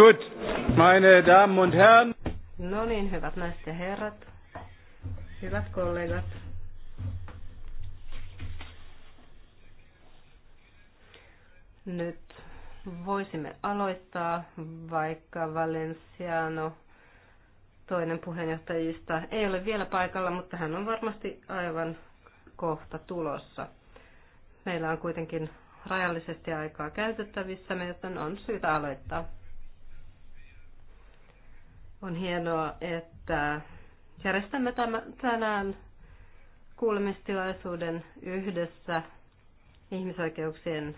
Gut, meine Damen und Herren. No niin, hyvät naiset ja herrat, hyvät kollegat. Nyt voisimme aloittaa, vaikka Valenciano toinen puheenjohtajista ei ole vielä paikalla, mutta hän on varmasti aivan kohta tulossa. Meillä on kuitenkin rajallisesti aikaa käytettävissä, joten on syytä aloittaa. On hienoa, että järjestämme tänään kuulemistilaisuuden yhdessä ihmisoikeuksien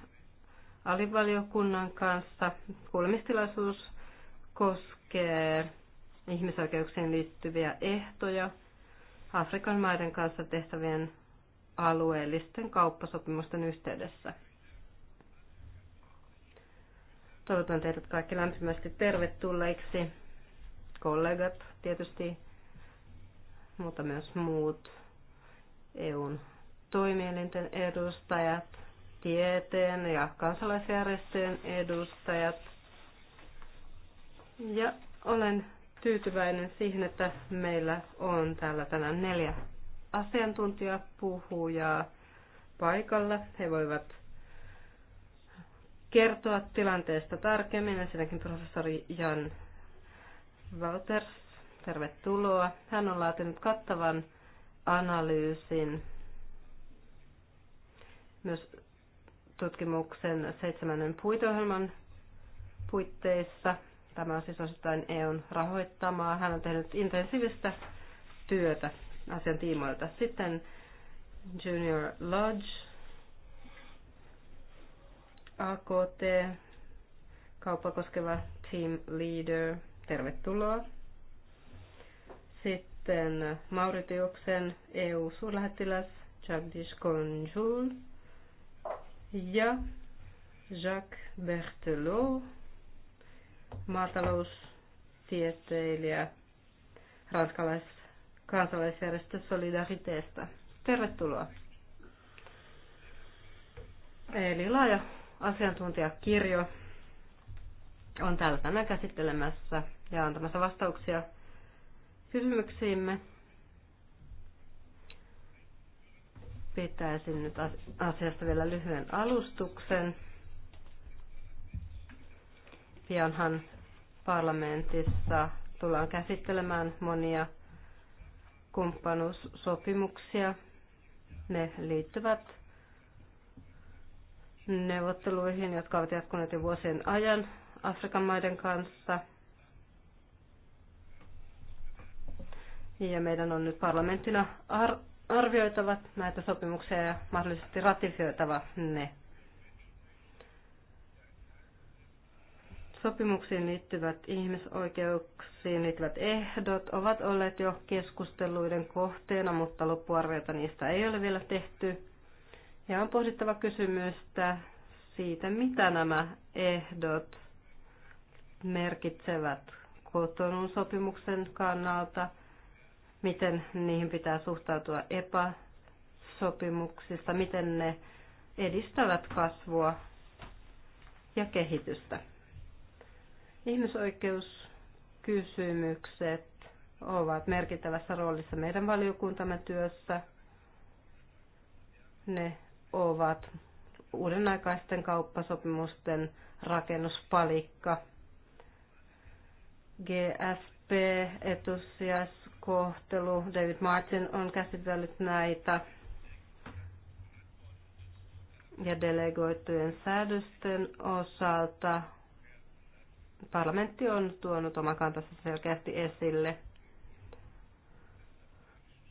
alivaliokunnan kanssa. Kuulemistilaisuus koskee ihmisoikeuksiin liittyviä ehtoja Afrikan maiden kanssa tehtävien alueellisten kauppasopimusten yhteydessä. Toivotan teidät kaikki lämpimästi tervetulleiksi kollegat tietysti, mutta myös muut EUn toimielinten edustajat, tieteen ja kansalaisjärjestöjen edustajat. Ja olen tyytyväinen siihen, että meillä on täällä tänään neljä asiantuntijapuhujaa paikalla. He voivat kertoa tilanteesta tarkemmin. Ensinnäkin professori Jan Walters, tervetuloa. Hän on laatinut kattavan analyysin myös tutkimuksen seitsemännen puitohjelman puitteissa. Tämä on siis osittain EUn rahoittamaa. Hän on tehnyt intensiivistä työtä asian tiimoilta. Sitten Junior Lodge, AKT, kauppa koskeva team leader – Tervetuloa. Sitten Mauritiuksen EU-suurlähettiläs Jagdish Konjul ja Jacques Berthelot, maataloustieteilijä ranskalais kansalaisjärjestö Solidariteesta. Tervetuloa. Eli laaja asiantuntijakirjo on täällä tänään käsittelemässä ja antamassa vastauksia kysymyksiimme. Pitäisin nyt asiasta vielä lyhyen alustuksen. Pianhan parlamentissa tullaan käsittelemään monia kumppanuussopimuksia. Ne liittyvät neuvotteluihin, jotka ovat jatkuneet jo vuosien ajan Afrikan maiden kanssa – Ja meidän on nyt parlamenttina ar- arvioitava näitä sopimuksia ja mahdollisesti ratifioitava ne. Sopimuksiin liittyvät ihmisoikeuksiin liittyvät ehdot ovat olleet jo keskusteluiden kohteena, mutta loppuarviota niistä ei ole vielä tehty. Ja on pohdittava kysymystä siitä, mitä nämä ehdot merkitsevät kotonun sopimuksen kannalta – miten niihin pitää suhtautua epäsopimuksista, miten ne edistävät kasvua ja kehitystä. Ihmisoikeuskysymykset ovat merkittävässä roolissa meidän valiokuntamme työssä. Ne ovat uudenaikaisten kauppasopimusten rakennuspalikka. GSP etusijas kohtelu. David Martin on käsitellyt näitä ja delegoittujen säädösten osalta parlamentti on tuonut oman kantansa selkeästi esille.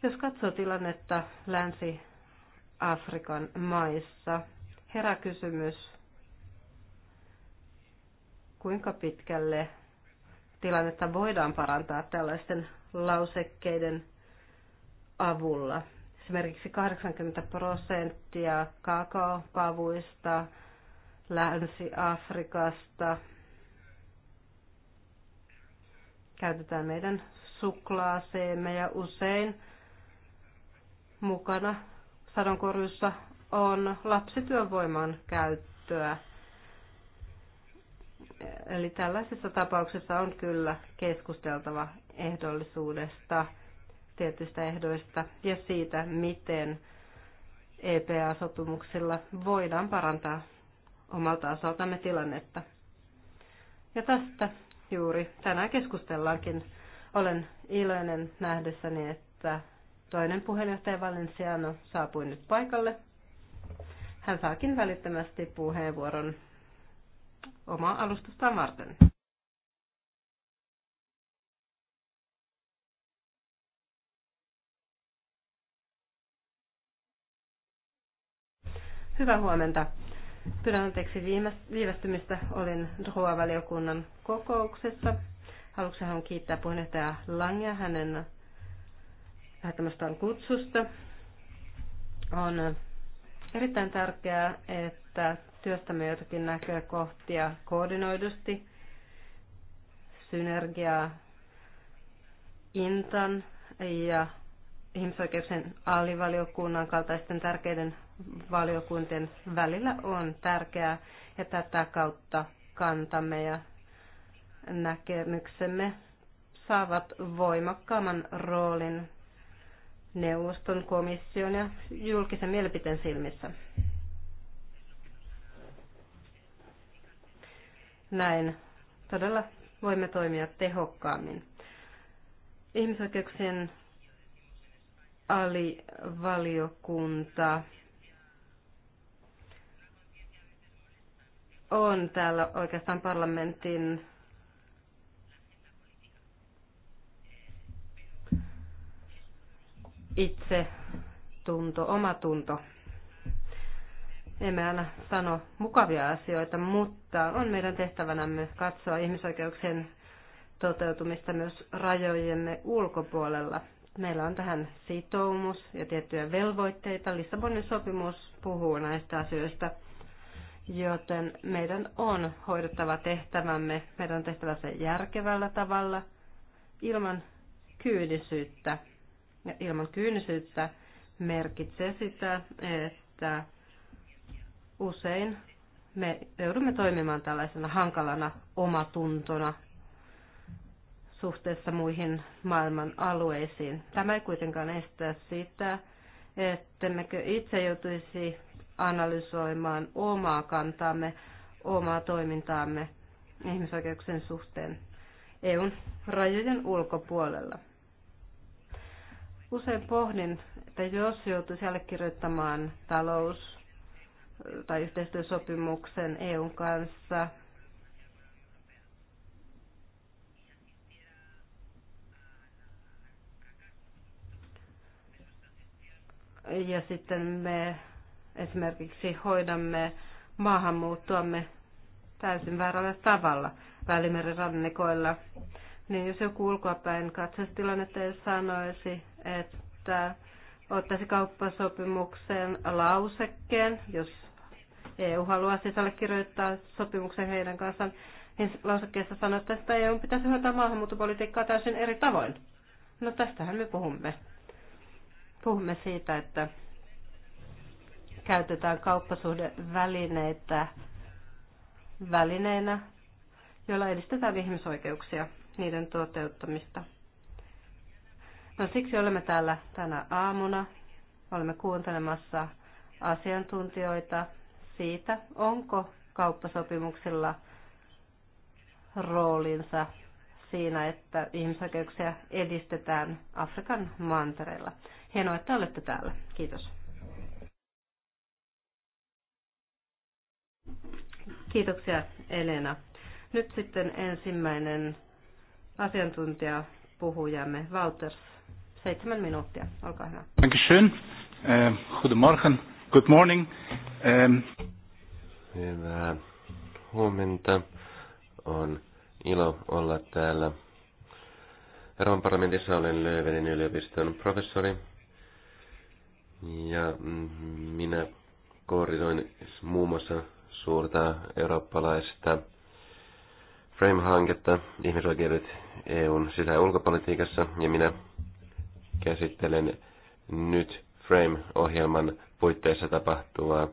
Jos katsoo tilannetta Länsi-Afrikan maissa, herää kysymys, kuinka pitkälle tilannetta voidaan parantaa tällaisten lausekkeiden avulla. Esimerkiksi 80 prosenttia kakaopavuista Länsi-Afrikasta käytetään meidän suklaaseemme ja usein mukana sadonkorjussa on lapsityövoiman käyttöä. Eli tällaisissa tapauksissa on kyllä keskusteltava ehdollisuudesta, tietyistä ehdoista ja siitä, miten EPA-sopimuksilla voidaan parantaa omalta osaltamme tilannetta. Ja tästä juuri tänään keskustellaankin. Olen iloinen nähdessäni, että toinen puheenjohtaja Valenciano saapui nyt paikalle. Hän saakin välittömästi puheenvuoron omaa alustustaan varten. Hyvää huomenta. Pyydän anteeksi viivästymistä. Olin ruoavaliokunnan kokouksessa. Aluksi haluan kiittää puheenjohtaja Langia hänen lähettämästään kutsusta. On erittäin tärkeää, että työstämme jotakin näkökohtia koordinoidusti, synergiaa Intan ja ihmisoikeuksien alivaliokunnan kaltaisten tärkeiden valiokuntien välillä on tärkeää ja tätä kautta kantamme ja näkemyksemme saavat voimakkaamman roolin neuvoston, komission ja julkisen mielipiteen silmissä. Näin todella voimme toimia tehokkaammin. Ihmisoikeuksien alivaliokunta on täällä oikeastaan parlamentin itse tunto, oma tunto. Emme aina sano mukavia asioita, mutta on meidän tehtävänämme katsoa ihmisoikeuksien toteutumista myös rajojemme ulkopuolella. Meillä on tähän sitoumus ja tiettyjä velvoitteita. Lissabonin sopimus puhuu näistä asioista joten meidän on hoidettava tehtävämme, meidän on tehtävä se järkevällä tavalla ilman kyynisyyttä. Ja ilman kyynisyyttä merkitsee sitä, että usein me joudumme toimimaan tällaisena hankalana omatuntona suhteessa muihin maailman alueisiin. Tämä ei kuitenkaan estä sitä, ettemmekö itse joutuisi analysoimaan omaa kantaamme, omaa toimintaamme ihmisoikeuksien suhteen EUn rajojen ulkopuolella. Usein pohdin, että jos joutuisi allekirjoittamaan talous- tai yhteistyösopimuksen EUn kanssa, ja sitten me esimerkiksi hoidamme maahanmuuttoamme täysin väärällä tavalla Välimeren rannikoilla. Niin jos joku ulkoapäin katsoisi tilannetta ja sanoisi, että ottaisi kauppasopimuksen lausekkeen, jos EU haluaa sisälle kirjoittaa sopimuksen heidän kanssaan, niin lausekkeessa sanotaan, että EU pitäisi hoitaa maahanmuuttopolitiikkaa täysin eri tavoin. No tästähän me puhumme. Puhumme siitä, että käytetään kauppasuhdevälineitä välineinä, joilla edistetään ihmisoikeuksia, niiden toteuttamista. No siksi olemme täällä tänä aamuna. Olemme kuuntelemassa asiantuntijoita siitä, onko kauppasopimuksilla roolinsa siinä, että ihmisoikeuksia edistetään Afrikan mantereella. Hienoa, että olette täällä. Kiitos. Kiitoksia Elena. Nyt sitten ensimmäinen asiantuntija puhujamme, Walters. Seitsemän minuuttia, olkaa hyvä. Dankeschön. Ähm, morning. Good morning. Ähm, Hyvää huomenta. On ilo olla täällä. Euroopan parlamentissa olen Löövenin yliopiston professori. Ja mm, minä koordinoin muun muassa suurta eurooppalaista Frame-hanketta, ihmisoikeudet EUn sisä- ja ulkopolitiikassa, ja minä käsittelen nyt Frame-ohjelman puitteissa tapahtuvaa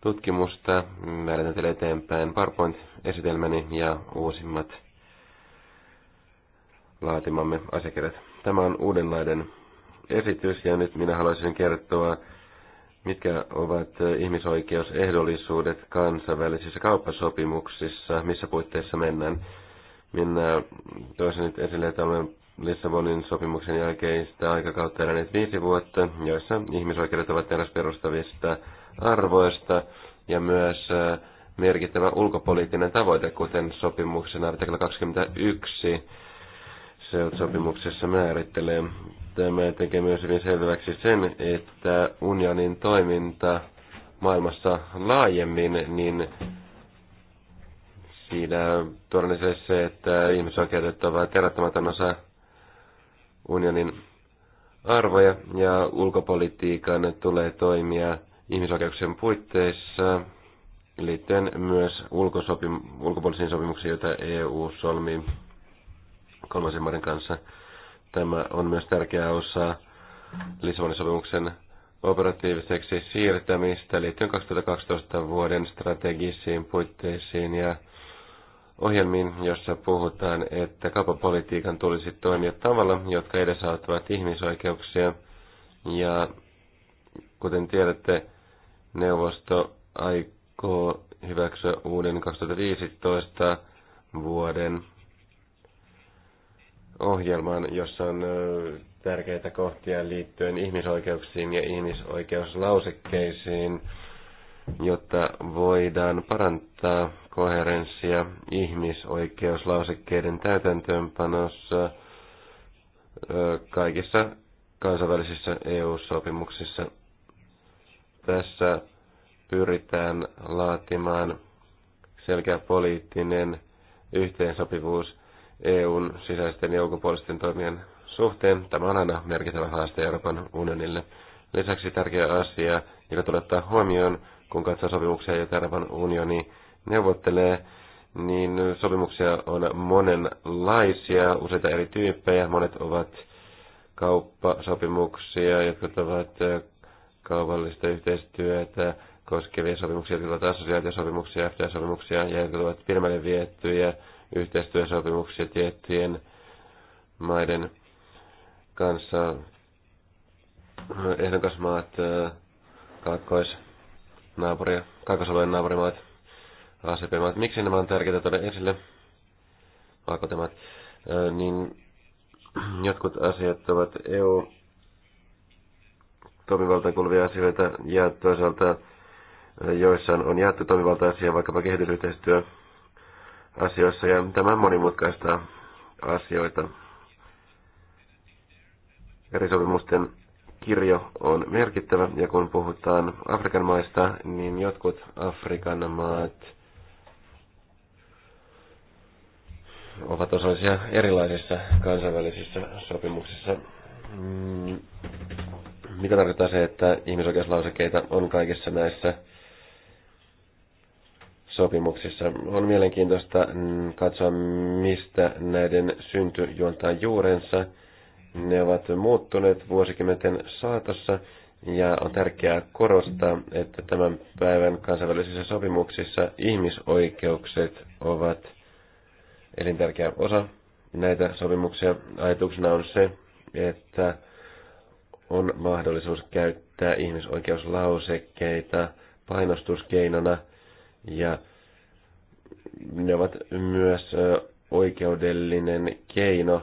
tutkimusta. Mä teille eteenpäin PowerPoint-esitelmäni ja uusimmat laatimamme asiakirjat. Tämä on uudenlainen esitys ja nyt minä haluaisin kertoa mitkä ovat äh, ihmisoikeusehdollisuudet kansainvälisissä kauppasopimuksissa, missä puitteissa mennään. Minä toisin nyt esille, että olen Lissabonin sopimuksen jälkeistä aikakautta eläneet viisi vuotta, joissa ihmisoikeudet ovat eräs perustavista arvoista ja myös äh, merkittävä ulkopoliittinen tavoite, kuten sopimuksen artikla 21 se sopimuksessa määrittelee. Tämä tekee myös hyvin selväksi sen, että unionin toiminta maailmassa laajemmin, niin siinä todennäköisesti se, että ihmisoikeudet ovat erottamaton osa unionin arvoja ja ulkopolitiikan tulee toimia ihmisoikeuksien puitteissa liittyen myös ulkopuolisiin sopimuksiin, joita EU solmi kolmansien maiden kanssa. Tämä on myös tärkeä osa Lissabonin sopimuksen operatiiviseksi siirtämistä liittyen 2012 vuoden strategisiin puitteisiin ja ohjelmiin, jossa puhutaan, että kapapolitiikan tulisi toimia tavalla, jotka edesauttavat ihmisoikeuksia. Ja kuten tiedätte, neuvosto aikoo hyväksyä uuden 2015 vuoden ohjelmaan, jossa on tärkeitä kohtia liittyen ihmisoikeuksiin ja ihmisoikeuslausekkeisiin, jotta voidaan parantaa koherenssia ihmisoikeuslausekkeiden täytäntöönpanossa kaikissa kansainvälisissä EU-sopimuksissa. Tässä pyritään laatimaan selkeä poliittinen yhteensopivuus EUn sisäisten ja ulkopuolisten toimien suhteen. Tämä on aina merkittävä haaste Euroopan unionille. Lisäksi tärkeä asia, joka tulee ottaa huomioon, kun katsoo sopimuksia, joita Euroopan unioni neuvottelee, niin sopimuksia on monenlaisia, useita eri tyyppejä. Monet ovat kauppasopimuksia, jotka ovat kaupallista yhteistyötä koskevia sopimuksia, jotka ovat assosiaatiosopimuksia, fta sopimuksia ja jotka ovat pidemmälle viettyjä yhteistyösopimuksia tiettyjen maiden kanssa. Ehdokasmaat, äh, kaakkois, naapuri, kaakkoisalueen naapurimaat, ACP-maat. Miksi nämä on tärkeitä tuoda esille? Vaikutelmat. Äh, niin jotkut asiat ovat EU toimivaltaan kuuluvia asioita ja toisaalta äh, joissain on jaettu toimivaltaisia, vaikkapa kehitysyhteistyö asioissa ja tämä monimutkaista asioita. Eri sopimusten kirjo on merkittävä ja kun puhutaan Afrikan maista, niin jotkut Afrikan maat ovat osallisia erilaisissa kansainvälisissä sopimuksissa. Mm. Mitä tarkoittaa se, että ihmisoikeuslausekkeita on kaikissa näissä sopimuksissa. On mielenkiintoista mm, katsoa, mistä näiden synty juontaa juurensa. Ne ovat muuttuneet vuosikymmenten saatossa ja on tärkeää korostaa, että tämän päivän kansainvälisissä sopimuksissa ihmisoikeukset ovat elintärkeä osa näitä sopimuksia. Ajatuksena on se, että on mahdollisuus käyttää ihmisoikeuslausekkeita painostuskeinona – ja ne ovat myös oikeudellinen keino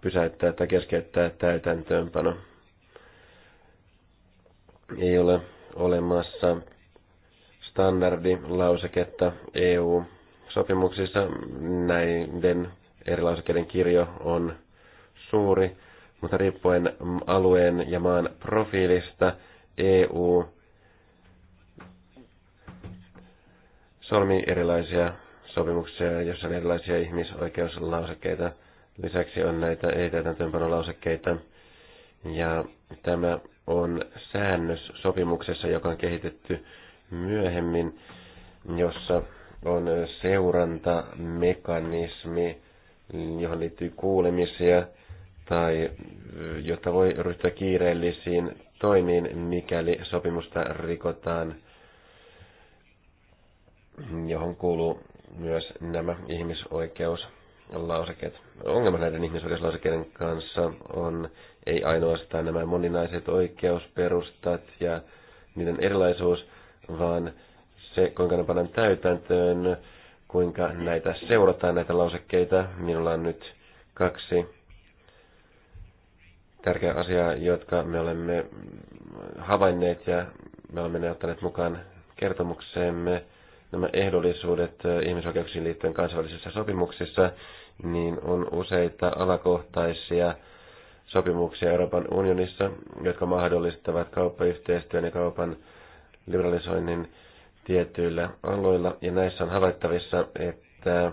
pysäyttää tai keskeyttää täytäntöönpano. Ei ole olemassa standardilauseketta EU-sopimuksissa. Näiden eri lausekkeiden kirjo on suuri, mutta riippuen alueen ja maan profiilista EU solmii erilaisia sopimuksia, joissa on erilaisia ihmisoikeuslausekkeita. Lisäksi on näitä ei-täytäntöönpanolausekkeita. Ja tämä on säännös sopimuksessa, joka on kehitetty myöhemmin, jossa on seurantamekanismi, johon liittyy kuulemisia, tai jotta voi ryhtyä kiireellisiin toimiin, mikäli sopimusta rikotaan – johon kuuluu myös nämä ihmisoikeuslausekkeet. Ongelma näiden ihmisoikeuslausekkeiden kanssa on ei ainoastaan nämä moninaiset oikeusperustat ja niiden erilaisuus, vaan se, kuinka ne pannaan täytäntöön, kuinka näitä seurataan, näitä lausekkeita. Minulla on nyt kaksi tärkeää asiaa, jotka me olemme havainneet ja me olemme ne ottaneet mukaan kertomukseemme nämä ehdollisuudet ihmisoikeuksiin liittyen kansainvälisissä sopimuksissa, niin on useita alakohtaisia sopimuksia Euroopan unionissa, jotka mahdollistavat kauppayhteistyön ja kaupan liberalisoinnin tietyillä aloilla. Ja näissä on havaittavissa, että,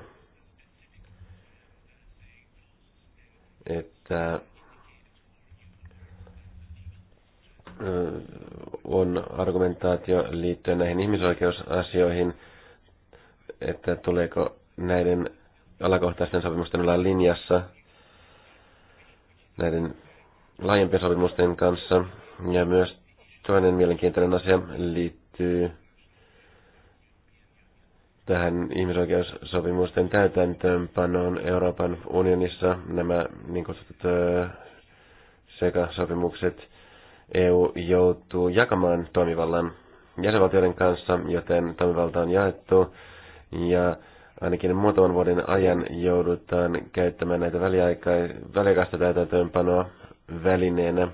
että on argumentaatio liittyen näihin ihmisoikeusasioihin, että tuleeko näiden alakohtaisten sopimusten olla linjassa näiden laajempien sopimusten kanssa. Ja myös toinen mielenkiintoinen asia liittyy tähän ihmisoikeussopimusten täytäntöönpanoon Euroopan unionissa nämä niin kutsutut sopimukset EU joutuu jakamaan toimivallan jäsenvaltioiden kanssa, joten toimivalta on jaettu ja ainakin muutaman vuoden ajan joudutaan käyttämään näitä väliaika- väliaikaista täytäntöönpanoa välineenä.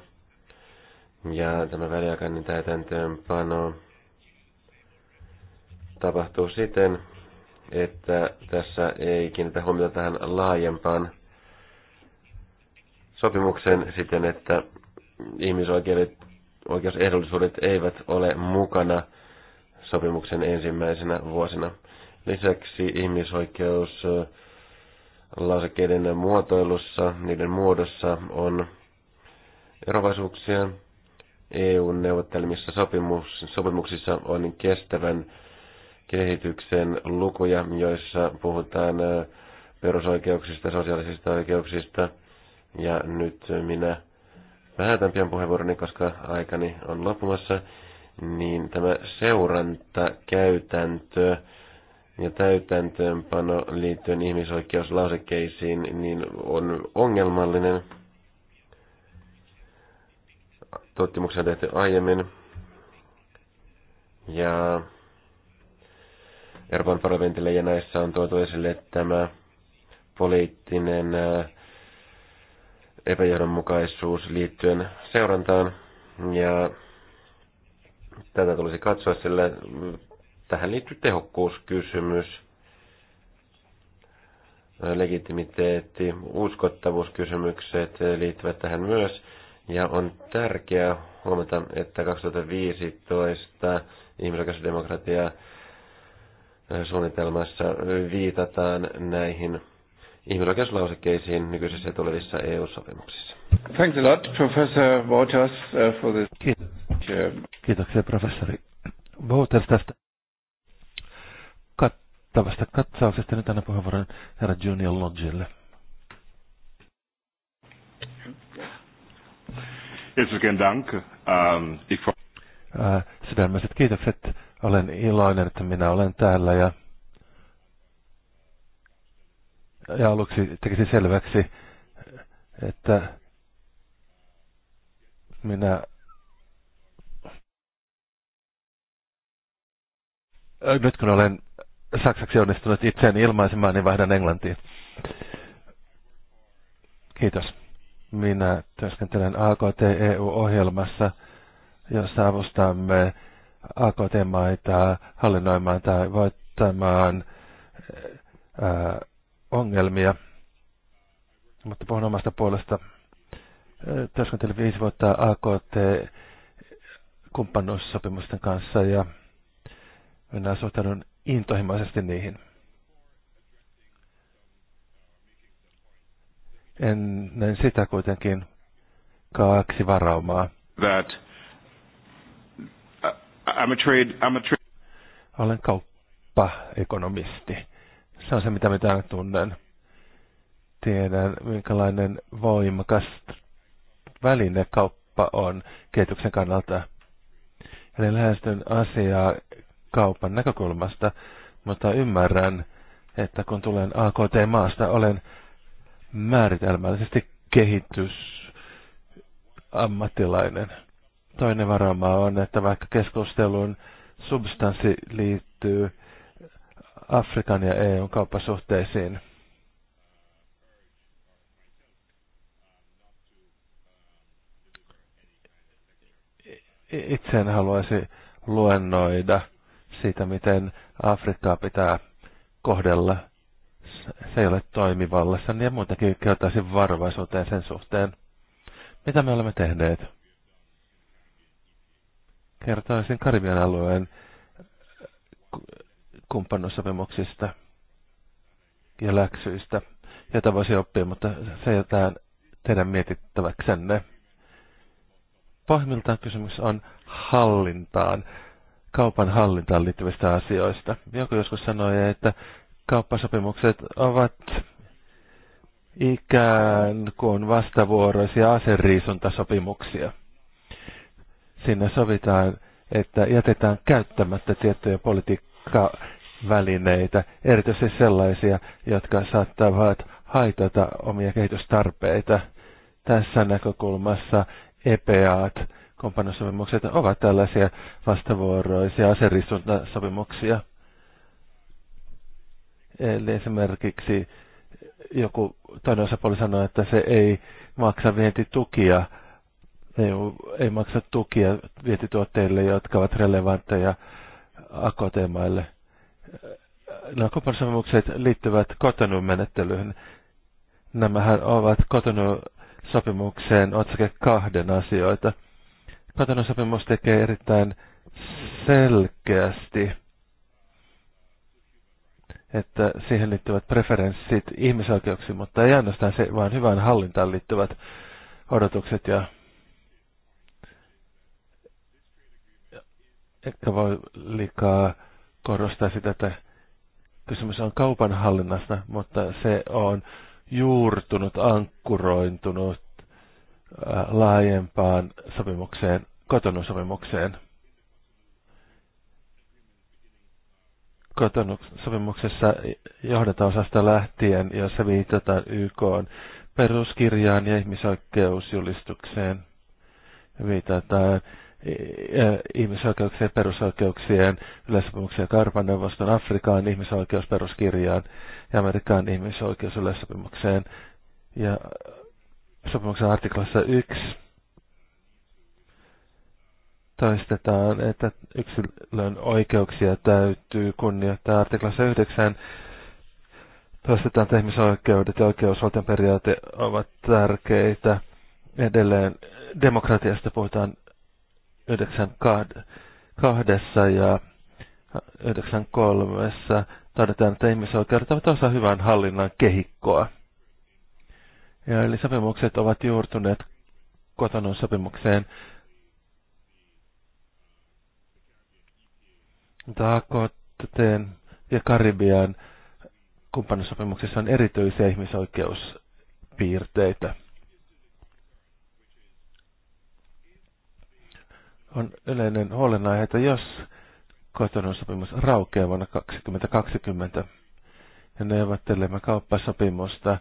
Ja tämä väliaikainen täytäntöönpano tapahtuu siten, että tässä ei kiinnitä huomiota tähän laajempaan sopimukseen siten, että ihmisoikeudet, oikeusehdollisuudet eivät ole mukana sopimuksen ensimmäisenä vuosina. Lisäksi ihmisoikeus lausekkeiden muotoilussa, niiden muodossa on erovaisuuksia. eu neuvottelemissa sopimus, sopimuksissa on kestävän kehityksen lukuja, joissa puhutaan äh, perusoikeuksista, sosiaalisista oikeuksista. Ja nyt minä päätän pian puheenvuoroni, koska aikani on loppumassa, niin tämä seurantakäytäntö ja täytäntöönpano liittyen ihmisoikeuslausekkeisiin niin on ongelmallinen. Tutkimuksia on tehty aiemmin. Ja Euroopan parlamentille ja näissä on tuotu esille tämä poliittinen äh, epäjohdonmukaisuus liittyen seurantaan ja tätä tulisi katsoa, sillä tähän liittyy tehokkuuskysymys, legitimiteetti, uskottavuuskysymykset liittyvät tähän myös. Ja on tärkeää huomata, että 2015 ihmisoikeusdemokratia suunnitelmassa viitataan näihin ihmisoikeuslausekkeisiin nykyisissä ja tulevissa EU-sopimuksissa. Thanks a lot, Professor Waters, uh, for this. Kiitoksia, professori Waters, tästä kattavasta katsauksesta. Nyt annan puheenvuoron herra Junior Lodgelle. Herzlichen Dank. Ähm, ich... Äh, sydämiset kiitokset. Olen iloinen, että minä olen täällä ja ja aluksi tekisin selväksi, että minä nyt kun olen saksaksi onnistunut itseäni ilmaisemaan, niin vaihdan englantiin. Kiitos. Minä työskentelen AKT-EU-ohjelmassa, jossa avustamme AKT-maita hallinnoimaan tai voittamaan ää, ongelmia, mutta puhun omasta puolesta. Työskentelin viisi vuotta AKT-kumppanuussopimusten kanssa ja minä suhtaudun intohimoisesti niihin. Ennen sitä kuitenkin kaksi varaumaa. That uh, I'm a trade, I'm a trade. Olen kauppaekonomisti. Se on se, mitä minä tunnen. Tiedän, minkälainen voimakas väline kauppa on kehityksen kannalta. Eli lähestyn asiaa kaupan näkökulmasta, mutta ymmärrän, että kun tulen AKT-maasta, olen määritelmällisesti kehitysammattilainen. Toinen varoma on, että vaikka keskustelun substanssi liittyy Afrikan ja EUn kauppasuhteisiin. Itse en haluaisi luennoida siitä, miten Afrikkaa pitää kohdella. Se ei ole toimivallassa, niin ja muutenkin kehottaisin varovaisuuteen sen suhteen, mitä me olemme tehneet. Kertoisin Karibian alueen kumppanuussopimuksista ja läksyistä, jota voisi oppia, mutta se jätään teidän mietittäväksenne. Pahimmiltaan kysymys on hallintaan, kaupan hallintaan liittyvistä asioista. Joku joskus sanoi, että kauppasopimukset ovat ikään kuin vastavuoroisia aseriisuntasopimuksia. Siinä sovitaan, että jätetään käyttämättä tiettyjä politiikkaa välineitä, erityisesti sellaisia, jotka saattavat haitata omia kehitystarpeita. Tässä näkökulmassa EPAat, kumppanuussopimukset, ovat tällaisia vastavuoroisia aseristuntasopimuksia. Eli esimerkiksi joku toinen osapuoli sanoi, että se ei maksa vientitukia, EU ei maksa tukia vientituotteille, jotka ovat relevantteja AKT-maille – nämä kumppanisopimukset liittyvät kotonun menettelyyn. Nämähän ovat kotonun sopimukseen otsake kahden asioita. Kotonun sopimus tekee erittäin selkeästi, että siihen liittyvät preferenssit ihmisoikeuksiin, mutta ei ainoastaan se, vaan hyvään hallintaan liittyvät odotukset ja etkä voi liikaa korostaa sitä, että kysymys on kaupanhallinnasta, mutta se on juurtunut, ankkurointunut laajempaan sopimukseen, kotonusopimukseen. Kotonusopimuksessa osasta lähtien, jossa viitataan YK peruskirjaan ja ihmisoikeusjulistukseen, viitataan ihmisoikeuksien perusoikeuksien yleissopimuksien Karpan neuvoston Afrikaan ihmisoikeusperuskirjaan ja Amerikan yleissopimukseen. Ja sopimuksen artiklassa 1 toistetaan, että yksilön oikeuksia täytyy kunnioittaa. Artiklassa 9 toistetaan, että ihmisoikeudet ja oikeusvaltion periaate ovat tärkeitä. Edelleen demokratiasta puhutaan 92 ja 93 todetaan, että ihmisoikeudet ovat osa hyvän hallinnan kehikkoa. Ja eli sopimukset ovat juurtuneet kotonon sopimukseen. Taakotteen ja Karibian kumppanusopimuksessa on erityisiä ihmisoikeuspiirteitä. on yleinen huolenaihe, että jos kotonon sopimus raukeaa vuonna 2020 ja neuvottelemme kauppasopimusta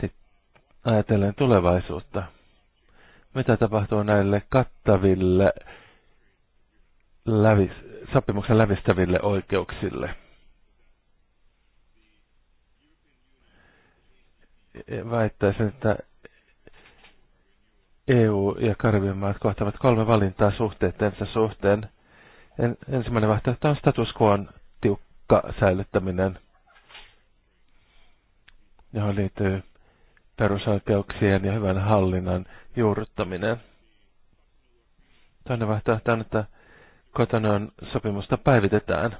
sit ajatellen tulevaisuutta, mitä tapahtuu näille kattaville lävis, sopimuksen lävistäville oikeuksille? Väittäisin, että EU ja Karibian maat kohtavat kolme valintaa suhteettensa suhteen. En, ensimmäinen vaihtoehto on status quo tiukka säilyttäminen, johon liittyy perusoikeuksien ja hyvän hallinnan juurruttaminen. Toinen vaihtoehto on, että on sopimusta päivitetään,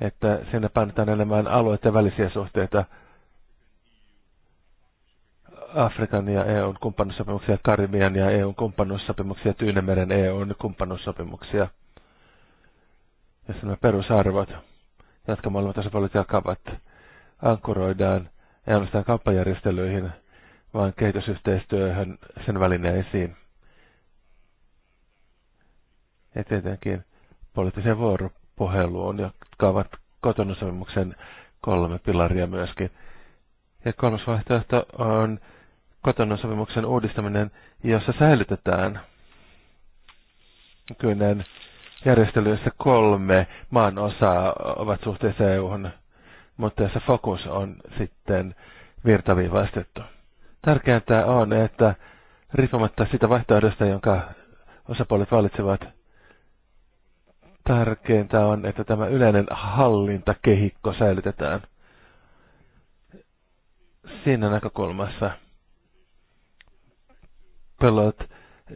että sinne painetaan enemmän alueiden välisiä suhteita Afrikan ja EUn kumppanuussopimuksia, Karibian ja EUn kumppanuussopimuksia, Tyynemeren EUn kumppanuussopimuksia. Ja nämä perusarvot, jotka molemmat osapuolet jakavat, ankkuroidaan ei ainoastaan kauppajärjestelyihin, vaan kehitysyhteistyöhön sen välineisiin. Ja tietenkin poliittiseen vuoropuheluun, jotka ovat kotonusopimuksen kolme pilaria myöskin. Ja kolmas vaihtoehto on Katonnon sopimuksen uudistaminen, jossa säilytetään nykyinen järjestely, jossa kolme maan osaa ovat suhteessa eu mutta jossa fokus on sitten virtaviivaistettu. Tärkeintä on, että riippumatta sitä vaihtoehdosta, jonka osapuolet valitsevat, tärkeintä on, että tämä yleinen hallintakehikko säilytetään siinä näkökulmassa – pelot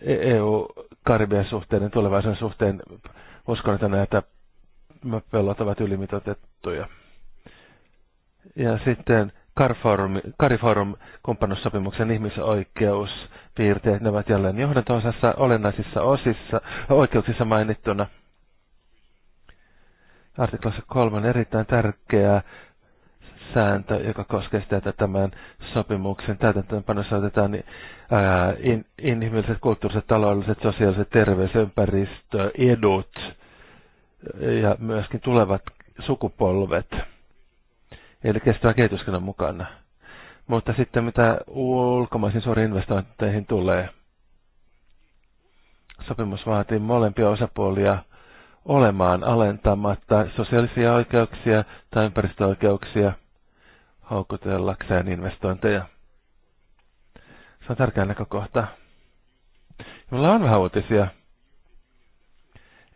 EU-Karibian suhteiden tulevaisuuden suhteen. Uskon, että näitä pelot ovat ylimitoitettuja. Ja sitten Cariforum, Cariforum kumppanussopimuksen ihmisoikeuspiirteet, ne ovat jälleen johdanto-osassa olennaisissa osissa, oikeuksissa mainittuna. Artiklassa kolme on erittäin tärkeää sääntö, joka koskee sitä, että tämän sopimuksen täytäntöönpanossa otetaan niin, ää, in, inhimilliset, kulttuuriset, taloudelliset, sosiaaliset, terveysympäristö, edut ja myöskin tulevat sukupolvet, eli kestävä kehityskin mukana. Mutta sitten mitä ulkomaisiin suuriin investointeihin tulee, sopimus vaatii molempia osapuolia olemaan alentamatta sosiaalisia oikeuksia tai ympäristöoikeuksia – houkutellakseen investointeja. Se on tärkeä näkökohta. Minulla mulla on vähän uutisia.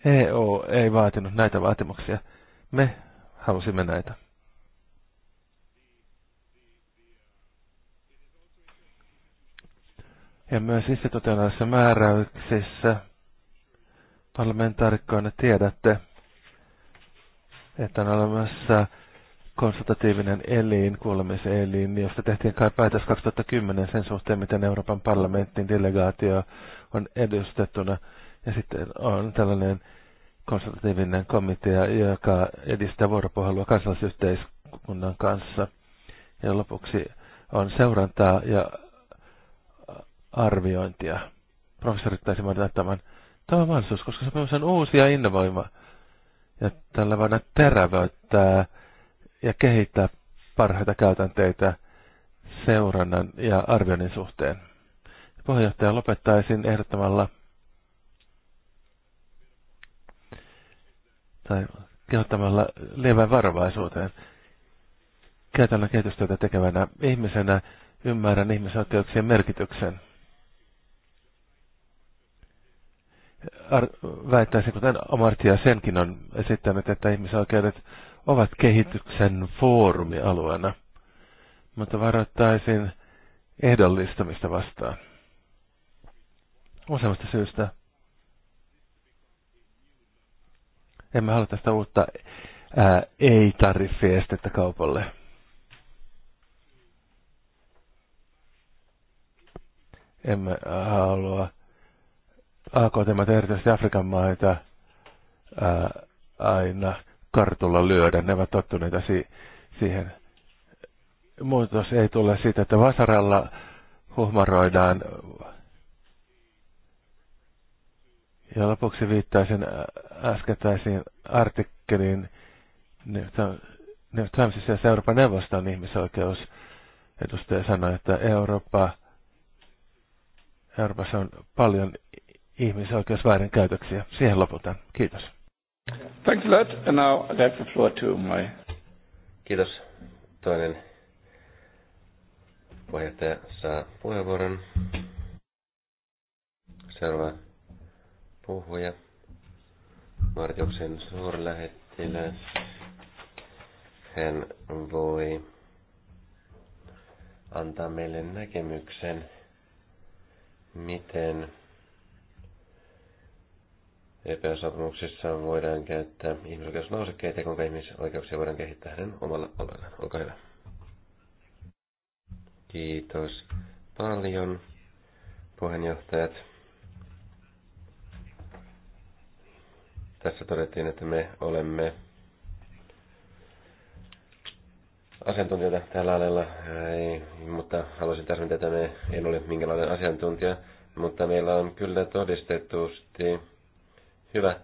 EU ei vaatinut näitä vaatimuksia. Me halusimme näitä. Ja myös institutionaalisissa määräyksissä parlamentaarikkoina tiedätte, että on olemassa konsultatiivinen elin, kuulemiselin, josta tehtiin kai päätös 2010 sen suhteen, miten Euroopan parlamentin delegaatio on edustettuna. Ja sitten on tällainen konsultatiivinen komitea, joka edistää vuoropuhelua kansalaisyhteiskunnan kanssa. Ja lopuksi on seurantaa ja arviointia. Professorit taisi mainita tämän. Tämä on mahdollisuus, koska se on uusi ja innovoima. Ja tällä voidaan terävöittää ja kehittää parhaita käytänteitä seurannan ja arvioinnin suhteen. Puheenjohtaja lopettaisin ehdottamalla tai kehottamalla lievän varovaisuuteen. Käytännön kehitystyötä tekevänä ihmisenä ymmärrän ihmisoikeuksien merkityksen. Ar- väittäisin, kuten Amartya senkin on esittänyt, että ihmisoikeudet ovat kehityksen foorumialueena, mutta varoittaisin ehdollistamista vastaan. Useammasta syystä emme halua tästä uutta ei-tariffiestettä kaupalle. Emme halua AKT, erityisesti Afrikan maita, ää, aina kartulla lyödä. Ne ovat tottuneita si- siihen. Muutos ei tule siitä, että vasaralla huhmaroidaan. Ja lopuksi viittaisin äskettäisiin artikkeliin New York Timesissa ja Euroopan neuvoston Edustaja sanoi, että Eurooppa, Euroopassa on paljon ihmisoikeusväärinkäytöksiä. Siihen loputan. Kiitos. Thanks a lot. And now I have the floor to my... Kiitos. Toinen puheenjohtaja saa puheenvuoron. Seuraava puhuja. Martioksen suurlähettiläs. Hän voi antaa meille näkemyksen, miten EPA-sopimuksissa voidaan käyttää ihmisoikeuslausekkeita ja kuinka ihmisoikeuksia voidaan kehittää hänen omalla alueellaan. Olkaa hyvä. Kiitos paljon, puheenjohtajat. Tässä todettiin, että me olemme asiantuntijoita tällä alalla, ei, mutta haluaisin täsmentää, että me en ole minkälainen asiantuntija, mutta meillä on kyllä todistetusti hyvä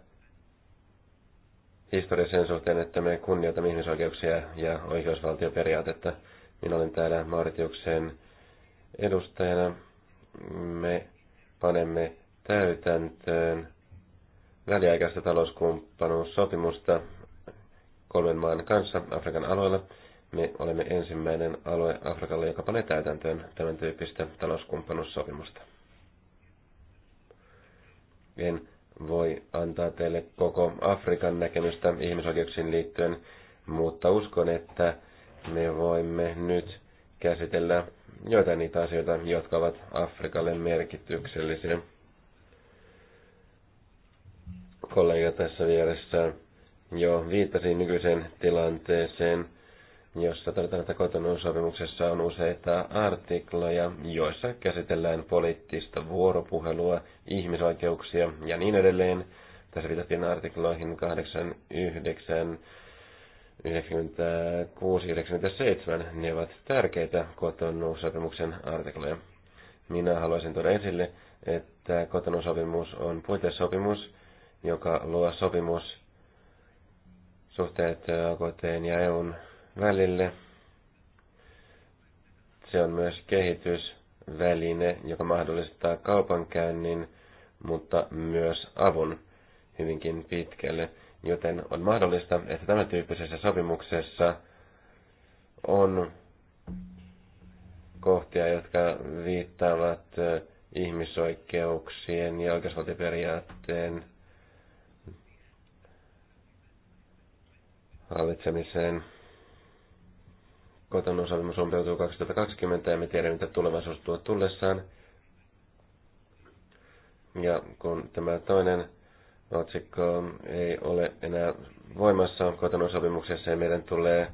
historia sen suhteen, että me kunnioitamme ihmisoikeuksia ja oikeusvaltioperiaatetta. Minä olen täällä Mauritiuksen edustajana. Me panemme täytäntöön väliaikaista talouskumppanuussopimusta kolmen maan kanssa Afrikan alueella. Me olemme ensimmäinen alue Afrikalle, joka panee täytäntöön tämän tyyppistä talouskumppanuussopimusta. En voi antaa teille koko Afrikan näkemystä ihmisoikeuksiin liittyen, mutta uskon, että me voimme nyt käsitellä joitain niitä asioita, jotka ovat Afrikalle merkityksellisiä. Kollega tässä vieressä jo viittasi nykyiseen tilanteeseen – jossa todetaan, että kotonun sopimuksessa on useita artikloja, joissa käsitellään poliittista vuoropuhelua, ihmisoikeuksia ja niin edelleen. Tässä viitattiin artikloihin 8, 9, 96 97. Ne ovat tärkeitä kotonun sopimuksen artikloja. Minä haluaisin tuoda esille, että kotonun sopimus on puitesopimus, joka luo sopimus suhteet AKT ja EUn välille. Se on myös kehitysväline, joka mahdollistaa kaupankäynnin, mutta myös avun hyvinkin pitkälle. Joten on mahdollista, että tämän tyyppisessä sopimuksessa on kohtia, jotka viittaavat ihmisoikeuksien ja oikeusvaltioperiaatteen hallitsemiseen koton sopimus umpeutuu 2020 ja me tiedämme, mitä tulevaisuus tuo tullessaan. Ja kun tämä toinen otsikko ei ole enää voimassa kotonon sopimuksessa ja meidän tulee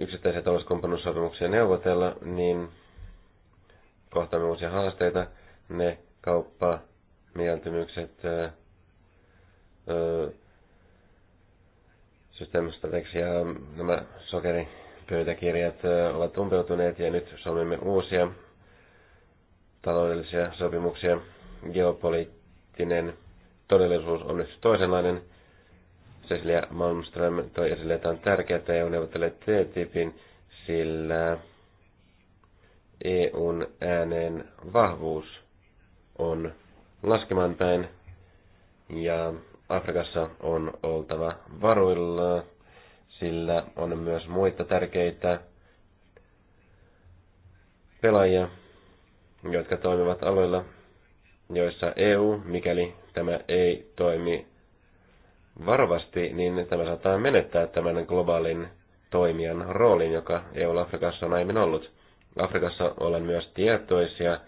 yksittäisiä talouskumppanuussopimuksia neuvotella, niin kohtaamme uusia haasteita. Ne kauppa, mieltymykset, ja nämä sokeri pöytäkirjat ovat umpeutuneet ja nyt solmimme uusia taloudellisia sopimuksia. Geopoliittinen todellisuus on nyt toisenlainen. Cecilia Malmström toi esille, että on tärkeää, että EU neuvottelee TTIPin, sillä EUn ääneen vahvuus on laskemaan päin ja Afrikassa on oltava varuillaan sillä on myös muita tärkeitä pelaajia, jotka toimivat aloilla, joissa EU, mikäli tämä ei toimi varovasti, niin tämä saattaa menettää tämän globaalin toimijan roolin, joka eu Afrikassa on aiemmin ollut. Afrikassa ollaan myös tietoisia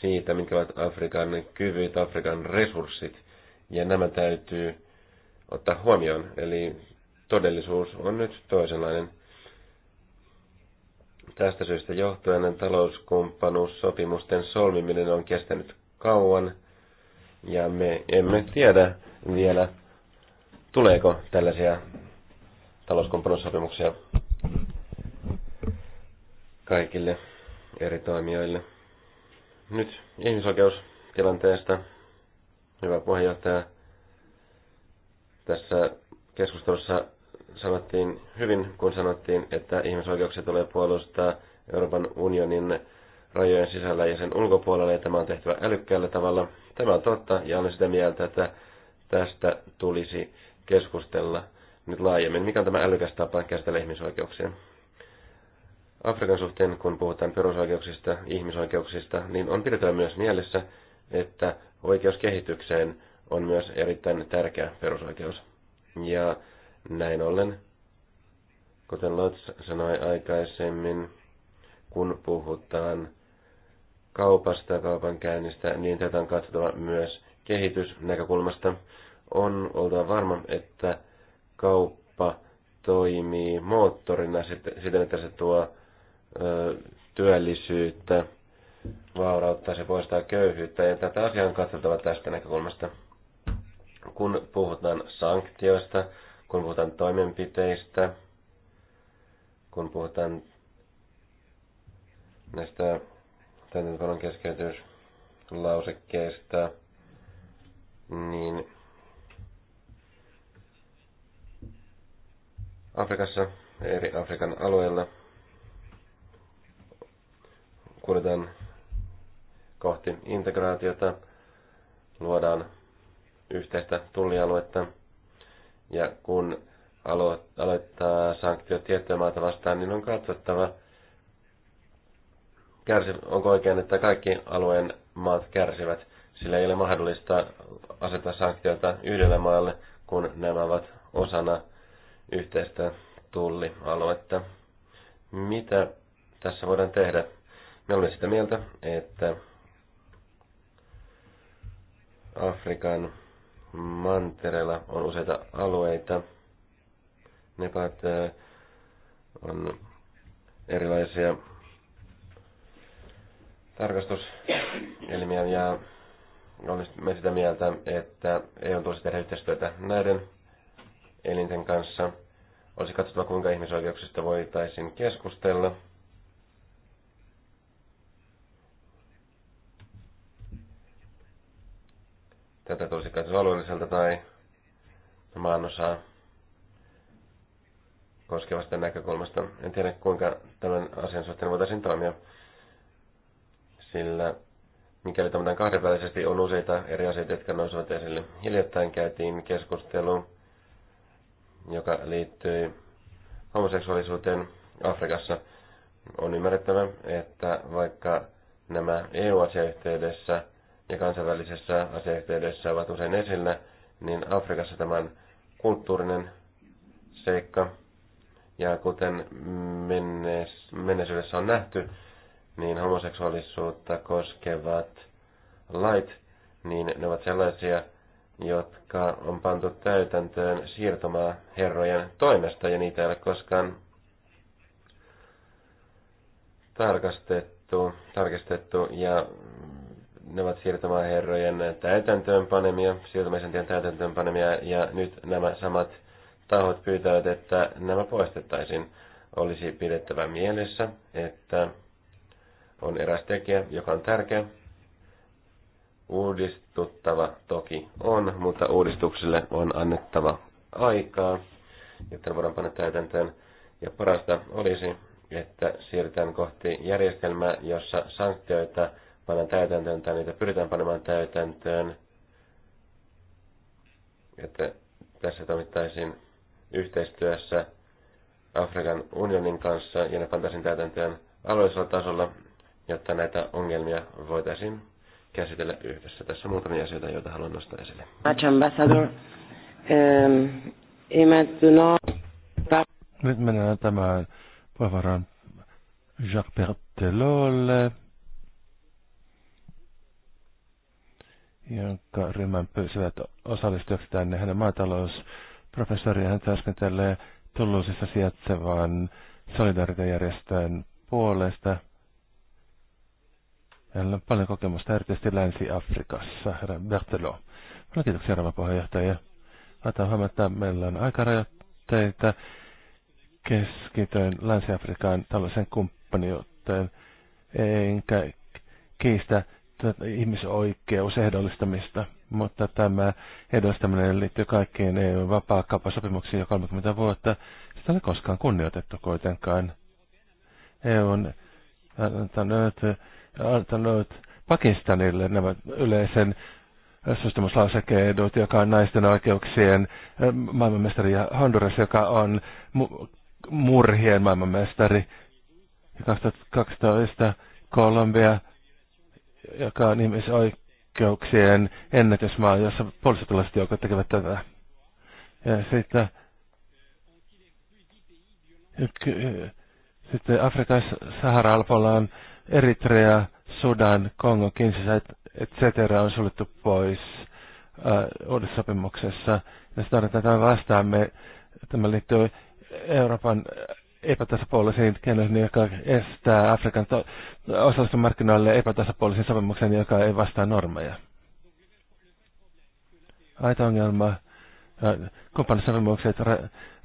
siitä, mitkä ovat Afrikan kyvyt, Afrikan resurssit, ja nämä täytyy ottaa huomioon. Eli todellisuus on nyt toisenlainen. Tästä syystä johtuen talouskumppanuussopimusten solmiminen on kestänyt kauan, ja me emme tiedä vielä, tuleeko tällaisia talouskumppanuussopimuksia kaikille eri toimijoille. Nyt ihmisoikeustilanteesta. Hyvä puheenjohtaja. Tässä keskustelussa sanottiin hyvin, kun sanottiin, että ihmisoikeuksia tulee puolustaa Euroopan unionin rajojen sisällä ja sen ulkopuolella, ja tämä on tehtävä älykkäällä tavalla. Tämä on totta, ja olen sitä mieltä, että tästä tulisi keskustella nyt laajemmin. Mikä on tämä älykäs tapa käsitellä ihmisoikeuksia? Afrikan suhteen, kun puhutaan perusoikeuksista, ihmisoikeuksista, niin on pidettävä myös mielessä, että oikeus kehitykseen on myös erittäin tärkeä perusoikeus. Ja näin ollen, kuten Lots sanoi aikaisemmin, kun puhutaan kaupasta ja kaupankäynnistä, niin tätä on katsottava myös kehitysnäkökulmasta. On oltava varma, että kauppa toimii moottorina siten, että se tuo työllisyyttä, vaurauttaa, se poistaa köyhyyttä, ja tätä asiaa on katsottava tästä näkökulmasta. Kun puhutaan sanktioista, kun puhutaan toimenpiteistä, kun puhutaan näistä täytäntöpanon keskeytyslausekkeista, niin Afrikassa, eri Afrikan alueilla, kuljetaan kohti integraatiota, luodaan yhteistä tullialuetta – ja kun aloittaa sanktiot tiettyä maata vastaan, niin on katsottava, kärsi, onko oikein, että kaikki alueen maat kärsivät, sillä ei ole mahdollista asettaa sanktioita yhdelle maalle, kun nämä ovat osana yhteistä tullialuetta. Mitä tässä voidaan tehdä? Me olemme sitä mieltä, että Afrikan mantereella on useita alueita. Nepat äh, on erilaisia tarkastuselimiä ja olemme sitä mieltä, että ei on tulisi tehdä yhteistyötä näiden elinten kanssa. Olisi katsottava, kuinka ihmisoikeuksista voitaisiin keskustella – tätä tulisi katsoa alueelliselta tai maanosaa koskevasta näkökulmasta. En tiedä, kuinka tämän asian suhteen voitaisiin toimia, sillä mikäli toimitaan kahdenvälisesti, on useita eri asioita, jotka nousevat esille. Hiljattain käytiin keskustelu, joka liittyy homoseksuaalisuuteen Afrikassa. On ymmärrettävä, että vaikka nämä EU-asiayhteydessä – ja kansainvälisessä asiayhteydessä ovat usein esillä, niin Afrikassa tämä on kulttuurinen seikka. Ja kuten menneisyydessä on nähty, niin homoseksuaalisuutta koskevat lait, niin ne ovat sellaisia, jotka on pantu täytäntöön siirtomaa herrojen toimesta, ja niitä ei ole koskaan tarkastettu, tarkistettu, ja ne ovat herrojen täytäntöönpanemia, tien täytäntöönpanemia, ja nyt nämä samat tahot pyytävät, että nämä poistettaisiin. Olisi pidettävä mielessä, että on eräs tekijä, joka on tärkeä. Uudistuttava toki on, mutta uudistuksille on annettava aikaa, jotta voidaan panna täytäntöön. Ja parasta olisi, että siirrytään kohti järjestelmää, jossa sanktioita pannaan täytäntöön tai niitä pyritään panemaan täytäntöön, että tässä toimittaisiin yhteistyössä Afrikan unionin kanssa ja ne pantaisiin täytäntöön alueellisella tasolla, jotta näitä ongelmia voitaisiin käsitellä yhdessä. Tässä on muutamia asioita, joita haluan nostaa esille. Ambassador, um, Nyt mennään tämän puheenvuoron Jacques Bertelolle. jonka ryhmän pyysivät osallistujaksi tänne. Hänen maatalousprofessoriaan. hän työskentelee Tulluusissa sijaitsevan solidariteettijärjestön puolesta. Hänellä on paljon kokemusta erityisesti Länsi-Afrikassa, herra Bertelo. Paljon kiitoksia, herra puheenjohtaja. Laitan huomioon, että meillä on aikarajoitteita. Keskityin Länsi-Afrikan tällaisen kumppaniuteen, enkä kiistä ihmisoikeusehdollistamista, mutta tämä ehdollistaminen liittyy kaikkiin eu vapaakauppasopimuksiin jo 30 vuotta. Sitä ei ole koskaan kunnioitettu kuitenkaan. E on antanut, antanut Pakistanille nämä yleisen suostumuslauseke edut, joka on naisten oikeuksien maailmanmestari ja Honduras, joka on mu- murhien maailmanmestari. 2012 Kolumbia joka on ihmisoikeuksien ennätysmaa, jossa puolustutilaiset joukot tekevät tätä. Ja sitten, sitten Afrikan Sahara-alpolla on Eritrea, Sudan, Kongo, et cetera, on suljettu pois uh, uudessa sopimuksessa. Ja sitten että vastaamme, tämä liittyy Euroopan epätasapuolisiin keinoihin, joka estää Afrikan to- osallistumisen markkinoille epätasapuolisiin sopimuksen, joka ei vastaa normeja. Aito ongelma, kumppanisopimukset,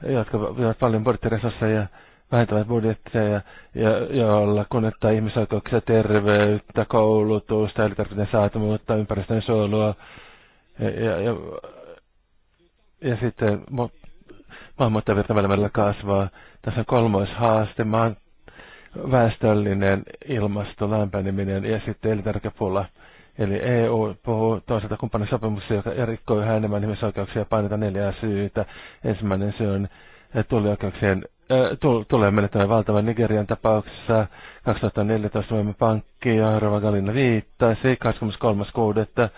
jotka vievät paljon budjettiresursseja, vähentävät budjetteja, ja, joilla kunnettaa ihmisoikeuksia, terveyttä, koulutusta, elintarvikkeiden saatavuutta, ympäristön suojelua, ja, ja, ja, ja sitten maahanmuuttajavirta välimerellä kasvaa. Tässä on kolmoishaaste, maan väestöllinen ilmasto, lämpeneminen ja sitten elintarkepulla. Eli EU puhuu toisaalta kumppanisopimuksesta, joka rikkoi yhä enemmän ihmisoikeuksia ja painita neljää syytä. Ensimmäinen syy on tullioikeuksien äh, tulee menettämään valtavan Nigerian tapauksessa. 2014 voimme pankki ja Rova Galina viittasi 23.6.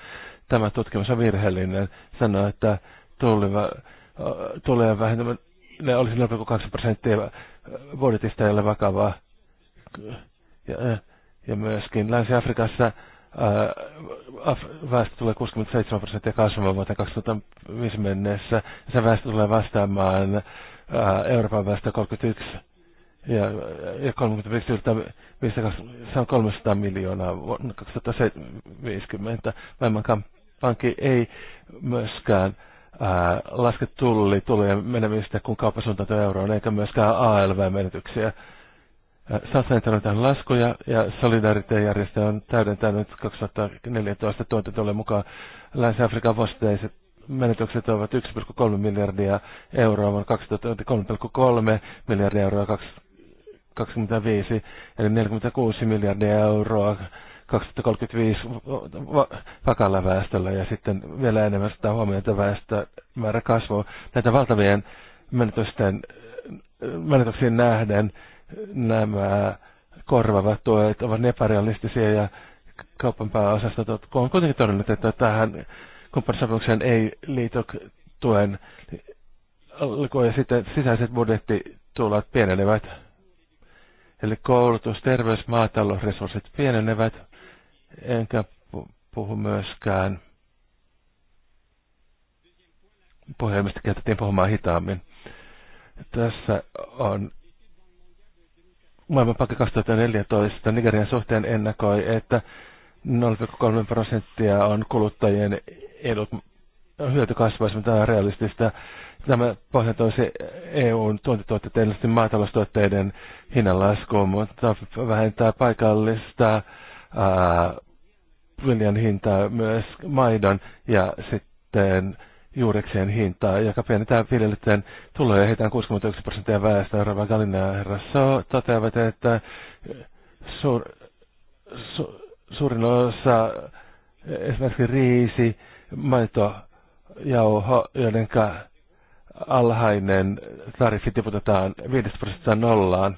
Tämä tutkimus on virheellinen. Sanoi, että tulliva tulee vähentämään, ne olisi 0,2 prosenttia budjetista ei ole vakavaa. Ja, ja myöskin Länsi-Afrikassa Af- väestö tulee 67 prosenttia kasvamaan vuoteen 2005 mennessä. Se väestö tulee vastaamaan ää, Euroopan väestö 31 ja, ja 35 mistä se on 300 miljoonaa vuonna 2050. Maailmanpankki ei myöskään ää, laske tulli, tulien menemistä, kun kauppa suuntautui euroon, eikä myöskään ALV-menetyksiä. Satsentanut tähän laskuja ja solidariteetijärjestö on täydentänyt 2014 tuotantolle mukaan Länsi-Afrikan vasteiset menetykset ovat 1,3 miljardia euroa vuonna 2003,3 miljardia euroa 2025, eli 46 miljardia euroa 2035 vakalla väestöllä ja sitten vielä enemmän sitä että väestömäärä kasvoo. Näitä valtavien menetysten, menetyksiin nähden nämä korvaavat tuet ovat epärealistisia ja kaupan pääosasta on kuitenkin todennut, että tähän kumppanisopimukseen ei liity tuen alkoi ja sitten sisäiset budjettitulot pienenevät. Eli koulutus, terveys, maatalousresurssit pienenevät enkä puhu myöskään puhelimista kehotettiin puhumaan hitaammin. Tässä on Maailmanpankki 2014 Nigerian suhteen ennakoi, että 0,3 prosenttia on kuluttajien edut hyöty kasvaisi, mutta tämä on realistista. Tämä pohjautuisi EUn tuontituotteiden, maataloustuotteiden hinnanlaskuun, mutta vähentää paikallista ää, viljan hintaa, myös maidon ja sitten juurekseen hintaa, joka pienetään viljelijöiden tuloja heitään 61 prosenttia väestöä. Rava Galina ja herra so, toteavat, että suur, su, suurin osa esimerkiksi riisi, maito, jauho, joiden alhainen tariffi tiputetaan 5 prosenttia nollaan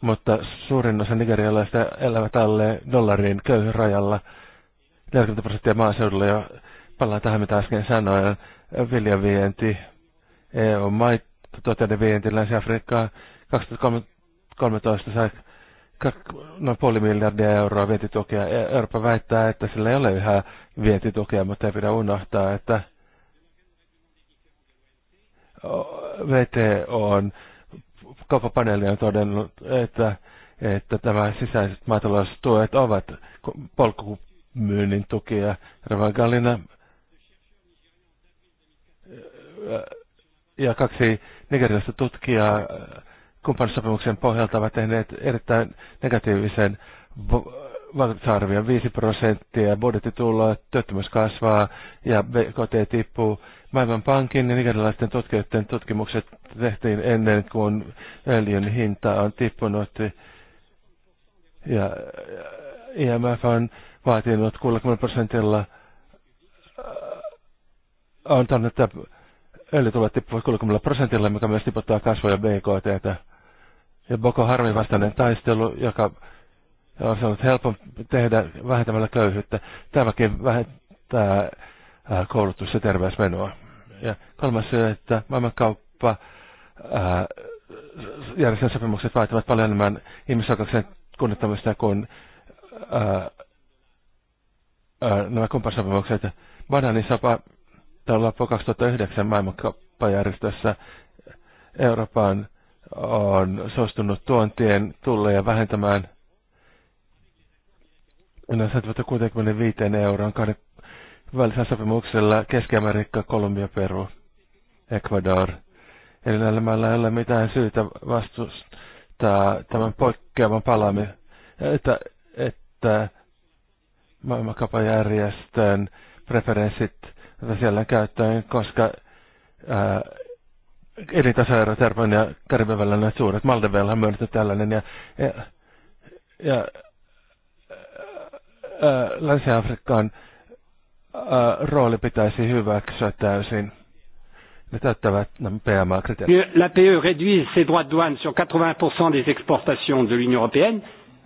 mutta suurin osa nigerialaista elävät alle dollarin rajalla. 40 prosenttia maaseudulla ja palaan tähän, mitä äsken sanoin, viljavienti, EU-maitotuotteiden vienti Länsi-Afrikkaan 2013 sai noin puoli miljardia euroa vientitukea. Eurooppa väittää, että sillä ei ole yhä vientitukea, mutta ei pidä unohtaa, että VT on paneeli on todennut, että, että tämä sisäiset maataloustuet ovat polkumyynnin tukia. Ravagallina ja kaksi nigerilaista tutkijaa kumppanisopimuksen pohjalta ovat tehneet erittäin negatiivisen vaikutusarvion 5 prosenttia, budjettitulo, työttömyys kasvaa ja BKT tippuu Maailman pankin ja nigerilaisten tutkijoiden tutkimukset tehtiin ennen kuin öljyn hinta on tippunut. Ja IMF on vaatinut 60 prosentilla, äh, on tannut, että öljy tulee tippua 30 prosentilla, mikä myös tiputtaa kasvoja BKTtä. Ja Boko Harmin vastainen taistelu, joka on saanut helpompi tehdä vähentämällä köyhyyttä. Tämäkin vähentää koulutus- ja terveysmenoa. Ja kolmas syy, että maailmankauppa järjestelmän sopimukset vaativat paljon enemmän ihmisoikeuksien kunnittamista kuin ää, ää, nämä kumppanisopimukset. tällä loppu 2009 maailmankauppajärjestössä Euroopan on suostunut tuontien tulleja vähentämään 165 euroon välisellä sopimuksella Keski-Amerikka, Kolumbia, Peru, Ecuador. Eli näillä ei ole mitään syytä vastustaa tämän poikkeavan palami, että, että maailmankapajärjestön preferenssit siellä käyttöön, koska ää, eri tasoero Terpon ja Karibian välillä on suuret. Maldivella on myönnetty tällainen ja, ja, ja Länsi-Afrikkaan Äh, rooli pitäisi hyväksyä täysin. Ne täyttävät nämä PMA-kriteerit. L'APE réduit ses droits de douane sur 80% des exportations de l'Union européenne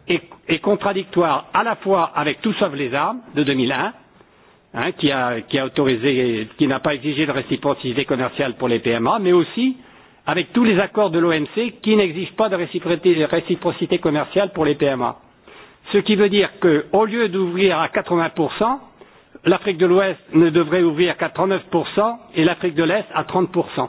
est, est contradictoire à la fois avec tout sauf les armes de 2001, hein, qui, a, qui a autorisé, qui n'a pas exigé de réciprocité commerciale pour les PMA, mais aussi avec tous les accords de l'OMC qui n'exigent pas de réciprocité, de réciprocité commerciale pour les PMA. Ce qui veut dire qu'au lieu d'ouvrir à 80%, l'Afrique de l'Ouest ne devrait ouvrir qu'à 39% et l'Afrique de l'Est à 30%.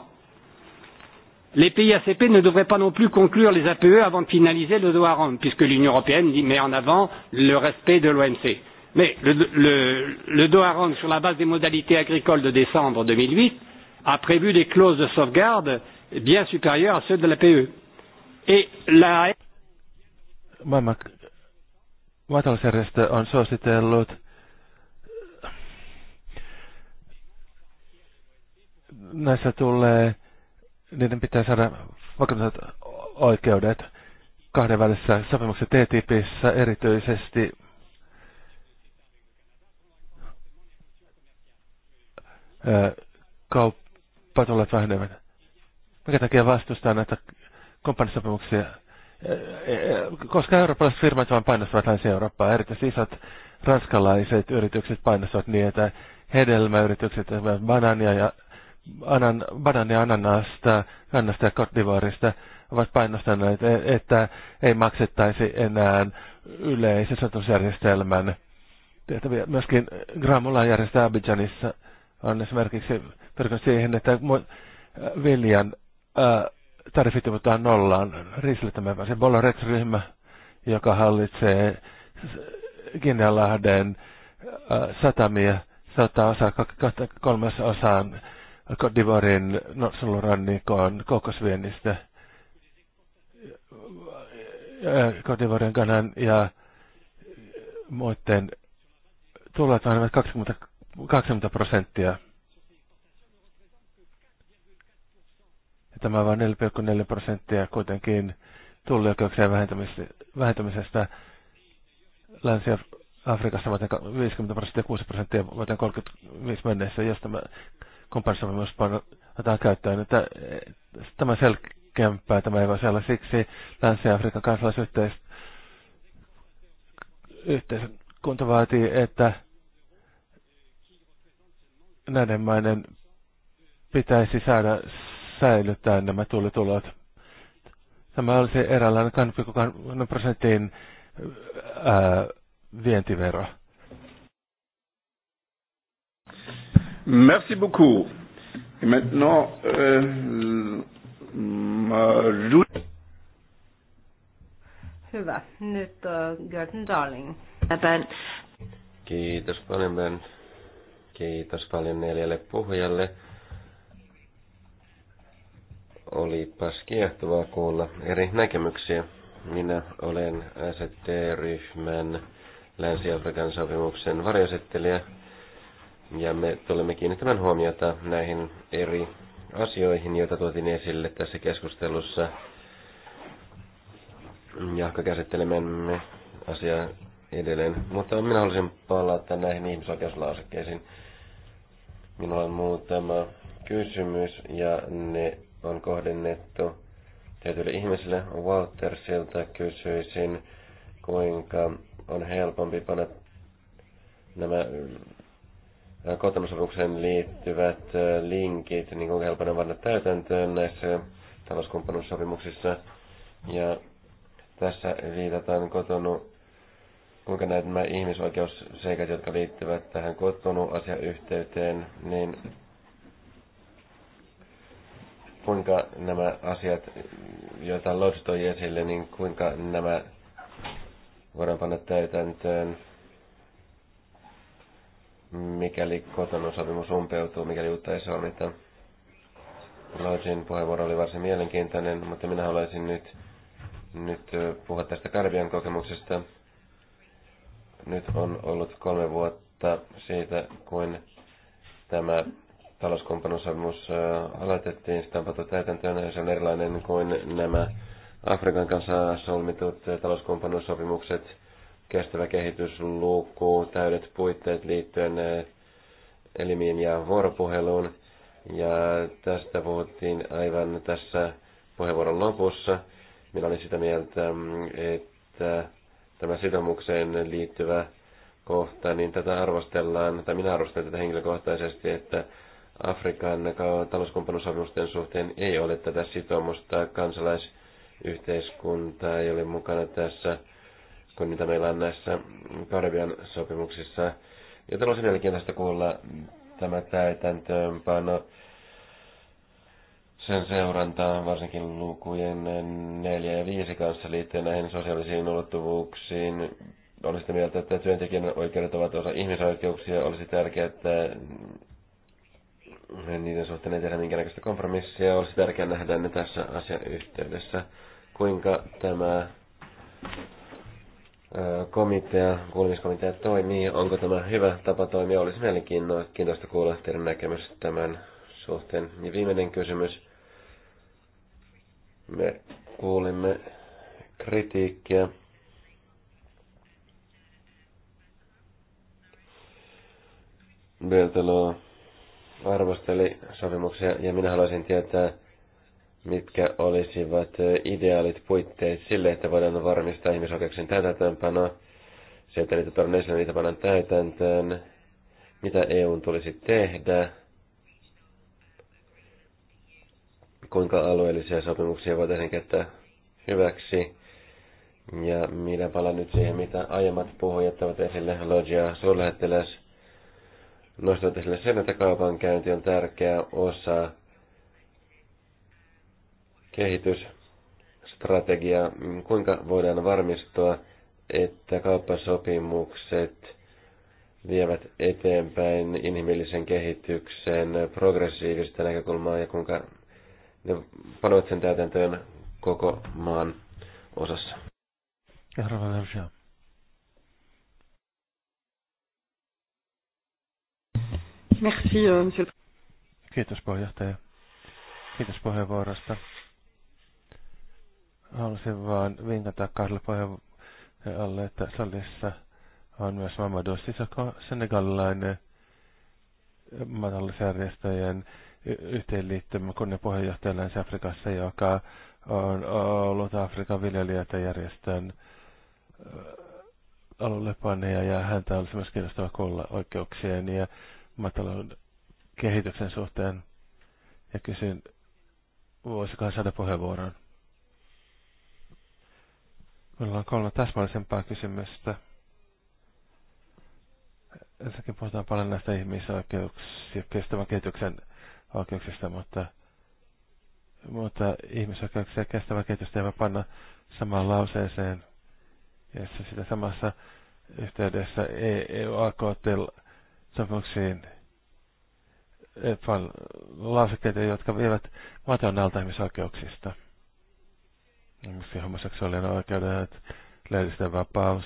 Les pays ACP ne devraient pas non plus conclure les APE avant de finaliser le Doha Round, puisque l'Union européenne met en avant le respect de l'OMC. Mais le, le, le Doha Round, sur la base des modalités agricoles de décembre 2008, a prévu des clauses de sauvegarde bien supérieures à ceux de l'APE. Et la... Maailman maatalousjärjestö on suositellut näissä tulee, niiden pitää saada vakuutuneet oikeudet kahdenvälisessä sopimuksessa TTIPissä erityisesti kauppatulot vähenevät. Mikä takia vastustaa näitä kumppanisopimuksia? Koska eurooppalaiset firmat vain painostavat Länsi-Eurooppaa, erityisesti isot ranskalaiset yritykset painostavat niitä hedelmäyritykset, banaania ja anan, banani ananasta, kannasta ja kotdivuorista ovat painostaneet, e- että ei maksettaisi enää yleisen satusjärjestelmän. tehtäviä. Myöskin Gramula järjestää Abidjanissa on esimerkiksi pyrkinyt siihen, että viljan tarifit tiputaan nollaan. Riisille tämä se Bolorex-ryhmä, joka hallitsee Kinnanlahden satamia, saattaa osaa kolmas osaan Cote d'Ivoirin rannikon kokosviennistä. Cote d'Ivoirin, Ganan ja muiden tulot ovat 20, 20 prosenttia. Ja tämä on vain 4,4 prosenttia kuitenkin tullioikeuksien vähentämisestä Länsi-Afrikassa vuoteen 50 prosenttia, 6 prosenttia vuoteen 35 mennessä, jos tämä kumppanisopimus otetaan käyttöön. Että eh, tämä selkeämpää tämä ei voi olla. Siksi Länsi-Afrikan kansalaisyhteiskunta vaatii, että näiden maiden pitäisi saada säilyttää nämä tulitulot. Tämä olisi eräänlainen 2,3 prosentin ää, vientivero. Merci beaucoup. Et maintenant, euh, Hyvä. Nyt uh, äh, Gerton Darling. Ben. Kiitos paljon, Ben. Kiitos paljon neljälle puhujalle. Olipas kiehtovaa kuulla eri näkemyksiä. Minä olen ST-ryhmän Länsi-Afrikan sopimuksen varjoesittelijä ja me tulemme kiinnittämään huomiota näihin eri asioihin, joita tuotiin esille tässä keskustelussa. Ja käsittelemme asiaa edelleen. Mutta minä haluaisin palata näihin ihmisoikeuslausekkeisiin. Minulla on muutama kysymys ja ne on kohdennettu ihmiselle. ihmisille. siltä kysyisin, kuinka on helpompi panna nämä kotonusopimukseen liittyvät linkit, niin kuin helpona vanna täytäntöön näissä talouskumppanuussopimuksissa. Ja tässä viitataan kotonu, kuinka nämä ihmisoikeusseikat, jotka liittyvät tähän kotonu-asiayhteyteen, niin kuinka nämä asiat, joita Lodge toi esille, niin kuinka nämä voidaan panna täytäntöön mikäli kotona sopimus umpeutuu, mikäli uutta ei solmita. Lodgin puheenvuoro oli varsin mielenkiintoinen, mutta minä haluaisin nyt, nyt puhua tästä Karibian kokemuksesta. Nyt on ollut kolme vuotta siitä, kun tämä talouskumppanuussopimus aloitettiin, sitä on pantu täytäntöön, se on erilainen kuin nämä Afrikan kanssa solmitut talouskumppanuussopimukset – kestävä kehitysluku, täydet puitteet liittyen eh, elimiin ja vuoropuheluun. Ja tästä puhuttiin aivan tässä puheenvuoron lopussa. Minä olin sitä mieltä, mm, että tämä sitomukseen liittyvä kohta, niin tätä arvostellaan, tai minä arvostelen tätä henkilökohtaisesti, että Afrikan talouskumppanuusopimusten suhteen ei ole tätä sitoumusta, kansalaisyhteiskunta ei ole mukana tässä kuin mitä meillä on näissä Karvian sopimuksissa. Joten olisi mielenkiintoista kuulla tämä täytäntöönpano, sen seurantaa, varsinkin lukujen 4 ja 5 kanssa liittyen näihin sosiaalisiin ulottuvuuksiin. Olisi sitä mieltä, että työntekijän oikeudet ovat osa ihmisoikeuksia. Olisi tärkeää, että niiden suhteen ei tehdä minkäänlaista kompromissia. Olisi tärkeää nähdä ne tässä yhteydessä. kuinka tämä komitea, kuulemiskomitea toimii. Onko tämä hyvä tapa toimia? Olisi mielenkiintoista kuulla teidän näkemys tämän suhteen. Ja viimeinen kysymys. Me kuulimme kritiikkiä Bertolo arvosteli sopimuksia ja minä haluaisin tietää, mitkä olisivat ideaalit puitteet sille, että voidaan varmistaa ihmisoikeuksien täytäntöönpanoa, se, että niitä tuodaan esille, niitä pannaan täytäntöön, mitä EUn tulisi tehdä, kuinka alueellisia sopimuksia voitaisiin käyttää hyväksi. Ja minä palaan nyt siihen, mitä aiemmat puhujat ovat esille. Logia suurlähettiläs nostavat esille sen, että kaupankäynti on tärkeä osa kehitysstrategia, kuinka voidaan varmistua, että kauppasopimukset vievät eteenpäin inhimillisen kehityksen progressiivista näkökulmaa ja kuinka ne panevat sen täytäntöön koko maan osassa. Merci, euh, Kiitos puheenjohtaja. Kiitos puheenvuorosta halusin vaan vinkata kahdella alle, että salissa on myös Mamadou Sisoko, senegalilainen matalaisjärjestöjen yhteenliittymä kunnianpuheenjohtaja Länsi-Afrikassa, joka on ollut Afrikan viljelijöitä järjestön alullepaneja ja häntä olisi myös kiinnostava kuulla oikeuksien ja matalan kehityksen suhteen. Ja kysyn, voisikohan saada puheenvuoron? Meillä on kolme täsmällisempää kysymystä. Ensinnäkin puhutaan paljon näistä ihmisoikeuksia, kestävän kehityksen oikeuksista, mutta, mutta ihmisoikeuksia ja kestävän kehitystä ei voi panna samaan lauseeseen, jossa sitä samassa yhteydessä EU-AKT-sopimuksiin e lausekkeita, jotka vievät maton alta ihmisoikeuksista se homoseksuaalinen oikeudet, lehdistön vapaus,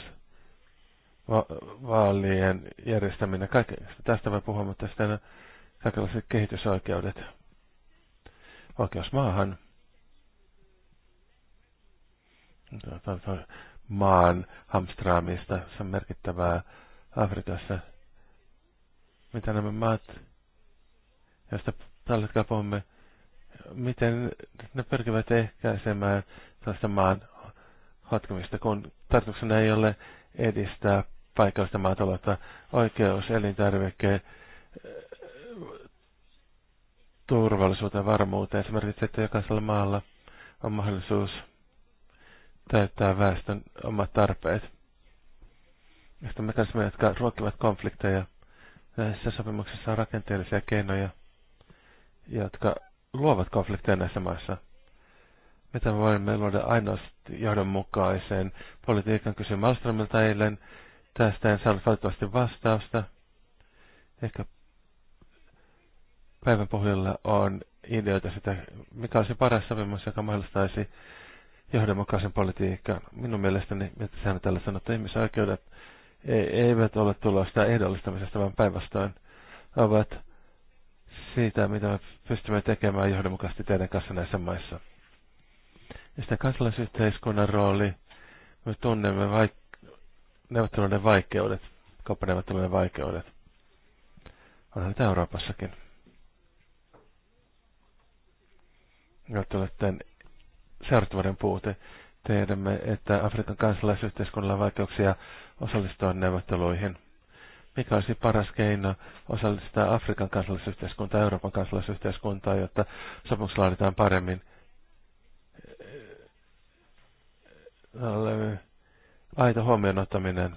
va- vaalien järjestäminen, kaikki, tästä voi puhua, mutta sitten kaikenlaiset kehitysoikeudet, oikeus maahan, tuota, maan hamstraamista, se on merkittävää Afrikassa, mitä nämä maat, joista tällä hetkellä puhumme, miten ne pyrkivät ehkäisemään toista maan hotkemista, kun tarkoituksena ei ole edistää paikallista maataloutta. Oikeus elintarvikkeen äh, turvallisuuteen ja varmuuteen. Esimerkiksi, että jokaisella maalla on mahdollisuus täyttää väestön omat tarpeet. Ja sitten mekanismeja, jotka ruokkivat konflikteja. Näissä sopimuksissa on rakenteellisia keinoja, jotka luovat konflikteja näissä maissa – mitä voimme luoda ainoasti johdonmukaisen politiikan kysyin Malmströmiltä eilen. Tästä en saanut valitettavasti vastausta. Ehkä päivän pohjalla on ideoita sitä, mikä olisi paras sopimus, joka mahdollistaisi johdonmukaisen politiikan. Minun mielestäni, että sehän tällä sanottu, ihmisoikeudet e- eivät ole tulosta ehdollistamisesta, vaan päinvastoin ovat siitä, mitä me pystymme tekemään johdonmukaisesti teidän kanssa näissä maissa. Ja sitä kansalaisyhteiskunnan rooli. Me tunnemme vaik- neuvotteluiden vaikeudet, kauppaneuvottelujen vaikeudet. Onhan nyt Euroopassakin. Neuvotteluiden seurattavuuden puute. Tiedämme, että Afrikan kansalaisyhteiskunnalla on vaikeuksia osallistua neuvotteluihin. Mikä olisi paras keino osallistaa Afrikan kansalaisyhteiskuntaa, Euroopan kansalaisyhteiskuntaa, jotta sopimus laaditaan paremmin – aito huomioon ottaminen.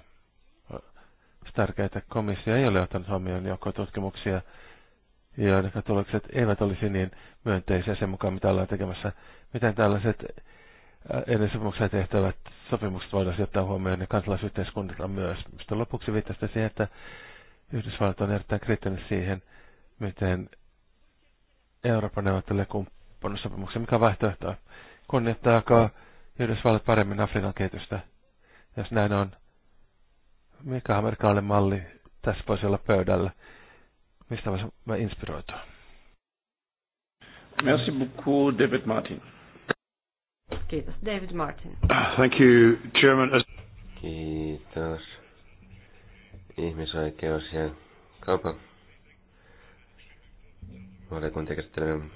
Olisi tärkeää, että komissio ei ole ottanut huomioon joko tutkimuksia, joiden tulokset eivät olisi niin myönteisiä sen mukaan, mitä ollaan tekemässä. Miten tällaiset äh, ennen sopimuksia tehtävät sopimukset voidaan ottaa huomioon ja kansalaisyhteiskunta myös. Sitten lopuksi viittasitte siihen, että Yhdysvallat on erittäin kriittinen siihen, miten Euroopan neuvottelee kumppanussopimuksen, mikä vaihtoehto on. Kunnioittaako Yhdysvallat paremmin Afrikan kehitystä? Jos näin on, mikä amerikkalainen malli tässä voisi olla pöydällä? Mistä voisimme inspiroitua? Merci beaucoup, David Martin. Kiitos, David Martin. Thank you, Chairman. Kiitos. Ihmisoikeus ja kaupan valiokuntien käsittelevän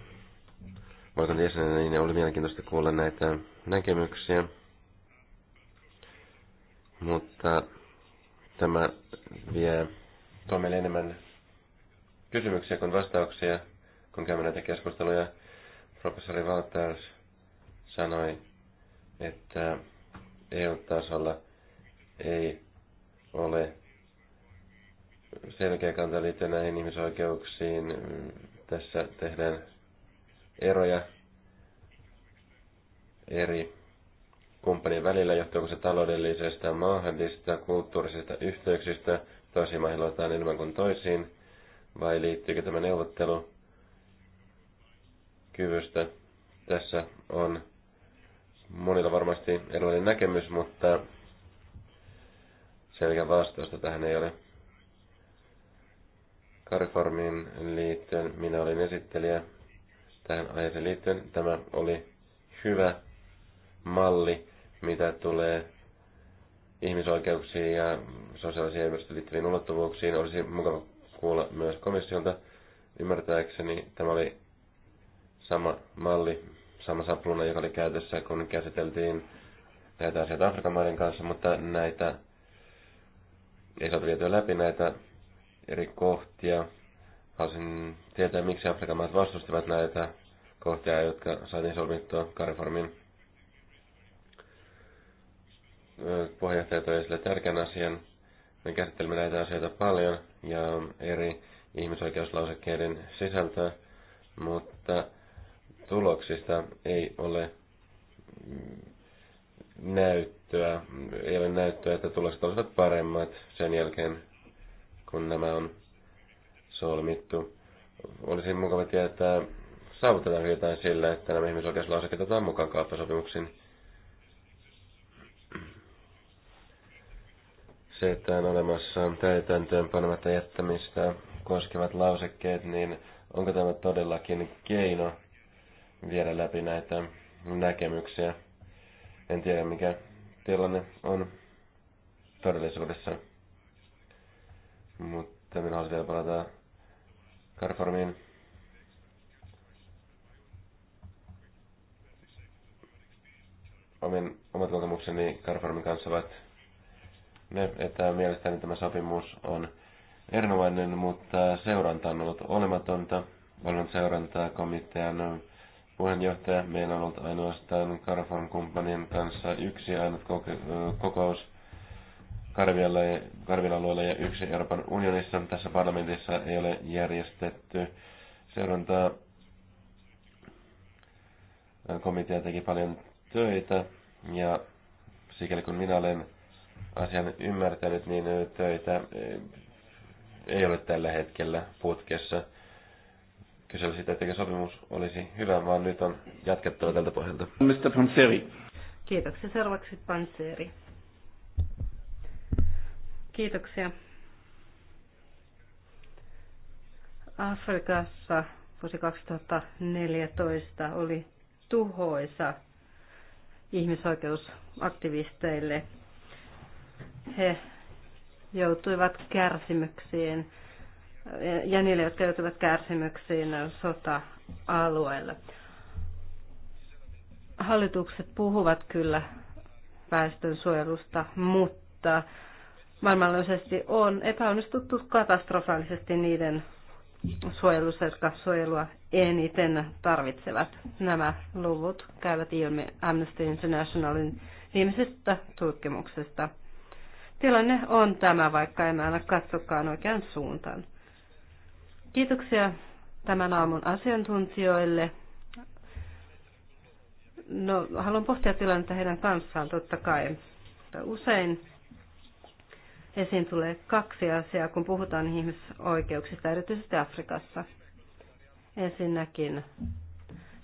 Valiokuntien jäsenenä, niin oli mielenkiintoista kuulla näitä näkemyksiä, mutta tämä vie tuo meille enemmän kysymyksiä kuin vastauksia, kun käymme näitä keskusteluja. Professori Walters sanoi, että EU-tasolla ei ole selkeä kanta liittyen näihin ihmisoikeuksiin. Tässä tehdään eroja eri kumppanien välillä, johtuuko se taloudellisesta, maahdista, kulttuurisista yhteyksistä, toisiin maihin luotaan enemmän kuin toisiin, vai liittyykö tämä neuvottelu kyvystä? Tässä on monilla varmasti erilainen näkemys, mutta selkeä vastausta tähän ei ole. Kariformiin liittyen minä olin esittelijä tähän aiheeseen liittyen. Tämä oli hyvä malli, mitä tulee ihmisoikeuksiin ja sosiaalisiin ja liittyviin ulottuvuuksiin. Olisi mukava kuulla myös komissiolta. Ymmärtääkseni tämä oli sama malli, sama sapluna, joka oli käytössä, kun käsiteltiin näitä asioita Afrikan maiden kanssa, mutta näitä ei saatu vietyä läpi näitä eri kohtia. Haluaisin tietää, miksi Afrikan maat vastustivat näitä kohtia, jotka saatiin solmittua Kariformin Puheenjohtaja toi esille tärkeän asian. Me käsittelemme näitä asioita paljon ja eri ihmisoikeuslausekkeiden sisältöä, mutta tuloksista ei ole näyttöä, ei ole näyttöä, että tulokset olisivat paremmat sen jälkeen, kun nämä on solmittu. Olisi mukava tietää, saavutetaanko jotain sillä, että nämä ihmisoikeuslausekkeet otetaan mukaan kauppasopimuksiin. se, että on olemassa täytäntöön panematta jättämistä koskevat lausekkeet, niin onko tämä todellakin keino viedä läpi näitä näkemyksiä? En tiedä, mikä tilanne on todellisuudessa. Mutta minä haluaisin vielä palata Carformiin. Omin, omat kokemukseni Carformin kanssa ovat että mielestäni tämä sopimus on erinomainen, mutta seuranta on ollut olematonta. Olen komitean puheenjohtaja. Meillä on ollut ainoastaan Carrefour kumppanien kanssa yksi ainut kokous alueella ja yksi Euroopan unionissa. Tässä parlamentissa ei ole järjestetty seurantaa. Komitea teki paljon töitä ja sikäli kun minä olen asian ymmärtänyt, niin töitä ei ole tällä hetkellä putkessa. Kysyä sitä, että sopimus olisi hyvä, vaan nyt on jatkettava tältä pohjalta. Mr. Panseri. Kiitoksia. Seuraavaksi Panseri. Kiitoksia. Afrikassa vuosi 2014 oli tuhoisa ihmisoikeusaktivisteille he joutuivat kärsimyksiin ja niille, jotka joutuivat kärsimyksiin sota-alueella. Hallitukset puhuvat kyllä väestönsuojelusta, mutta maailmanlaajuisesti on epäonnistuttu katastrofaalisesti niiden suojelussa, jotka suojelua eniten tarvitsevat. Nämä luvut käyvät ilmi Amnesty Internationalin viimeisestä tutkimuksesta – Tilanne on tämä, vaikka en aina katsokaan oikean suuntaan. Kiitoksia tämän aamun asiantuntijoille. No, haluan pohtia tilannetta heidän kanssaan totta kai. Usein esiin tulee kaksi asiaa, kun puhutaan ihmisoikeuksista, erityisesti Afrikassa. Ensinnäkin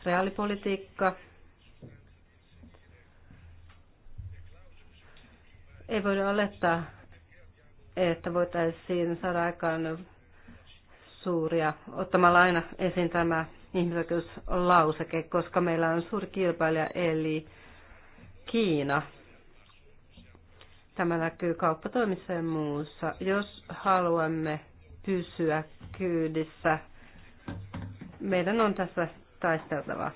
reaalipolitiikka Ei voida olettaa, että voitaisiin saada aikaan suuria ottamalla aina esiin tämä ihmisoikeuslauseke, koska meillä on suuri kilpailija eli Kiina. Tämä näkyy kauppatoimissa ja muussa. Jos haluamme pysyä kyydissä, meidän on tässä taisteltava.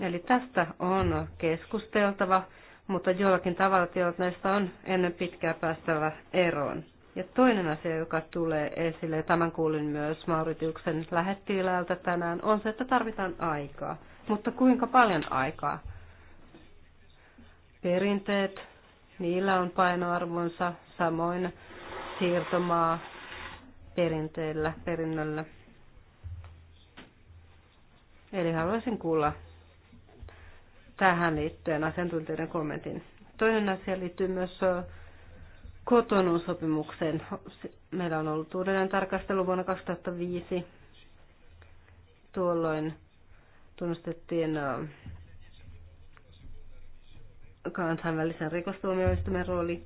Eli tästä on keskusteltava mutta jollakin tavalla teot näistä on ennen pitkää päästävä eroon. Ja toinen asia, joka tulee esille, ja tämän kuulin myös Maurityksen lähettiläältä tänään, on se, että tarvitaan aikaa. Mutta kuinka paljon aikaa? Perinteet, niillä on painoarvonsa, samoin siirtomaa perinteillä, perinnöllä. Eli haluaisin kuulla tähän liittyen asiantuntijoiden kommentin. Toinen asia liittyy myös kotonuusopimukseen. Meillä on ollut uudelleen tarkastelu vuonna 2005. Tuolloin tunnustettiin kansainvälisen rikostuomioistuimen rooli.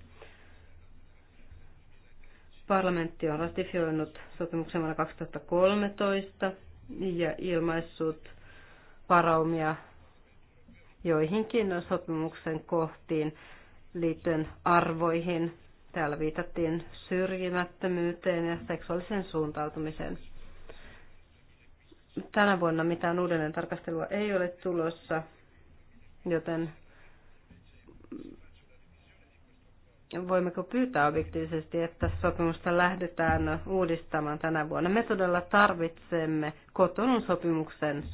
Parlamentti on ratifioinut sopimuksen vuonna 2013 ja ilmaissut varaumia joihinkin sopimuksen kohtiin liittyen arvoihin. Täällä viitattiin syrjimättömyyteen ja seksuaaliseen suuntautumiseen. Tänä vuonna mitään uudelleen tarkastelua ei ole tulossa, joten voimmeko pyytää objektiivisesti, että sopimusta lähdetään uudistamaan tänä vuonna. Me todella tarvitsemme kotonun sopimuksen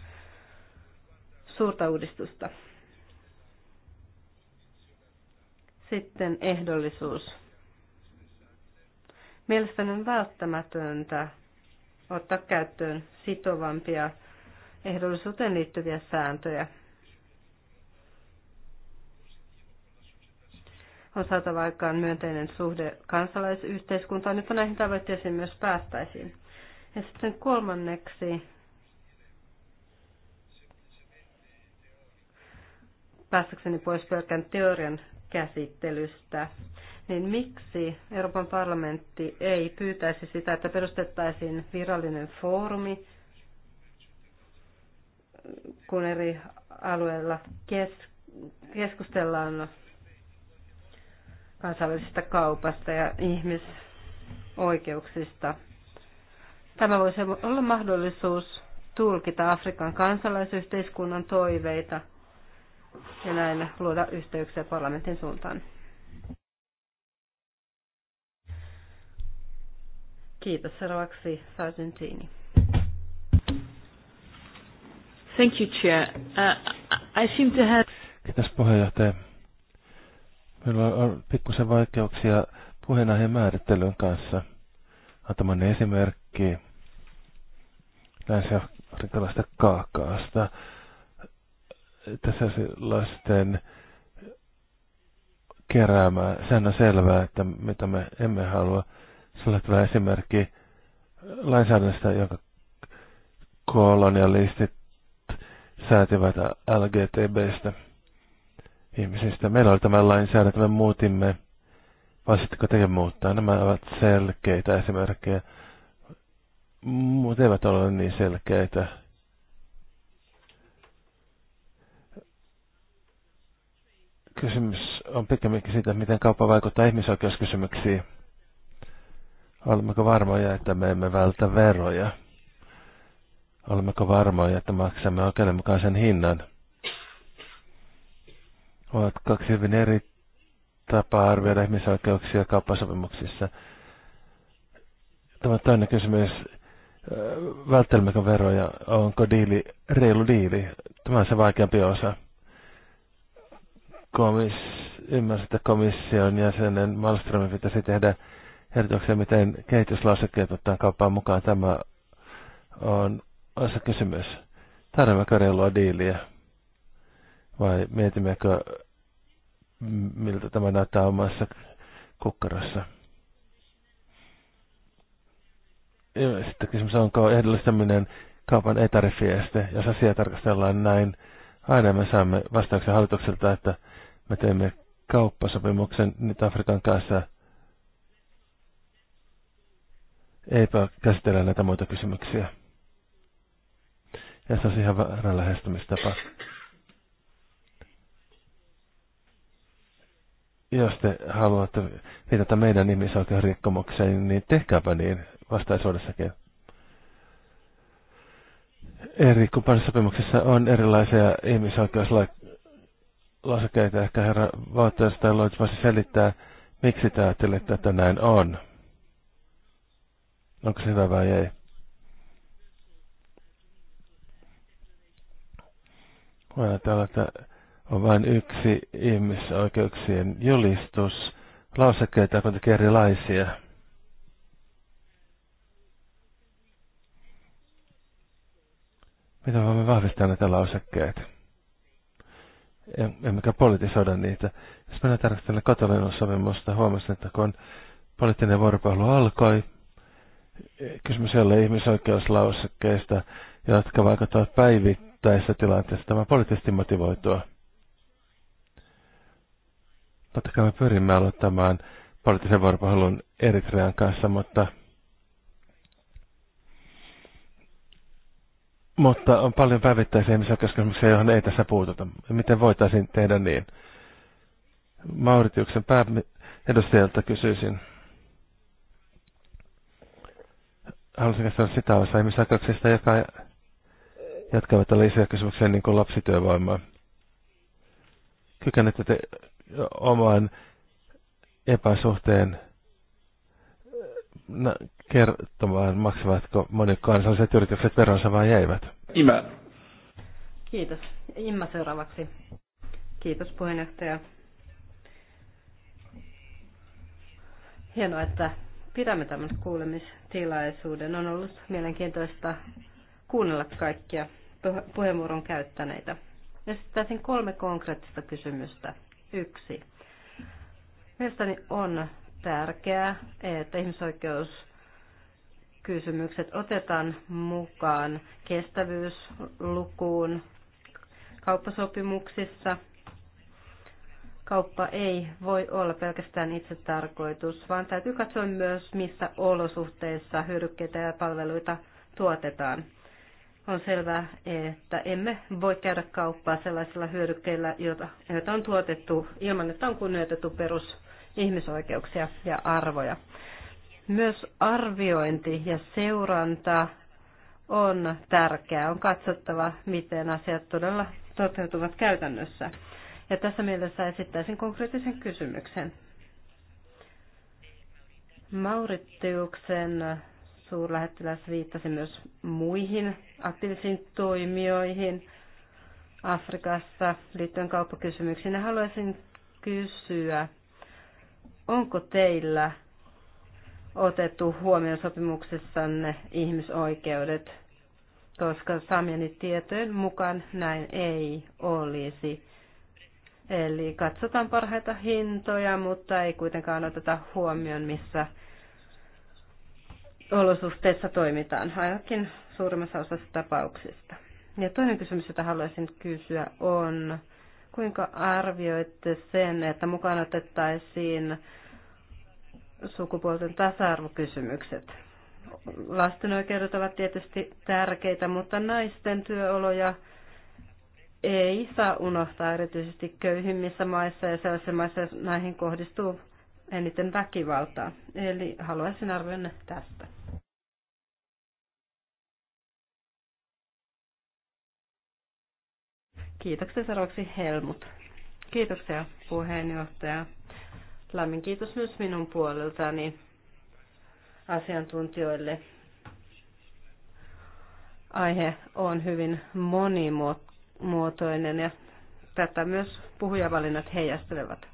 suurta uudistusta. Sitten ehdollisuus. Mielestäni on välttämätöntä ottaa käyttöön sitovampia ehdollisuuteen liittyviä sääntöjä. On saatava aikaan myönteinen suhde kansalaisyhteiskuntaan, jotta näihin tavoitteisiin myös päästäisiin. Ja sitten kolmanneksi päästäkseni pois pelkän teorian käsittelystä, niin miksi Euroopan parlamentti ei pyytäisi sitä, että perustettaisiin virallinen foorumi, kun eri alueilla kes- keskustellaan kansainvälisestä kaupasta ja ihmisoikeuksista. Tämä voisi olla mahdollisuus tulkita Afrikan kansalaisyhteiskunnan toiveita – ja näin luoda yhteyksiä parlamentin suuntaan. Kiitos. Seuraavaksi Sargentini. Thank you, Chair. Uh, I seem to have... Kiitos puheenjohtaja. Meillä on pikkusen vaikeuksia puheenaiheen määrittelyn kanssa. Antamaan esimerkki länsi-afrikkalaista kaakaasta tässä lasten keräämää. Sehän on selvää, että mitä me emme halua. Sillä hyvä esimerkki lainsäädännöstä, jonka kolonialistit säätivät LGTBstä ihmisistä. Meillä oli tämä lainsäädäntö, me muutimme. Voisitteko tekin muuttaa? Nämä ovat selkeitä esimerkkejä. Mutta eivät ole niin selkeitä. Kysymys on pikemminkin siitä, miten kauppa vaikuttaa ihmisoikeuskysymyksiin. Olemmeko varmoja, että me emme vältä veroja? Olemmeko varmoja, että maksamme oikeudenmukaisen hinnan? Ovat kaksi hyvin eri tapaa arvioida ihmisoikeuksia kauppasopimuksissa. Tämä toinen kysymys, välttelemmekö veroja, onko diili reilu diili? Tämä on se vaikeampi osa komis, ymmärsi, että komission jäsenen Malmströmin pitäisi tehdä ehdotuksia, miten kehityslausekkeet ottaa kauppaan mukaan. Tämä on osa kysymys. Tarvitsemmeko reilua diiliä? Vai mietimmekö, miltä tämä näyttää omassa kukkarassa? Ja sitten kysymys onko ehdollistaminen kaupan etarifieste, jos asiaa tarkastellaan näin, aina me saamme vastauksen hallitukselta, että me teemme kauppasopimuksen nyt Afrikan kanssa. Eipä käsitellä näitä muita kysymyksiä. Ja se on ihan väärä lähestymistapa. Jos te haluatte viitata meidän ihmisoikeusrikkomukseen, niin tehkääpä niin vastaisuudessakin eri kumppanisopimuksissa on erilaisia ihmisoikeuslaitteita lasakeita. Ehkä herra Vaatteesta tai Lloyd voisi selittää, miksi te ajattelette, että näin on. Onko se hyvä vai ei? Voi ajatella, että on vain yksi ihmisoikeuksien julistus. Lausekkeita on kuitenkin erilaisia. Miten voimme vahvistaa näitä lausekkeita? emmekä politisoida niitä. Jos mennään tarkastella Katalinon sovimusta, huomasin, että kun poliittinen vuoropuhelu alkoi, e, kysymys ei ole ihmisoikeuslausekkeista, jotka vaikuttavat päivittäisessä tilanteessa. Tämä poliittisesti motivoitua. Totta kai me pyrimme aloittamaan poliittisen vuoropuhelun Eritrean kanssa, mutta Mutta on paljon päivittäisiä ihmisoikeuskysymyksiä, joihin ei tässä puututa. Miten voitaisiin tehdä niin? Mauritiuksen pääedustajalta kysyisin. Haluaisin sanoa sitä osaa ihmisoikeuksista, joka jatkavat isoja kysymyksiä niin kuin lapsityövoimaa. Kykennette te oman epäsuhteen kertomaan, maksavatko monet kansalliset yritykset veronsa vai eivät. Imä. Kiitos. Imma seuraavaksi. Kiitos puheenjohtaja. Hienoa, että pidämme tämän kuulemistilaisuuden. On ollut mielenkiintoista kuunnella kaikkia puheenvuoron käyttäneitä. Esittäisin kolme konkreettista kysymystä. Yksi. Mielestäni on tärkeää, että ihmisoikeus kysymykset otetaan mukaan kestävyyslukuun kauppasopimuksissa. Kauppa ei voi olla pelkästään itse tarkoitus, vaan täytyy katsoa myös, missä olosuhteissa hyödykkeitä ja palveluita tuotetaan. On selvää, että emme voi käydä kauppaa sellaisilla hyödykkeillä, joita on tuotettu ilman, että on kunnioitettu perus ihmisoikeuksia ja arvoja. Myös arviointi ja seuranta on tärkeää. On katsottava, miten asiat todella toteutuvat käytännössä. Ja tässä mielessä esittäisin konkreettisen kysymyksen. Mauritiuksen suurlähettiläs viittasi myös muihin aktiivisiin toimijoihin Afrikassa liittyen kauppakysymyksiin. Haluaisin kysyä, onko teillä otettu huomioon sopimuksessanne ihmisoikeudet, koska saamieni tietojen mukaan näin ei olisi. Eli katsotaan parhaita hintoja, mutta ei kuitenkaan oteta huomioon, missä olosuhteissa toimitaan, ainakin suurimmassa osassa tapauksista. Ja toinen kysymys, jota haluaisin kysyä, on, kuinka arvioitte sen, että mukaan otettaisiin sukupuolten tasa-arvokysymykset. Lasten oikeudet ovat tietysti tärkeitä, mutta naisten työoloja ei saa unohtaa erityisesti köyhimmissä maissa ja sellaisissa maissa, näihin kohdistuu eniten väkivaltaa. Eli haluaisin arvioida tästä. Kiitoksia seuraavaksi Helmut. Kiitoksia puheenjohtaja. Lämmin kiitos myös minun puoleltani asiantuntijoille. Aihe on hyvin monimuotoinen ja tätä myös puhujavalinnat heijastelevat.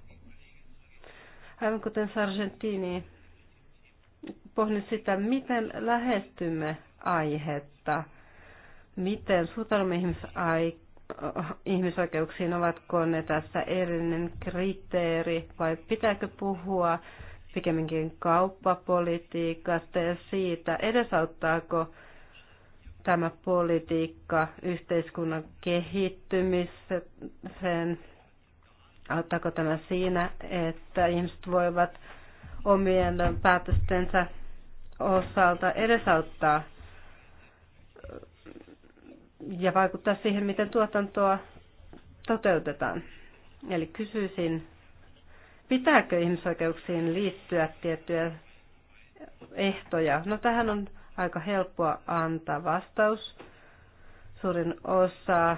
Aivan kuten Sargentini, pohdin sitä, miten lähestymme aihetta, miten suhtaudumme ihmisaikaa ihmisoikeuksiin, ovatko ne tässä erillinen kriteeri vai pitääkö puhua pikemminkin kauppapolitiikasta ja siitä, edesauttaako tämä politiikka yhteiskunnan kehittymiseen, auttaako tämä siinä, että ihmiset voivat omien päätöstensä osalta edesauttaa ja vaikuttaa siihen, miten tuotantoa toteutetaan. Eli kysyisin, pitääkö ihmisoikeuksiin liittyä tiettyjä ehtoja? No tähän on aika helppoa antaa vastaus. Suurin osa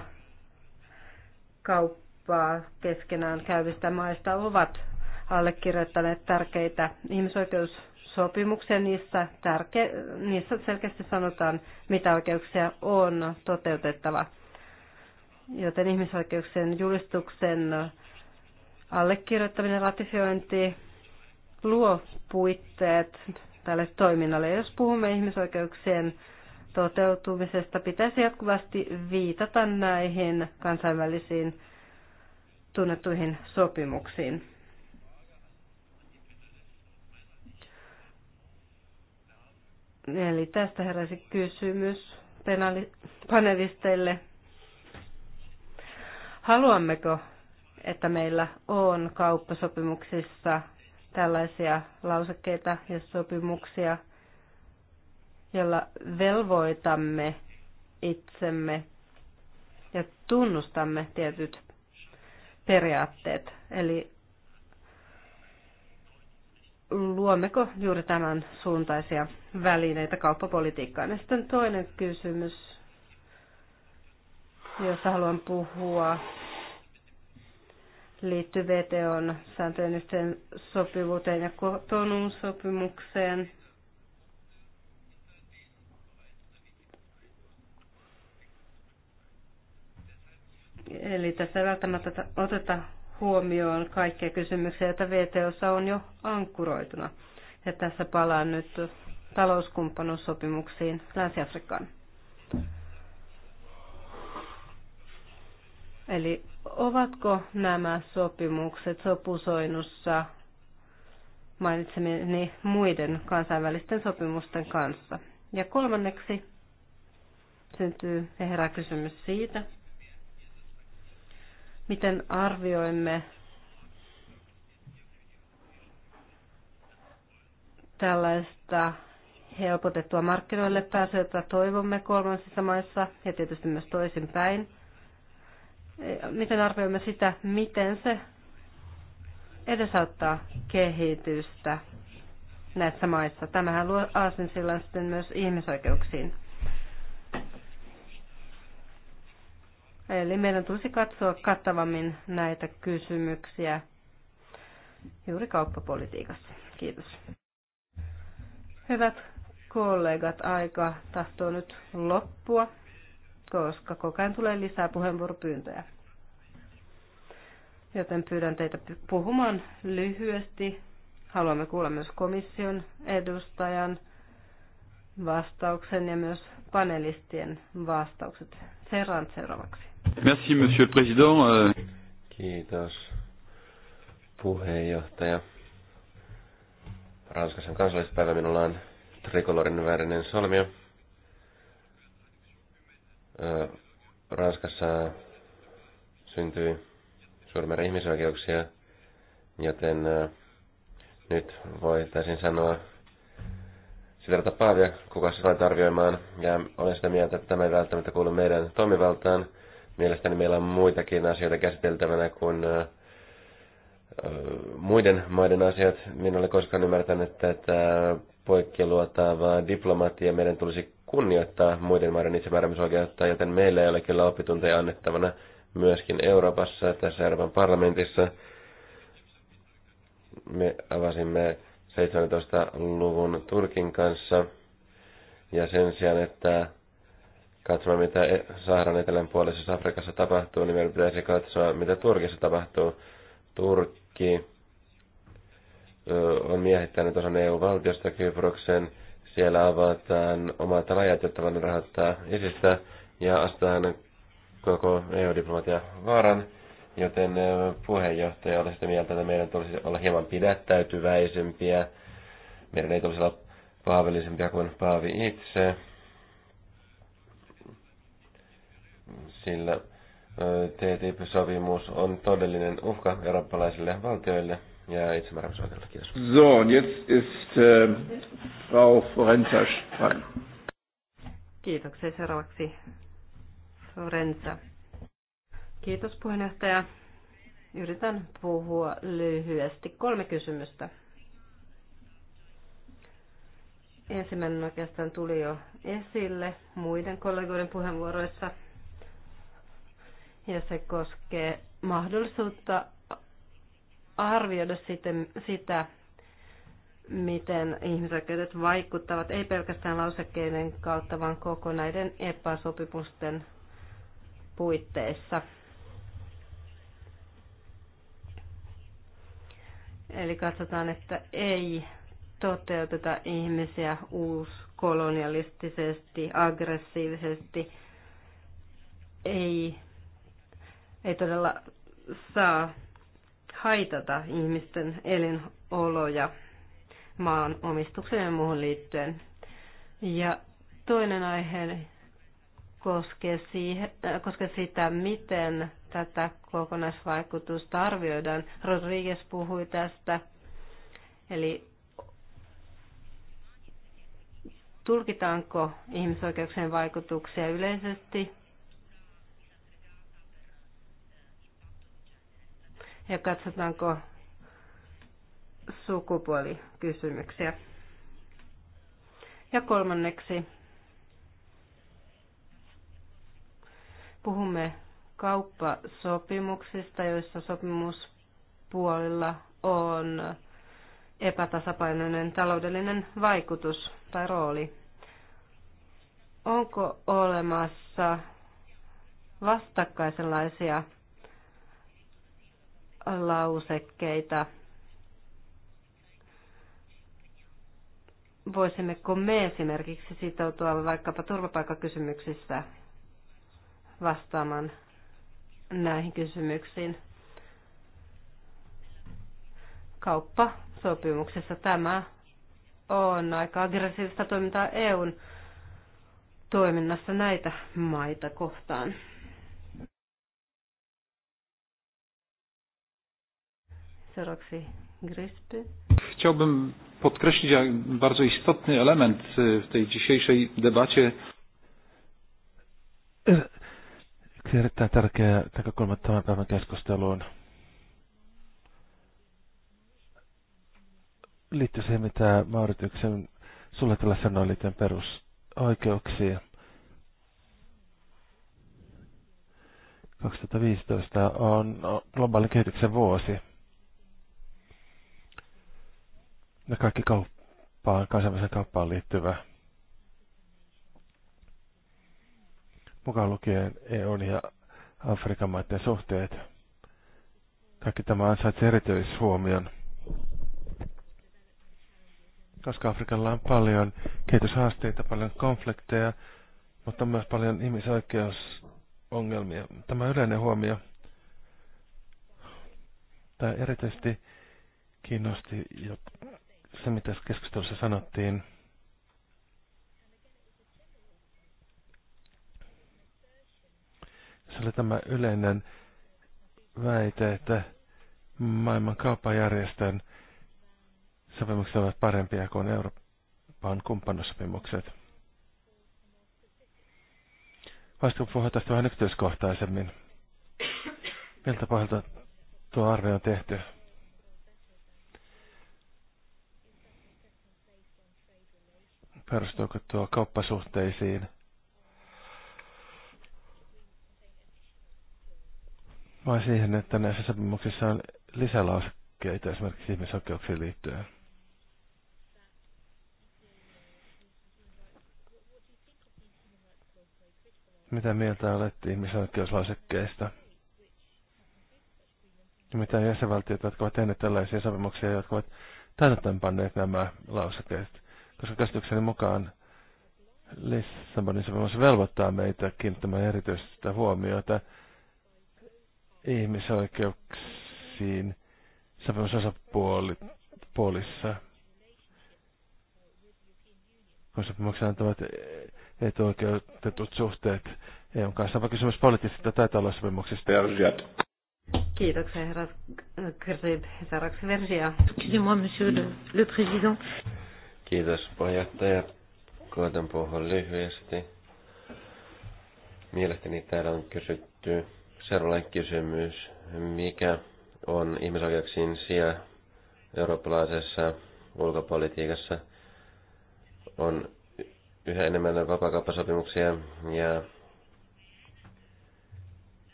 kauppaa keskenään käyvistä maista ovat allekirjoittaneet tärkeitä ihmisoikeus sopimuksia. Niissä, tärke, niissä selkeästi sanotaan, mitä oikeuksia on toteutettava. Joten ihmisoikeuksien julistuksen allekirjoittaminen, ratifiointi luo puitteet tälle toiminnalle. Jos puhumme ihmisoikeuksien toteutumisesta, pitäisi jatkuvasti viitata näihin kansainvälisiin tunnettuihin sopimuksiin. Eli tästä heräsi kysymys panelisteille. Haluammeko, että meillä on kauppasopimuksissa tällaisia lausekkeita ja sopimuksia, jolla velvoitamme itsemme ja tunnustamme tietyt periaatteet. Eli luommeko juuri tämän suuntaisia välineitä kauppapolitiikkaan. Ja sitten toinen kysymys, jossa haluan puhua, liittyy VTOn sääntöjen yhteen sopivuuteen ja kotonuun sopimukseen. Eli tässä ei välttämättä oteta huomioon kaikkia kysymyksiä, joita VTOssa on jo ankkuroituna. Ja tässä palaan nyt talouskumppanuussopimuksiin Länsi-Afrikkaan. Eli ovatko nämä sopimukset sopusoinnussa mainitsemieni muiden kansainvälisten sopimusten kanssa? Ja kolmanneksi syntyy herää kysymys siitä, miten arvioimme tällaista helpotettua markkinoille pääsyä, jota toivomme kolmansissa maissa ja tietysti myös toisinpäin. Miten arvioimme sitä, miten se edesauttaa kehitystä näissä maissa. Tämähän luo aasinsillan sitten myös ihmisoikeuksiin. Eli meidän tulisi katsoa kattavammin näitä kysymyksiä juuri kauppapolitiikassa. Kiitos. Hyvät kollegat, aika tahtoo nyt loppua, koska koko ajan tulee lisää puheenvuoropyyntöjä. Joten pyydän teitä puhumaan lyhyesti. Haluamme kuulla myös komission edustajan vastauksen ja myös panelistien vastaukset. Serran seuraavaksi. Merci, monsieur le président. Euh. Kiitos, puheenjohtaja. Ranskaisen kansallispäivä, minulla on trikolorin värinen solmio. Ranskassa syntyi suurimmat ihmisoikeuksia, joten nyt voitaisiin sanoa sitä tapaa vielä kuka se tarvioimaan. Ja olen sitä mieltä, että tämä ei välttämättä kuulu meidän toimivaltaan. Mielestäni meillä on muitakin asioita käsiteltävänä kuin muiden maiden asiat. Minä olen koskaan ymmärtänyt, että tätä poikkiluotaavaa diplomaattia meidän tulisi kunnioittaa muiden maiden itsemääräämisoikeutta, joten meillä ei ole kyllä oppitunteja annettavana myöskin Euroopassa, tässä Euroopan parlamentissa. Me avasimme 17-luvun Turkin kanssa, ja sen sijaan, että katsomaan, mitä e- Saharan etelänpuolisessa Afrikassa tapahtuu, niin meidän pitäisi katsoa, mitä Turkissa tapahtuu. Turkki on miehittänyt osan EU-valtiosta Kyproksen. Siellä avataan omat rajat, jotta voidaan rahoittaa isistä ja astetaan koko EU-diplomatia vaaran. Joten puheenjohtaja oli sitä mieltä, että meidän tulisi olla hieman pidättäytyväisempiä. Meidän ei tulisi olla paavillisempia kuin Paavi itse sillä TTIP-sovimus on todellinen uhka eurooppalaisille valtioille ja itsemääräämisoikeudelle. Kiitos. So, und jetzt ist äh, Frau Forenza dran. Kiitoksia seuraavaksi Forenza. Kiitos puheenjohtaja. Yritän puhua lyhyesti. Kolme kysymystä. Ensimmäinen oikeastaan tuli jo esille muiden kollegoiden puheenvuoroissa – ja se koskee mahdollisuutta arvioida sitten sitä, miten ihmisoikeudet vaikuttavat, ei pelkästään lausekkeiden kautta, vaan koko näiden epäsopimusten puitteissa. Eli katsotaan, että ei toteuteta ihmisiä uuskolonialistisesti, aggressiivisesti, ei ei todella saa haitata ihmisten elinoloja maan omistukseen ja muuhun liittyen. Ja toinen aihe koskee, siihen, äh, koskee sitä, miten tätä kokonaisvaikutusta arvioidaan. Rodriguez puhui tästä, eli tulkitaanko ihmisoikeuksien vaikutuksia yleisesti ja katsotaanko sukupuolikysymyksiä. Ja kolmanneksi puhumme kauppasopimuksista, joissa sopimuspuolilla on epätasapainoinen taloudellinen vaikutus tai rooli. Onko olemassa vastakkaisenlaisia lausekkeita. Voisimmeko me esimerkiksi sitoutua vaikkapa turvapaikkakysymyksissä vastaamaan näihin kysymyksiin? Kauppasopimuksessa tämä on aika aggressiivista toimintaa EUn toiminnassa näitä maita kohtaan. Seuraavaksi Grisby. Chciałbym podkreślić bardzo istotny element w tej dzisiejszej debacie. Erittäin tärkeä näkökulma tämän päivän keskusteluun liittyy siihen, mitä Maurituksen sulle tällä sanoi liittyen perusoikeuksiin. 2015 on globaalin kehityksen vuosi. ja kaikki kauppaan, kansainväliseen kauppaan liittyvä. Mukaan lukien EUn ja Afrikan maiden suhteet. Kaikki tämä ansaitsee erityishuomion. Koska Afrikalla on paljon kehityshaasteita, paljon konflikteja, mutta myös paljon ihmisoikeusongelmia. Tämä yleinen huomio, tämä erityisesti kiinnosti se, mitä keskustelussa sanottiin, se oli tämä yleinen väite, että maailman kauppajärjestön sopimukset ovat parempia kuin Euroopan kumppanussopimukset. Voisitko puhua tästä vähän yksityiskohtaisemmin? Miltä pohjalta tuo arvio on tehty? Perustuuko tuo kauppasuhteisiin? Vai siihen, että näissä sopimuksissa on lisälausekkeita esimerkiksi ihmisoikeuksiin liittyen? Mitä mieltä olet ihmisoikeuslausekkeista? Ja mitä jäsenvaltiot, jotka ovat tehneet tällaisia sopimuksia, jotka ovat täytäntöönpanneet nämä lausekkeet? koska käsitykseni mukaan Lissabonin sopimus velvoittaa meitä kiinnittämään erityistä huomiota ihmisoikeuksiin sopimusosapuolissa, kun sopimuksen antavat etuoikeutetut suhteet EUn kanssa. vaikka kysymys poliittisista tai taloussopimuksista. Kiitoksia, herra Grib. Seuraavaksi Versia. Excusez-moi, monsieur le président. Kiitos puheenjohtaja. Koitan puhua lyhyesti. Mielestäni täällä on kysytty seuraavan kysymys, mikä on ihmisoikeuksien sija eurooppalaisessa ulkopolitiikassa. On yhä enemmän vapaakauppasopimuksia ja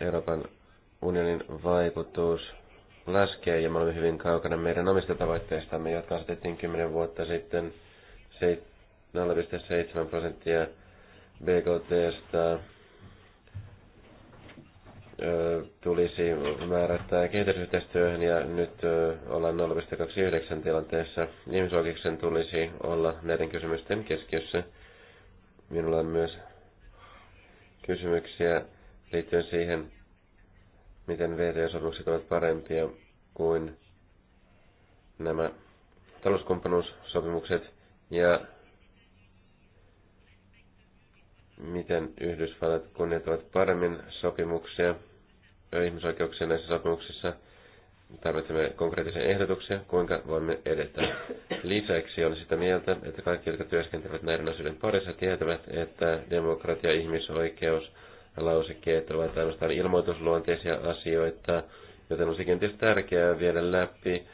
Euroopan unionin vaikutus laskee ja me olemme hyvin kaukana meidän omista tavoitteistamme, jotka asetettiin 10 vuotta sitten 0,7 prosenttia BKTstä tulisi määrättää kehitysyhteistyöhön ja nyt ollaan 0,29 tilanteessa. Ihmisoikeuksien tulisi olla näiden kysymysten keskiössä. Minulla on myös kysymyksiä liittyen siihen, miten VTO-sopimukset ovat parempia kuin nämä talouskumppanuussopimukset ja miten Yhdysvallat kunnioittavat paremmin sopimuksia ja ihmisoikeuksia näissä sopimuksissa. Tarvitsemme konkreettisia ehdotuksia, kuinka voimme edetä. Lisäksi on sitä mieltä, että kaikki, jotka työskentelevät näiden asioiden parissa, tietävät, että demokratia, ihmisoikeus, lausekkeet ovat ainoastaan ilmoitusluonteisia asioita, joten on kenties tärkeää viedä läpi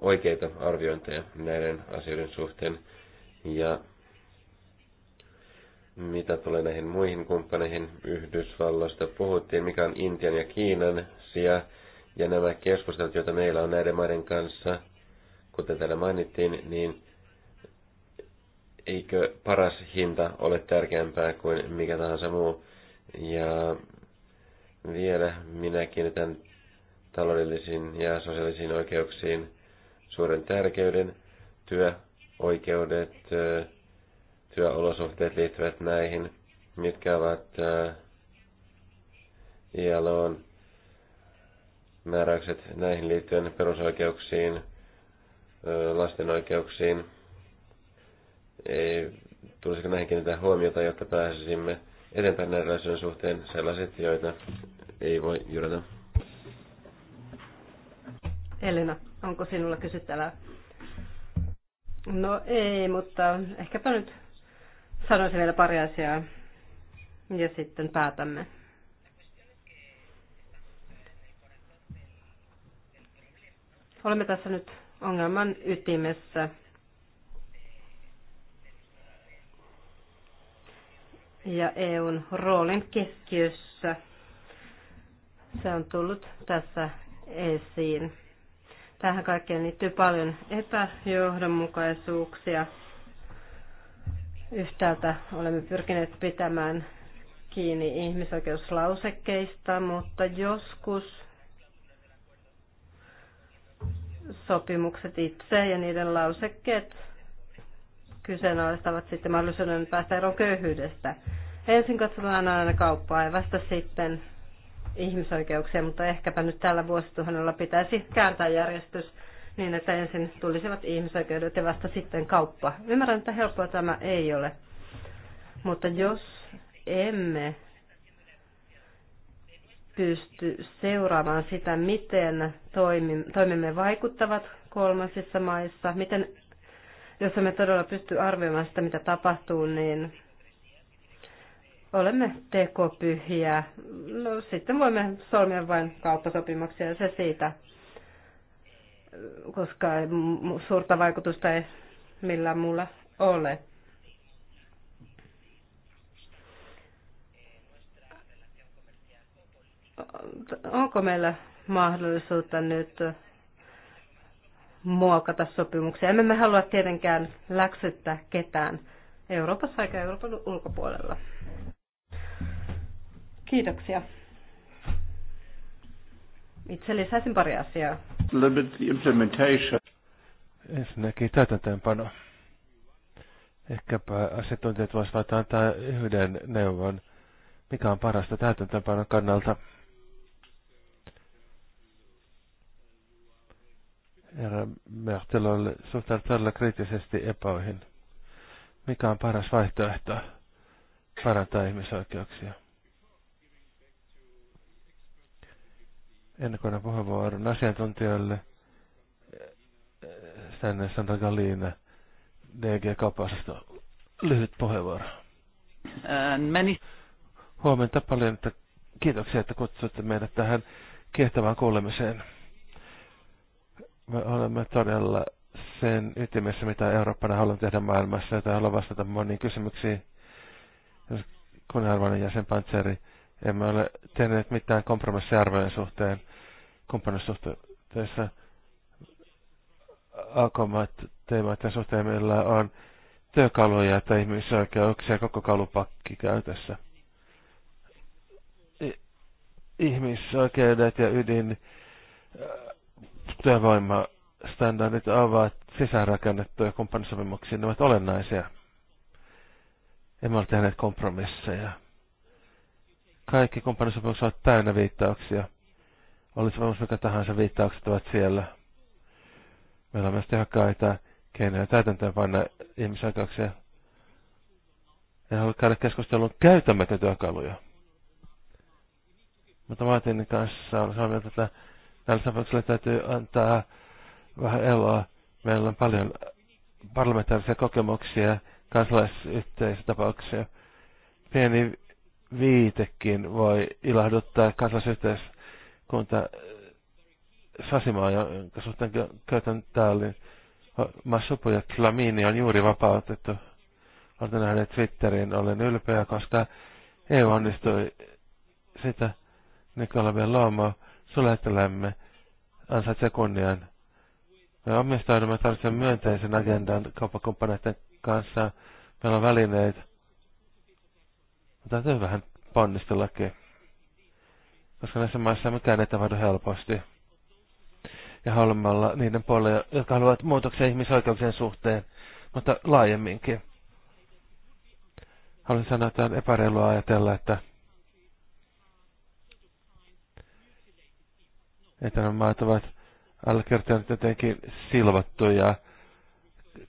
oikeita arviointeja näiden asioiden suhteen. Ja mitä tulee näihin muihin kumppaneihin, Yhdysvalloista puhuttiin, mikä on Intian ja Kiinan sija, ja nämä keskustelut, joita meillä on näiden maiden kanssa, kuten täällä mainittiin, niin eikö paras hinta ole tärkeämpää kuin mikä tahansa muu? Ja vielä minä kiinnitän taloudellisiin ja sosiaalisiin oikeuksiin suuren tärkeyden. Työoikeudet, työolosuhteet liittyvät näihin, mitkä ovat ILOn määräykset näihin liittyen perusoikeuksiin, lasten oikeuksiin. Ei, tulisiko näihin kiinnittää huomiota, jotta pääsisimme eteenpäin näiden suhteen sellaiset, joita ei voi jyrätä. Elina, onko sinulla kysyttävää? No ei, mutta ehkäpä nyt sanoisin vielä pari asiaa ja sitten päätämme. Olemme tässä nyt ongelman ytimessä. ja EUn roolin keskiössä. Se on tullut tässä esiin. Tähän kaikkeen liittyy paljon epäjohdonmukaisuuksia. Yhtäältä olemme pyrkineet pitämään kiinni ihmisoikeuslausekkeista, mutta joskus sopimukset itse ja niiden lausekkeet kyseenalaistavat sitten mahdollisuuden päästä eroon köyhyydestä. Ensin katsotaan aina kauppaa ja vasta sitten ihmisoikeuksia, mutta ehkäpä nyt tällä vuosituhannella pitäisi kääntää järjestys niin, että ensin tulisivat ihmisoikeudet ja vasta sitten kauppa. Ymmärrän, että helppoa tämä ei ole. Mutta jos emme pysty seuraamaan sitä, miten toimimme vaikuttavat kolmansissa maissa, miten jos emme todella pysty arvioimaan sitä, mitä tapahtuu, niin olemme tekopyhiä. No, sitten voimme solmia vain kauppasopimuksia ja se siitä, koska suurta vaikutusta ei millään muulla ole. Onko meillä mahdollisuutta nyt muokata sopimuksia. Emme me halua tietenkään läksyttää ketään Euroopassa eikä Euroopan ulkopuolella. Kiitoksia. Itse lisäsin pari asiaa. Implementation. Ensinnäkin täytäntöönpano. Ehkäpä asiantuntijat voisivat antaa yhden neuvon, mikä on parasta täytäntöönpanon kannalta – Mertelölle suhtaudu todella kriittisesti epäoihin. Mikä on paras vaihtoehto parantaa ihmisoikeuksia? Ennen kuin annan puheenvuoron asiantuntijoille, tänne Sandra Galina, DG Kaupasasto, lyhyt puheenvuoro. Meni. Huomenta paljon, että kiitoksia, että kutsutte meidät tähän kiehtovaan kuulemiseen. Me olemme todella sen ytimessä, mitä Eurooppana haluan tehdä maailmassa, ja haluan vastata moniin kysymyksiin. Kunnianarvoinen jäsen Pantseri, emme ole tehneet mitään kompromissiarvojen suhteen kumppanussuhteessa alkomat teemaiden suhteen millä on työkaluja tai ihmisoikeuksia koko kalupakki käytössä. Ihmisoikeudet ja ydin työvoimastandardit ovat sisäänrakennettuja kumppanisopimuksia, ne ovat olennaisia. Emme ole tehneet kompromisseja. Kaikki kumppanisopimukset ovat täynnä viittauksia. Olisi sopimus mikä tahansa, viittaukset ovat siellä. Meillä on myös tehokkaita keinoja täytäntöönpanna ihmisoikeuksia. En halua käydä keskustelun, käytämmekö työkaluja. Mutta Martinin kanssa on samaa mieltä, että kansanvaltaiselle täytyy antaa vähän eloa. Meillä on paljon parlamentaarisia kokemuksia, kansalaisyhteisötapauksia. Pieni viitekin voi ilahduttaa kansalaisyhteiskunta Sasimaa, jonka suhteen käytän täällä. Masupu ja Klamini on juuri vapautettu. Olen nähnyt Twitteriin, olen ylpeä, koska EU onnistui sitä Nikola Bellomo sulähettelämme ansaitse kunnian. Me omistaudumme tarvitsemme myönteisen agendan kauppakumppaneiden kanssa. Meillä on välineet. Mutta täytyy vähän ponnistellakin. Koska näissä maissa mikään ei tapahdu helposti. Ja haluamme olla niiden puolella, jotka haluavat muutoksia ihmisoikeuksien suhteen, mutta laajemminkin. Haluan sanoa, että on epäreilua ajatella, että että nämä maat ovat allekirjoittaneet jotenkin silvattuja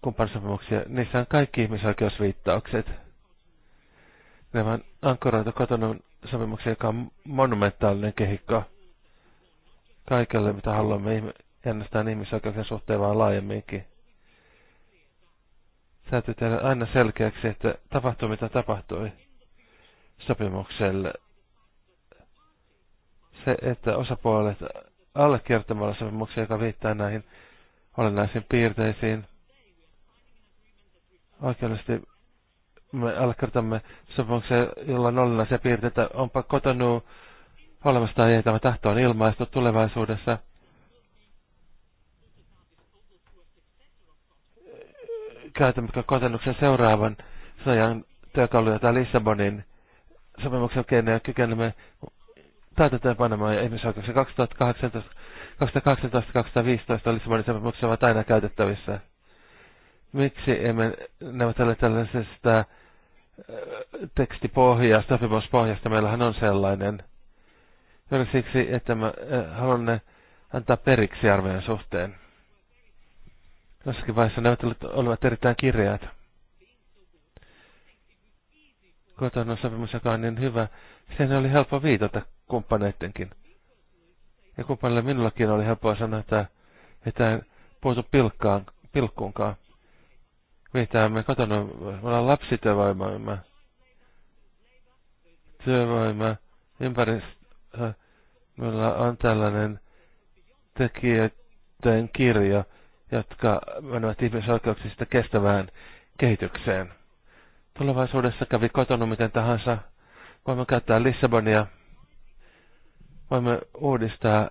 kumppanisopimuksia. Niissä on kaikki ihmisoikeusviittaukset. Nämä on ankkuroitu kotona sopimuksia, joka on monumentaalinen kehikko kaikelle, mitä haluamme ennestään ihmisoikeuksien suhteen, vaan laajemminkin. Täytyy tehdä aina selkeäksi, että tapahtuu mitä tapahtui sopimukselle. Se, että osapuolet allekirjoittamalla sopimuksia, joka viittaa näihin olennaisiin piirteisiin. Oikeudellisesti me allekirjoitamme sopimuksia, jolla on olennaisia piirteitä. Onpa kotonu olemassa tai ei, tämä tahto on ilmaistu tulevaisuudessa. Käytämmekö kotennuksen seuraavan sojan työkaluja tai Lissabonin sopimuksen keinoja kykenemme täytetään panemaan ja ihmisoikeuksia 2018, 2018, 2015 Lissabonin se ovat aina käytettävissä. Miksi emme nämä tällä tällaisesta äh, tekstipohjasta, sopimuspohjasta, meillähän on sellainen. Juuri siksi, että mä äh, haluan antaa periksi arvojen suhteen. Jossakin vaiheessa neuvottelut olivat erittäin kirjaita kotona sopimus, joka on niin hyvä, sen oli helppo viitata kumppaneidenkin. Ja kumppanille minullakin oli helppoa sanoa, että, että en puutu pilkkaan, pilkkuunkaan. me kotona, me ollaan lapsityövoimaa, työvoima, ympäristö, meillä on tällainen tekijöiden kirja, jotka menevät ihmisoikeuksista kestävään kehitykseen. Tulevaisuudessa kävi kotona miten tahansa. Voimme käyttää Lissabonia. Voimme uudistaa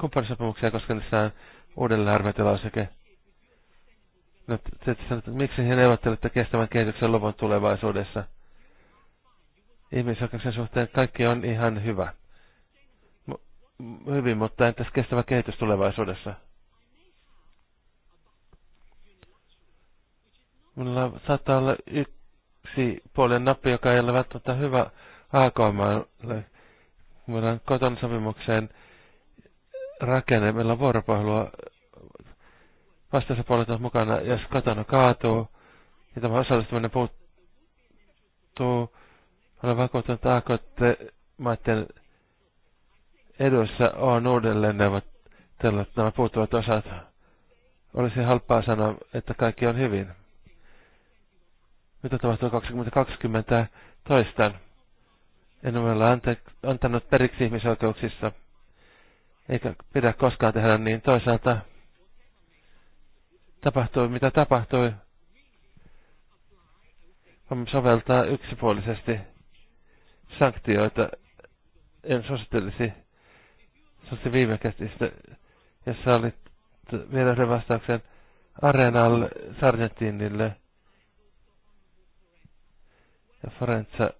kumppanisopimuksia, koska niissä on uudelleen arviointilauseke. No, miksi he neuvottelette kestävän kehityksen luvun tulevaisuudessa? Ihmisoikeuksien suhteen kaikki on ihan hyvä. M- hyvin, mutta entäs kestävä kehitys tulevaisuudessa? Minulla saattaa olla yksi yksi puolen nappi, joka ei ole välttämättä hyvä AKMlle. Meillä on koton sopimukseen rakenne, meillä on vuoropuhelua vastaansa puolet mukana, jos kotona kaatuu ja niin tämä osallistuminen puuttuu. Olen vakuuttunut AKT-maiden edussa on uudelleen neuvottelut nämä puuttuvat osat. Olisi halpaa sanoa, että kaikki on hyvin. Mitä tapahtuu 2020? Toistan. En ole antanut periksi ihmisoikeuksissa. Eikä pidä koskaan tehdä niin. Toisaalta tapahtui mitä tapahtui. on soveltaa yksipuolisesti sanktioita. En suosittelisi. Se viime kestistä, jossa oli vieraiden vastauksen Areenalle Sargentinille – ja Forenza,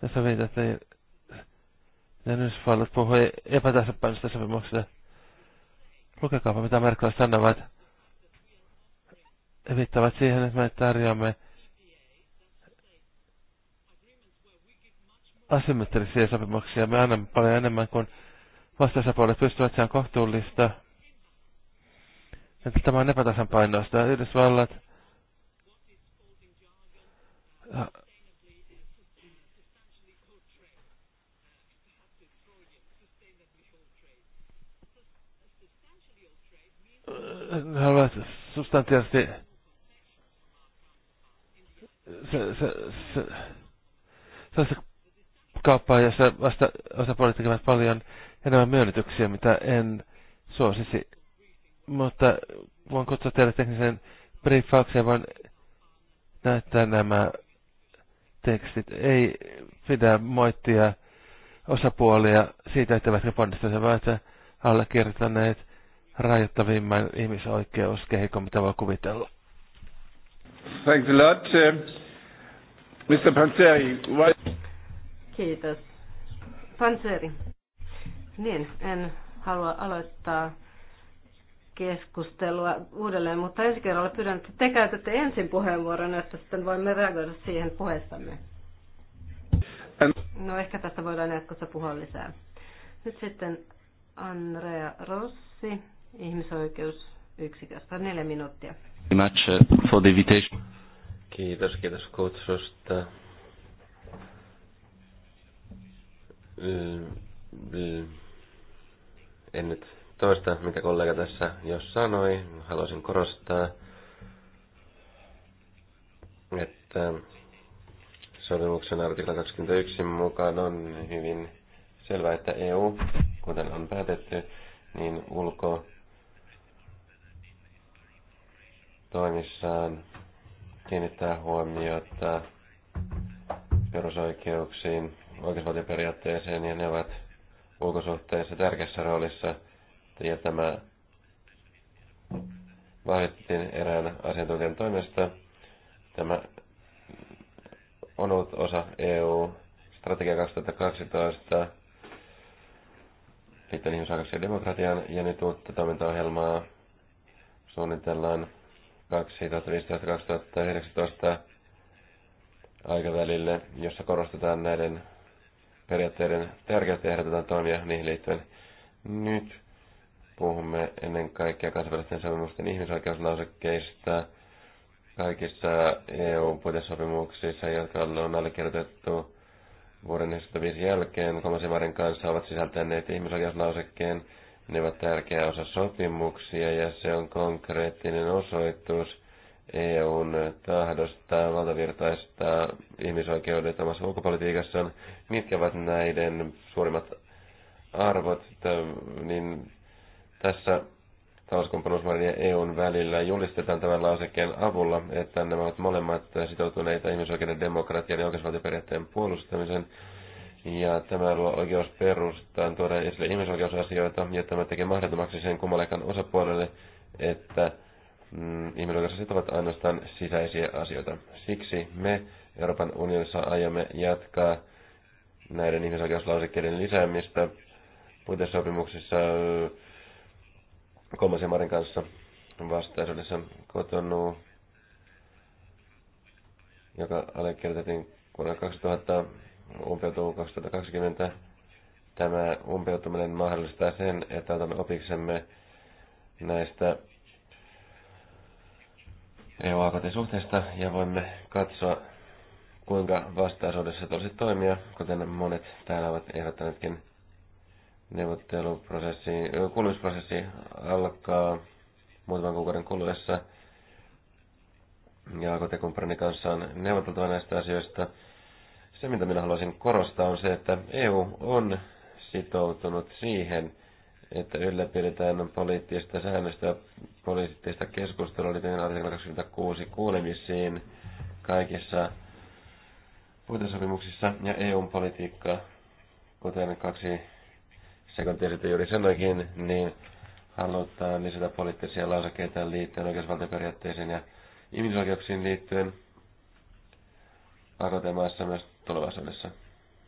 tässä viitattiin, ja Yhdysvallat puhui epätasapainosta sopimuksesta. Lukekaapa, mitä Merkel sanovat. He viittavat siihen, että me tarjoamme asymmetrisiä sopimuksia. Me annamme paljon enemmän kuin vastaisapuolet pystyvät, se on kohtuullista. Että tämä on epätasapainoista. Yhdysvallat ne äh, ovat substantiaalisesti se, se, se, sellaista kauppaa, jossa vasta osapuolet tekevät paljon enemmän myönnytyksiä, mitä en suosisi. Mutta voin kutsua teille teknisen briefauksen ja voin näyttää nämä tekstit ei pidä moittia osapuolia siitä, että etteivät he ponnistaisivat allekirjoittaneet rajoittavimman ihmisoikeuskehikon, mitä voi kuvitella. Thanks a lot. Uh, Mr. Panseri, why... Kiitos. Panseri. Niin, en halua aloittaa keskustelua uudelleen, mutta ensi kerralla pyydän, että te käytätte ensin puheenvuoron, että sitten voimme reagoida siihen puheessamme. No ehkä tästä voidaan jatkossa puhua lisää. Nyt sitten Andrea Rossi, yksiköstä, neljä minuuttia. Uh, for the invitation. Kiitos, kiitos kutsusta. En nyt toista, mitä kollega tässä jo sanoi. Haluaisin korostaa, että sopimuksen artikla 21 mukaan on hyvin selvää, että EU, kuten on päätetty, niin ulko toimissaan kiinnittää huomiota perusoikeuksiin, oikeusvaltioperiaatteeseen ja ne ovat ulkosuhteessa tärkeässä roolissa – ja tämä vahvistettiin erään asiantuntijan toimesta. Tämä on ollut osa EU-strategia 2012 liittyen ihmisoikeuksien ja demokratian ja nyt uutta toimintaohjelmaa suunnitellaan 2015-2019 aikavälille, jossa korostetaan näiden periaatteiden tärkeyttä ja ehdotetaan toimia niihin liittyen. Nyt Puhumme ennen kaikkea kansainvälisten sopimusten ihmisoikeuslausekkeista, kaikissa EU-puitesopimuksissa, jotka on allekirjoitettu vuoden 2005 jälkeen kolmansien maiden kanssa, ovat sisältäneet ihmisoikeuslausekkeen. Ne ovat tärkeä osa sopimuksia ja se on konkreettinen osoitus EUn tahdosta valtavirtaista ihmisoikeudet omassa ulkopolitiikassaan. Mitkä ovat näiden suurimmat arvot, niin tässä talouskumppanuusmaiden ja e EUn välillä julistetaan tämän lausekkeen avulla, että nämä ovat molemmat sitoutuneita ihmisoikeuden, demokratian ja oikeusvaltioperiaatteen puolustamiseen. Ja tämä luo perustaan tuoda esille ihmisoikeusasioita, ja tämä tekee mahdottomaksi sen kummallekaan osapuolelle, että mm, ihmisoikeusasiat ovat ainoastaan sisäisiä asioita. Siksi me Euroopan unionissa aiomme jatkaa näiden ihmisoikeuslausekkeiden lisäämistä puitesopimuksissa, kolmasen Marin kanssa vastaisuudessa kotonu, joka allekirjoitettiin vuonna 2000 umpeutuu 2020. Tämä umpeutuminen mahdollistaa sen, että otamme opiksemme näistä EU-AKT-suhteista ja voimme katsoa, kuinka vastaisuudessa tulisi toimia, kuten monet täällä ovat ehdottaneetkin. Neuvotteluprosessi, kuulemisprosessi alkaa muutaman kuukauden kuluessa. Ja kotikumppani kanssa on neuvoteltava näistä asioista. Se, mitä minä haluaisin korostaa, on se, että EU on sitoutunut siihen, että ylläpidetään poliittista säännöstä, poliittista keskustelua, liittyen artikla 26 kuulemisiin kaikissa puitesopimuksissa ja EUn politiikka, kuten kaksi se kun tietysti juuri sanoikin, niin halutaan lisätä poliittisia lausakkeita liittyen oikeusvaltioperiaatteisiin ja ihmisoikeuksiin liittyen AKT-maissa myös tulevaisuudessa.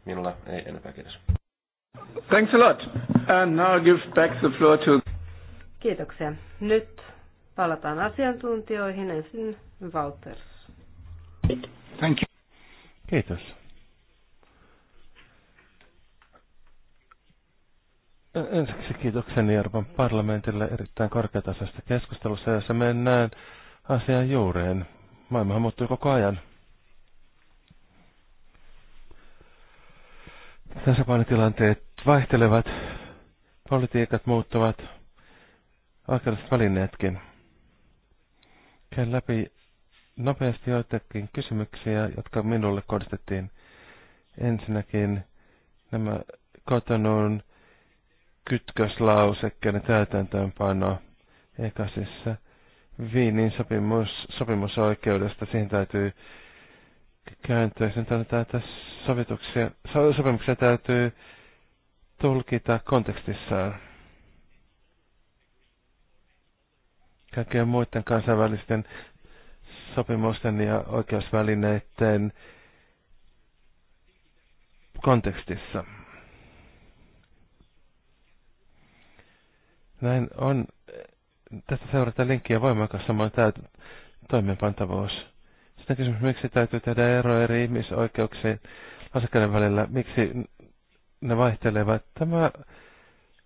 Minulla ei enempää, kiitos. Thanks a lot. And now I'll give back the floor to... Kiitoksia. Nyt palataan asiantuntijoihin. Ensin Walters. Thank you. Kiitos. Ensiksi kiitokseni Euroopan parlamentille erittäin korkeatasoisesta keskustelussa, jossa mennään asian juureen. Maailmahan muuttuu koko ajan. Tasapainotilanteet vaihtelevat, politiikat muuttuvat, oikeudelliset välineetkin. Käyn läpi nopeasti joitakin kysymyksiä, jotka minulle kohdistettiin. Ensinnäkin nämä kotonuun kytköslausekkeiden täytäntöönpano ekasissa. Viinin sopimus, sopimusoikeudesta, siihen täytyy kääntyä, sen täytyy sovituksia, sopimuksia täytyy tulkita kontekstissaan. Kaikkien muiden kansainvälisten sopimusten ja oikeusvälineiden kontekstissa. Näin on. Tästä seurataan linkkiä voimakas samoin toimeenpantavuus. Sitten kysymys, miksi täytyy tehdä ero eri ihmisoikeuksien asiakkaiden välillä, miksi ne vaihtelevat. Tämä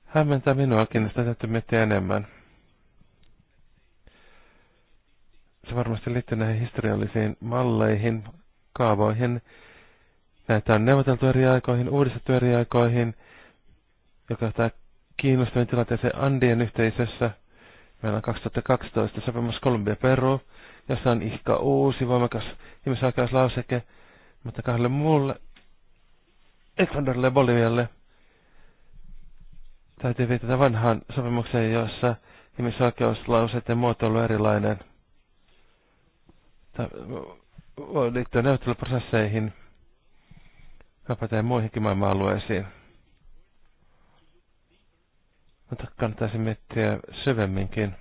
hämmentää minuakin, sitä täytyy miettiä enemmän. Se varmasti liittyy näihin historiallisiin malleihin, kaavoihin. Näitä on neuvoteltu eri aikoihin, uudistettu eri aikoihin, joka tämä kiinnostavin tilanteeseen Andien yhteisössä. Meillä on 2012 sopimus Kolumbia Peru, jossa on ihka uusi voimakas ihmisoikeuslauseke, mutta kahdelle muulle, Ecuadorille ja Bolivialle, täytyy viitata vanhaan sopimukseen, jossa ihmisoikeuslauseiden muotoilu on erilainen. Tämä voi liittyä neuvotteluprosesseihin, vapaateen muihinkin maailman alueisiin mutta kannattaisi miettiä syvemminkin.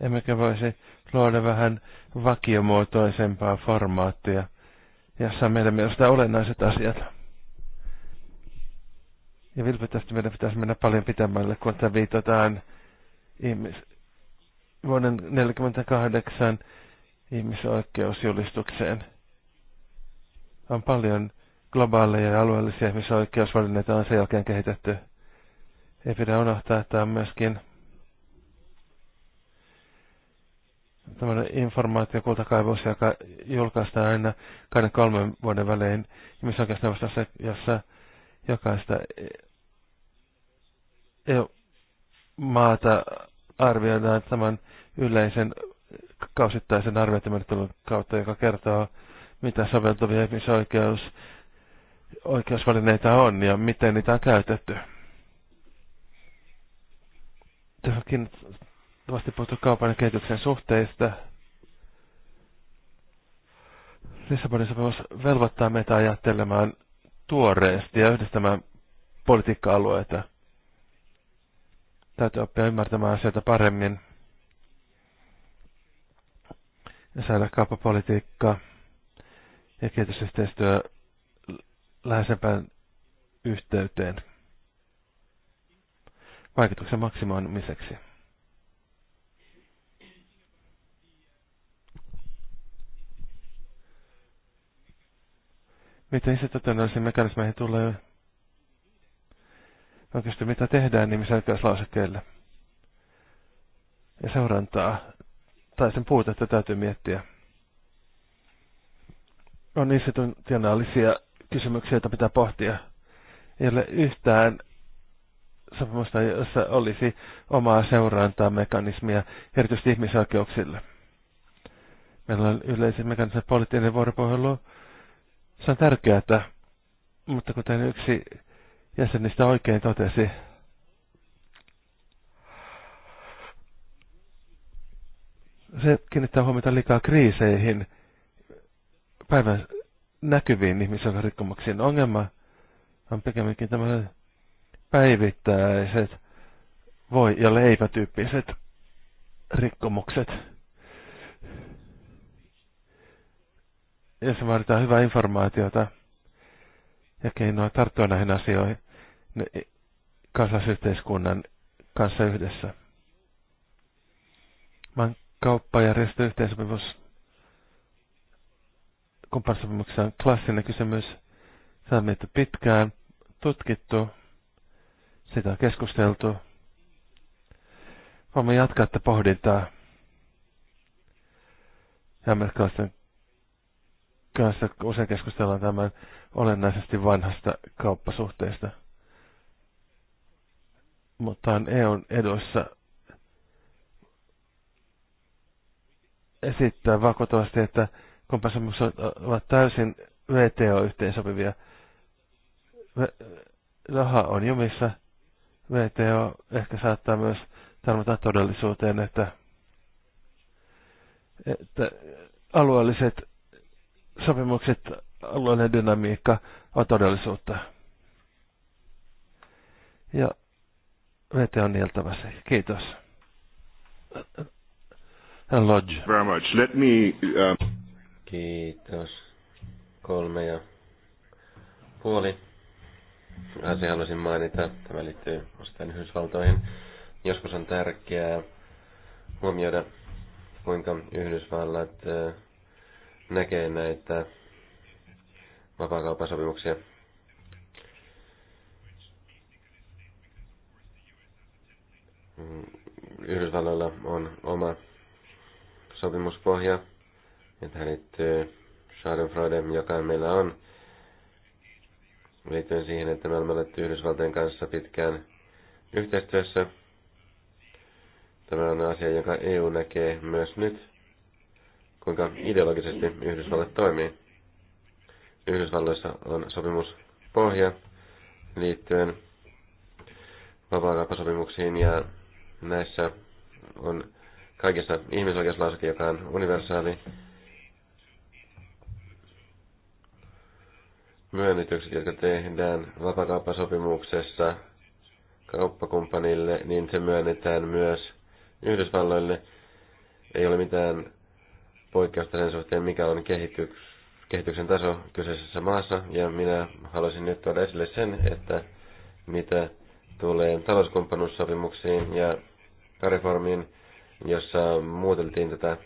Emmekä voisi luoda vähän vakiomuotoisempaa formaattia, jossa meidän mielestä olennaiset asiat. Ja vilpittömästi meidän pitäisi mennä paljon pitemmälle, kun tämä viitataan ihmis- vuoden 1948 ihmisoikeusjulistukseen. On paljon globaaleja ja alueellisia ihmisoikeusvälineitä on sen jälkeen kehitetty. Ei pidä unohtaa, että on myöskin tämmöinen informaatiokultakaivuus, joka julkaistaan aina kahden kolmen vuoden välein ihmisoikeusneuvostossa, jossa jokaista maata arvioidaan tämän yleisen kausittaisen arviointimenettelyn kautta, joka kertoo, mitä soveltuvia ihmisoikeus oikeusvälineitä on ja miten niitä on käytetty. Tässä on kiinnostavasti puhuttu kaupan ja kehityksen suhteista. Lissabonin sopimus velvoittaa meitä ajattelemaan tuoreesti ja yhdistämään politiikka-alueita. Täytyy oppia ymmärtämään asioita paremmin ja saada kauppapolitiikkaa ja kehitysyhteistyö läheisempään yhteyteen vaikutuksen maksimoimiseksi. Mitä institutionaalisiin mekanismeihin tulee? Oikeasti mitä tehdään nimisoikeuslausekkeelle? Niin ja seurantaa tai sen puutetta täytyy miettiä. On institutionaalisia kysymyksiä, joita pitää pohtia. Ei ole yhtään sopimusta, jossa olisi omaa seurantaa mekanismia, erityisesti ihmisoikeuksille. Meillä on yleisin mekanismi poliittinen vuoropuhelu. Se on tärkeää, mutta kuten yksi jäsenistä oikein totesi, se kiinnittää huomiota liikaa kriiseihin päivän näkyviin ihmisoikeusrikkomuksiin. Ongelma on pikemminkin tämmöiset päivittäiset voi- ja leipätyyppiset rikkomukset. Jos vaaditaan hyvää informaatiota ja keinoa tarttua näihin asioihin niin kansalaisyhteiskunnan kanssa yhdessä. Mä kauppajärjestö yhteensopimus kumppansopimuksessa on klassinen kysymys. Se on mietitty pitkään, tutkittu, sitä on keskusteltu. Voimme jatkaa tätä pohdintaa amerikkalaisten kanssa usein keskustellaan tämän olennaisesti vanhasta kauppasuhteesta. Mutta on EUn edossa esittää vakuuttavasti, että kompensoimukset ovat täysin VTO-yhteensopivia. Raha on jumissa. VTO ehkä saattaa myös tarvita todellisuuteen, että, että alueelliset sopimukset, alueellinen dynamiikka on todellisuutta. Ja VTO on nieltävä se. Kiitos. Lodge. Very much. Let me, Uh... Kiitos. Kolme ja puoli. Asia haluaisin mainita. Tämä liittyy osittain Yhdysvaltoihin. Joskus on tärkeää huomioida, kuinka Yhdysvallat näkee näitä vapaakauppasopimuksia. Mm, Yhdysvalloilla on oma sopimuspohja, että hänet Schadenfreude, joka meillä on, liittyen siihen, että me olemme olleet Yhdysvaltojen kanssa pitkään yhteistyössä. Tämä on asia, joka EU näkee myös nyt, kuinka ideologisesti Yhdysvallat toimii. Yhdysvalloissa on sopimuspohja liittyen vapaakauppasopimuksiin ja näissä on kaikessa ihmisoikeuslauseke, joka on universaali myönnytykset, jotka tehdään vapakauppasopimuksessa kauppakumppanille, niin se myönnetään myös Yhdysvalloille. Ei ole mitään poikkeusta sen suhteen, mikä on kehityks, kehityksen taso kyseisessä maassa. Ja minä haluaisin nyt tuoda esille sen, että mitä tulee talouskumppanuussopimuksiin ja reformiin, jossa muuteltiin tätä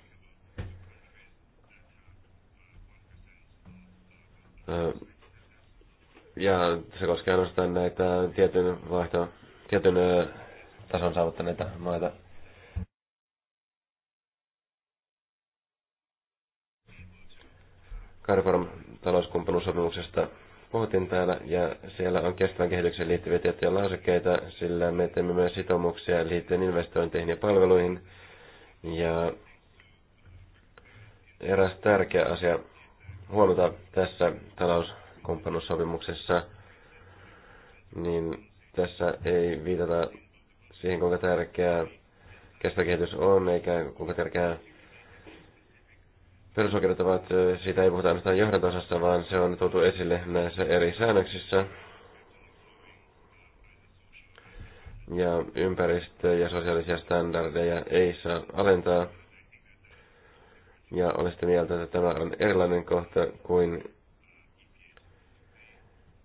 ja se koskee ainoastaan näitä tietyn, vaihto, tietyn tason saavuttaneita maita. Carform talouskumppanuussopimuksesta puhuttiin täällä, ja siellä on kestävän kehitykseen liittyviä tiettyjä lausekkeita, sillä me teemme myös sitoumuksia liittyen investointeihin ja palveluihin. Ja eräs tärkeä asia huomata tässä talous kumppanuussopimuksessa, niin tässä ei viitata siihen, kuinka tärkeää kestävä kehitys on, eikä kuinka tärkeää perusoikeudet ovat. Siitä ei puhuta ainoastaan johdantosassa, vaan se on tuotu esille näissä eri säännöksissä. Ja ympäristö- ja sosiaalisia standardeja ei saa alentaa. Ja olen sitä mieltä, että tämä on erilainen kohta kuin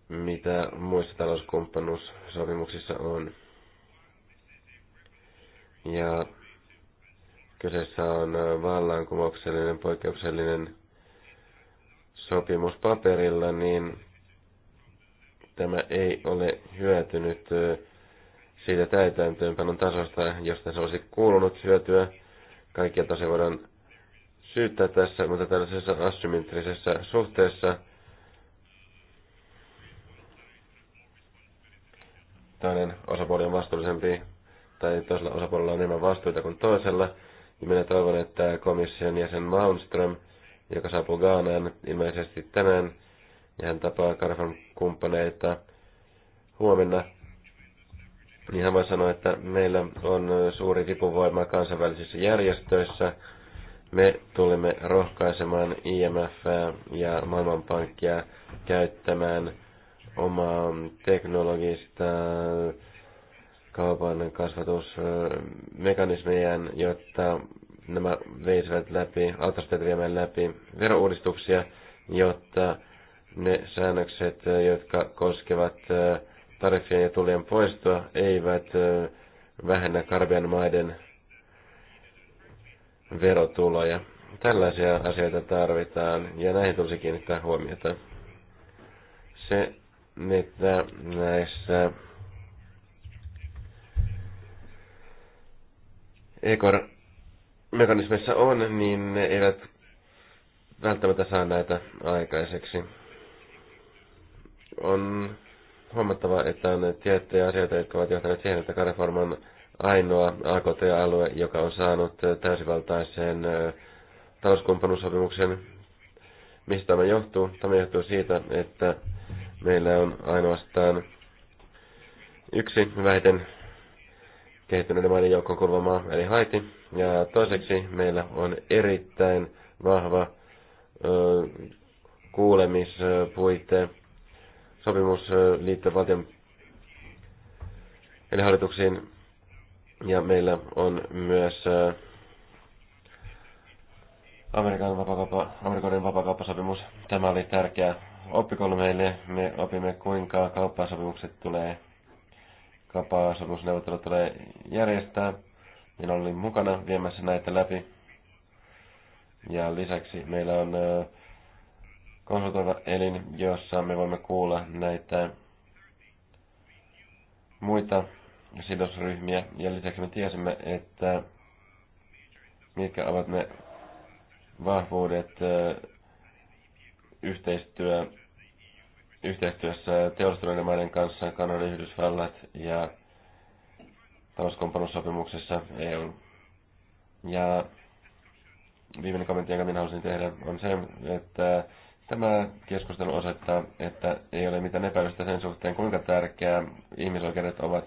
mitä muissa talouskumppanuussopimuksissa on. Ja kyseessä on äh, vallankumouksellinen, poikkeuksellinen sopimus paperilla, niin tämä ei ole hyötynyt äh, siitä täytäntöönpanon tasosta, josta se olisi kuulunut hyötyä. Kaikkia tosiaan voidaan syyttää tässä, mutta tällaisessa asymmetrisessä suhteessa – toinen osapuoli on vastuullisempi tai toisella osapuolella on enemmän vastuuta kuin toisella. niin minä toivon, että komission jäsen Malmström, joka saapuu Gaanaan ilmeisesti tänään, ja hän tapaa Karfan kumppaneita huomenna, niin hän voi sanoa, että meillä on suuri vipuvoima kansainvälisissä järjestöissä. Me tulemme rohkaisemaan IMF ja Maailmanpankkia käyttämään – omaa teknologista kaupan kasvatusmekanismejaan, jotta nämä veisivät läpi, auttaisivat viemään läpi verouudistuksia, jotta ne säännökset, jotka koskevat tarifien ja tulien poistoa, eivät vähennä Karbian maiden verotuloja. Tällaisia asioita tarvitaan ja näihin tulisi kiinnittää huomiota. Se että näissä EKOR-mekanismeissa on, niin ne eivät välttämättä saa näitä aikaiseksi. On huomattava, että on tiettyjä asioita, jotka ovat johtaneet siihen, että Kareform on ainoa AKT-alue, joka on saanut täysivaltaisen talouskumppanuussopimuksen. Mistä tämä johtuu? Tämä johtuu siitä, että Meillä on ainoastaan yksi vähiten kehittyneiden maiden joukkoon kuuluva maa, eli Haiti. Ja toiseksi meillä on erittäin vahva ö, kuulemispuite, sopimus liittyen valtion eli hallituksiin. Ja meillä on myös ö, Amerikan vapakauppa, Amerikan vapakauppasopimus. Tämä oli tärkeä oppikoulu meille. Me opimme, kuinka kauppasopimukset tulee, kauppasopimusneuvottelut tulee järjestää. Minä olin mukana viemässä näitä läpi. Ja lisäksi meillä on konsultoiva elin, jossa me voimme kuulla näitä muita sidosryhmiä. Ja lisäksi me tiesimme, että mitkä ovat ne vahvuudet yhteistyö, yhteistyössä teollisuuden maiden kanssa, Kanadan Yhdysvallat ja talouskumppanuussopimuksessa EU. Ja viimeinen kommentti, jonka minä halusin tehdä, on se, että tämä keskustelu osoittaa, että ei ole mitään epäilystä sen suhteen, kuinka tärkeää ihmisoikeudet ovat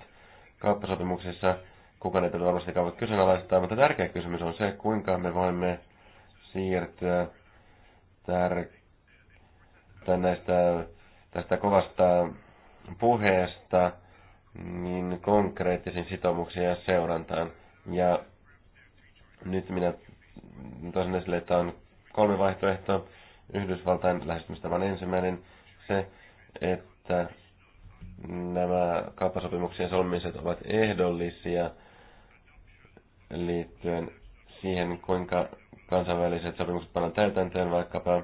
kauppasopimuksissa. Kukaan ei tätä varmasti voi kyseenalaistaa, mutta tärkeä kysymys on se, kuinka me voimme siirtyä tärkeä tai näistä, tästä kovasta puheesta niin konkreettisiin sitoumuksiin ja seurantaan. Ja nyt minä tosin esille, että on kolme vaihtoehtoa. Yhdysvaltain lähestymistavan ensimmäinen se, että nämä kauppasopimuksien solmimiset ovat ehdollisia liittyen siihen, kuinka kansainväliset sopimukset pannaan täytäntöön, vaikkapa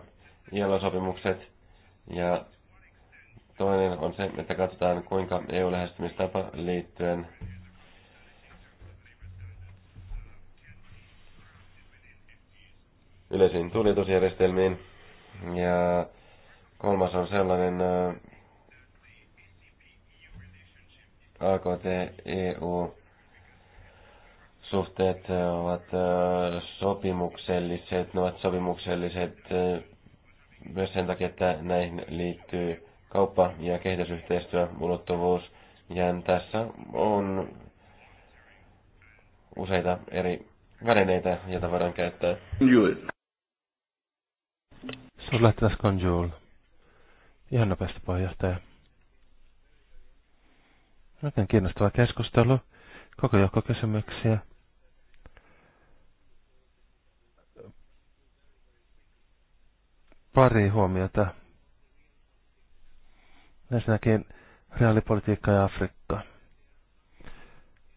ILO-sopimukset ja toinen on se, että katsotaan kuinka EU-lähestymistapa liittyen yleisiin tulitusjärjestelmiin. Ja kolmas on sellainen äh, AKT-EU suhteet äh, ovat äh, sopimukselliset, ne ovat sopimukselliset myös sen takia, että näihin liittyy kauppa- ja ulottuvuus. Ja tässä on useita eri välineitä, joita voidaan käyttää. Juul. Sulla lähteväs Conjul. Ihan nopeasti puheenjohtaja. Oikein kiinnostava keskustelu. Koko joukko kysymyksiä. pari huomiota. Ensinnäkin reaalipolitiikka ja Afrikka.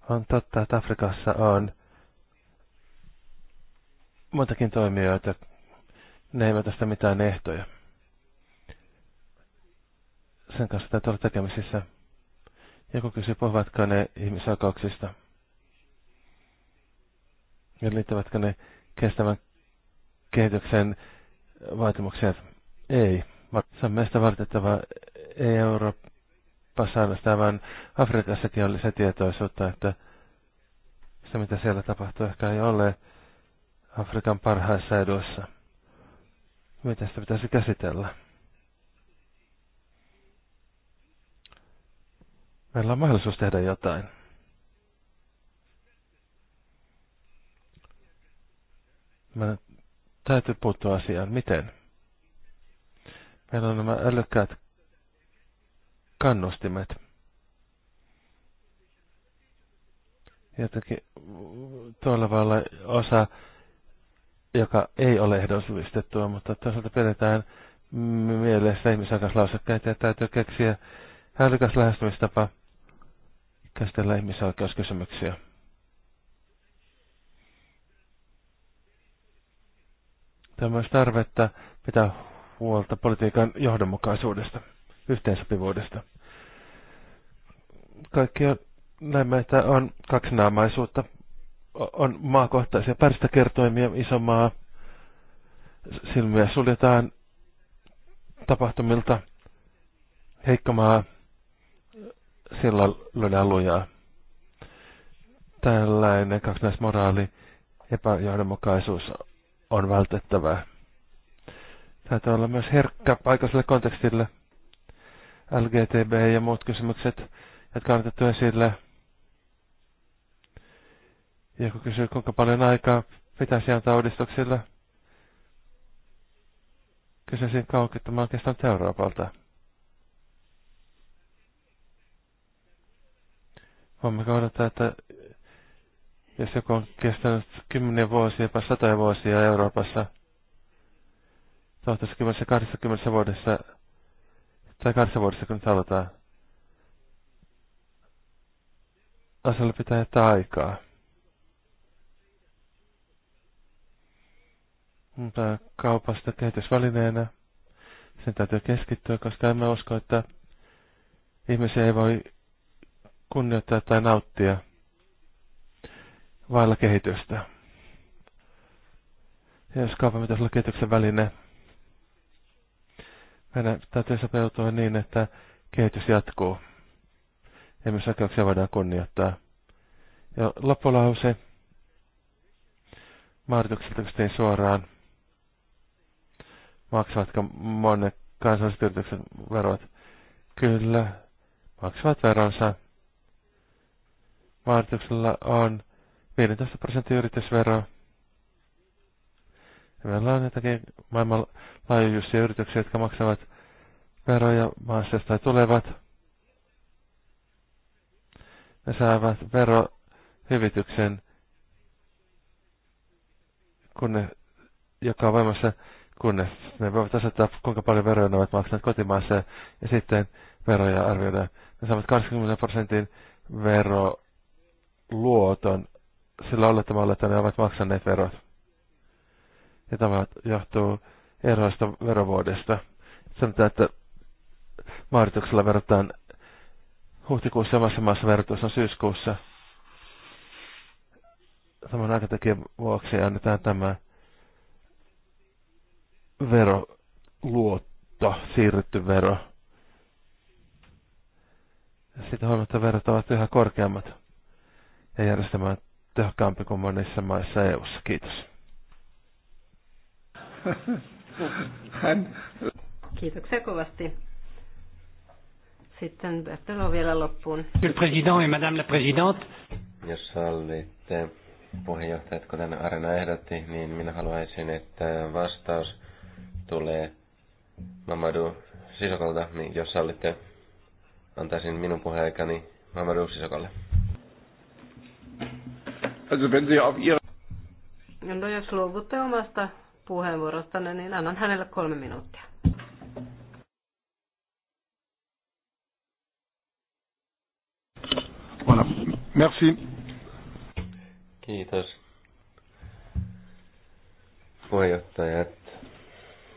On totta, että Afrikassa on montakin toimijoita. Ne eivät tästä mitään ehtoja. Sen kanssa täytyy olla tekemisissä. Joku kysyy, puhuvatko ne ihmisoikeuksista. Ja liittyvätkö ne kestävän kehityksen vaatimuksia? Ei. Se on meistä vartettava Ei Euroopassa ainoastaan, vaan Afrikassakin se tietoisuutta, että se mitä siellä tapahtuu ehkä ei ole Afrikan parhaissa eduissa. Miten sitä pitäisi käsitellä? Meillä on mahdollisuus tehdä jotain. Mä täytyy puuttua asiaan. Miten? Meillä on nämä älykkäät kannustimet. Jotenkin tuolla voi olla osa, joka ei ole ehdollistettua, mutta toisaalta pidetään mielessä ihmisoikeuslausekkeita ja täytyy keksiä älykäs lähestymistapa käsitellä ihmisoikeuskysymyksiä. Tämä on myös tarvetta pitää huolta politiikan johdonmukaisuudesta, yhteensopivuudesta. Kaikkia näemme, että on kaksinaamaisuutta. On maakohtaisia pärstäkertoimia, iso maa. Silmiä suljetaan tapahtumilta. Heikko maa. sillä löydään lujaa. Tällainen kaksinaismoraali, epäjohdonmukaisuus on vältettävää. Täytyy olla myös herkkä paikalliselle kontekstille. LGTB ja muut kysymykset, jotka on otettu esille. Ja kun kysyy, kuinka paljon aikaa pitäisi antaa uudistuksille, kysyisin kauanko tämä on kestänyt Euroopalta. Voimmeko odottaa, että jos joku on kestänyt kymmeniä vuosia, jopa satoja vuosia Euroopassa, 1080 vuodessa, tai kahdessa vuodessa kun nyt aloitetaan, asialle pitää jättää aikaa. Mutta kaupasta kehitysvälineenä, sen täytyy keskittyä, koska emme usko, että ihmisiä ei voi kunnioittaa tai nauttia vailla kehitystä. Ja jos kaupan pitäisi olla kehityksen väline, meidän täytyy sopeutua niin, että kehitys jatkuu. Ja myös oikeuksia voidaan kunnioittaa. Ja loppulause Martukselta tein suoraan. Maksavatko monen kansalliset yritykset verot? Kyllä, maksavat veronsa. Martuksella on 15 prosenttia yritysveroa. Ja meillä on jotakin maailmanlaajuisia yrityksiä, jotka maksavat veroja maassa, josta tulevat. Ne saavat verohyvityksen, kun ne, joka on voimassa, kunnes ne voivat asettaa, kuinka paljon veroja ne ovat maksaneet kotimaassa, ja sitten veroja arvioidaan. Ne saavat 20 prosentin veroluoton sillä olettamalla, että ne ovat maksaneet verot. Ja tämä johtuu eroista verovuodesta. Sanotaan, että maarituksella verrataan, huhtikuussa samassa maassa verotus on syyskuussa. Saman aikatekijän vuoksi annetaan tämä veroluotto, siirretty vero. Sitten huomattavat verot ovat yhä korkeammat ja järjestelmät tehokkaampi kuin monissa maissa eu Kiitos. Hän... Kiitoksia kovasti. Sitten Bertelo vielä loppuun. Président ja Madame la Présidente. Jos sallitte puheenjohtajat, kuten Arena ehdotti, niin minä haluaisin, että vastaus tulee Mamadou Sisokalta, niin jos sallitte, antaisin minun puheaikani Mamadou Sisokalle. Also wenn Sie auf Ihre... No jos luovutte omasta puheenvuorostanne, niin annan hänelle kolme minuuttia. Voilà. Merci. Kiitos. Puheenjohtajat,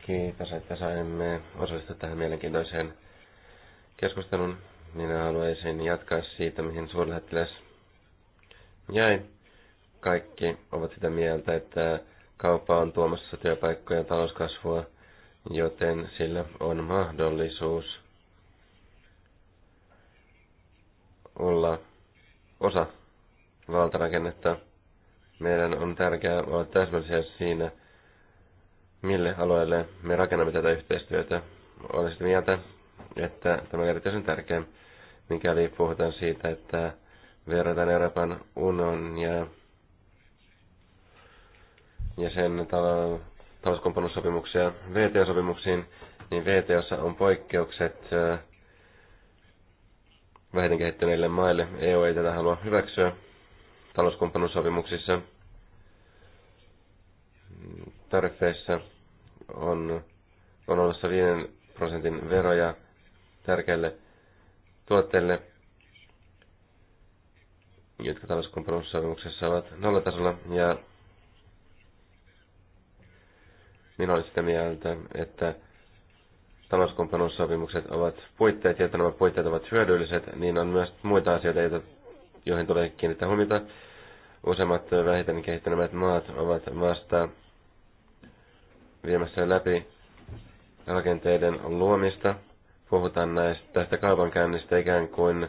kiitos, että saimme osallistua tähän mielenkiintoiseen keskustelun. Minä haluaisin jatkaa siitä, mihin suurlähettiläs jäi. Kaikki ovat sitä mieltä, että kauppa on tuomassa työpaikkoja ja talouskasvua, joten sillä on mahdollisuus olla osa valtarakennetta. Meidän on tärkeää olla täsmällisiä siinä, mille alueelle me rakennamme tätä yhteistyötä. Olen sitä mieltä, että tämä on erityisen tärkeä, mikäli puhutaan siitä, että verrataan Euroopan unon ja ja sen talouskumppanuussopimuksia VTO-sopimuksiin, niin VTOssa on poikkeukset vähiten kehittyneille maille. EU ei tätä halua hyväksyä talouskumppanuussopimuksissa. Tarifeissa on, on olemassa 5 prosentin veroja tärkeille tuotteille, jotka talouskumppanuussopimuksessa ovat nollatasolla, ja minä olen sitä mieltä, että talouskumppanuussopimukset ovat puitteet, että nämä puitteet ovat hyödylliset, niin on myös muita asioita, joihin tulee kiinnittää huomiota. Useimmat vähiten kehittyneet maat ovat vasta viemässä läpi rakenteiden luomista. Puhutaan näistä, tästä kaupankäynnistä ikään kuin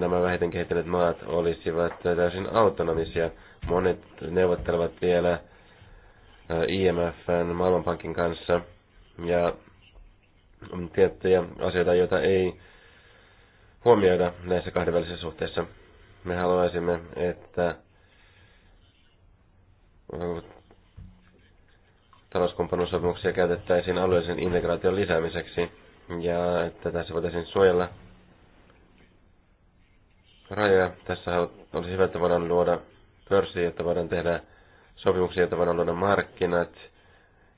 nämä vähiten kehittyneet maat olisivat täysin autonomisia. Monet neuvottelevat vielä IMFn, Maailmanpankin kanssa ja on tiettyjä asioita, joita ei huomioida näissä kahdenvälisissä suhteissa. Me haluaisimme, että talouskumppanuussopimuksia käytettäisiin alueellisen integraation lisäämiseksi ja että tässä voitaisiin suojella rajoja. Tässä olisi hyvä, että voidaan luoda pörssiä, jotta voidaan tehdä sopimuksia, joita voidaan luoda markkinat,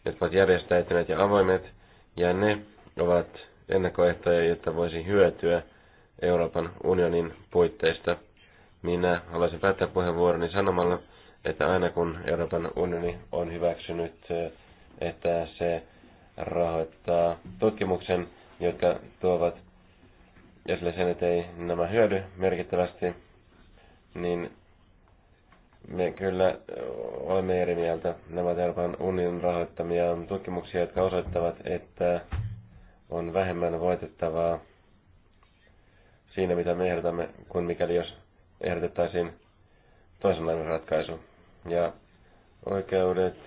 jotka ovat järjestäytyneet ja avoimet, ja ne ovat ennakkoehtoja, joita voisi hyötyä Euroopan unionin puitteista. Minä haluaisin päättää puheenvuoroni sanomalla, että aina kun Euroopan unioni on hyväksynyt, että se rahoittaa tutkimuksen, jotka tuovat esille sen, että ei nämä hyödy merkittävästi, niin me kyllä olemme eri mieltä. Nämä ovat Euroopan unionin rahoittamia tutkimuksia, jotka osoittavat, että on vähemmän voitettavaa siinä, mitä me ehdotamme, kuin mikäli jos ehdotettaisiin toisenlainen ratkaisu. Ja oikeudet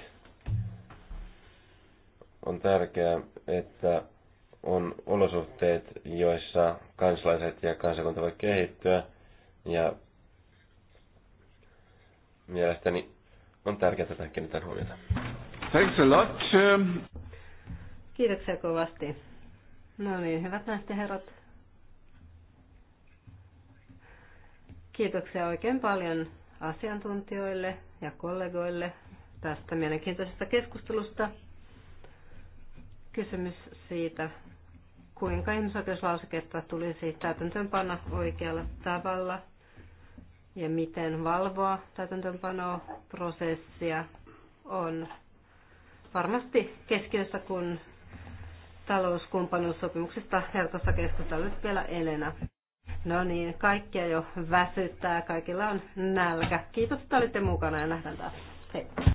on tärkeää, että on olosuhteet, joissa kansalaiset ja kansakunta voi kehittyä ja Mielestäni on tärkeää, että kiinnitetään huomiota. Thanks a lot. Um, Kiitoksia kovasti. No niin, hyvät naiset herrat. Kiitoksia oikein paljon asiantuntijoille ja kollegoille tästä mielenkiintoisesta keskustelusta. Kysymys siitä, kuinka ihmisoikeuslauseketta tulisi täytäntöönpanna oikealla tavalla – ja miten valvoa täytäntöönpanoprosessia on varmasti keskiössä, kun talouskumppanuussopimuksesta helpossa keskustelut vielä Elena. No niin, kaikkia jo väsyttää, kaikilla on nälkä. Kiitos, että olitte mukana ja nähdään taas. Hei.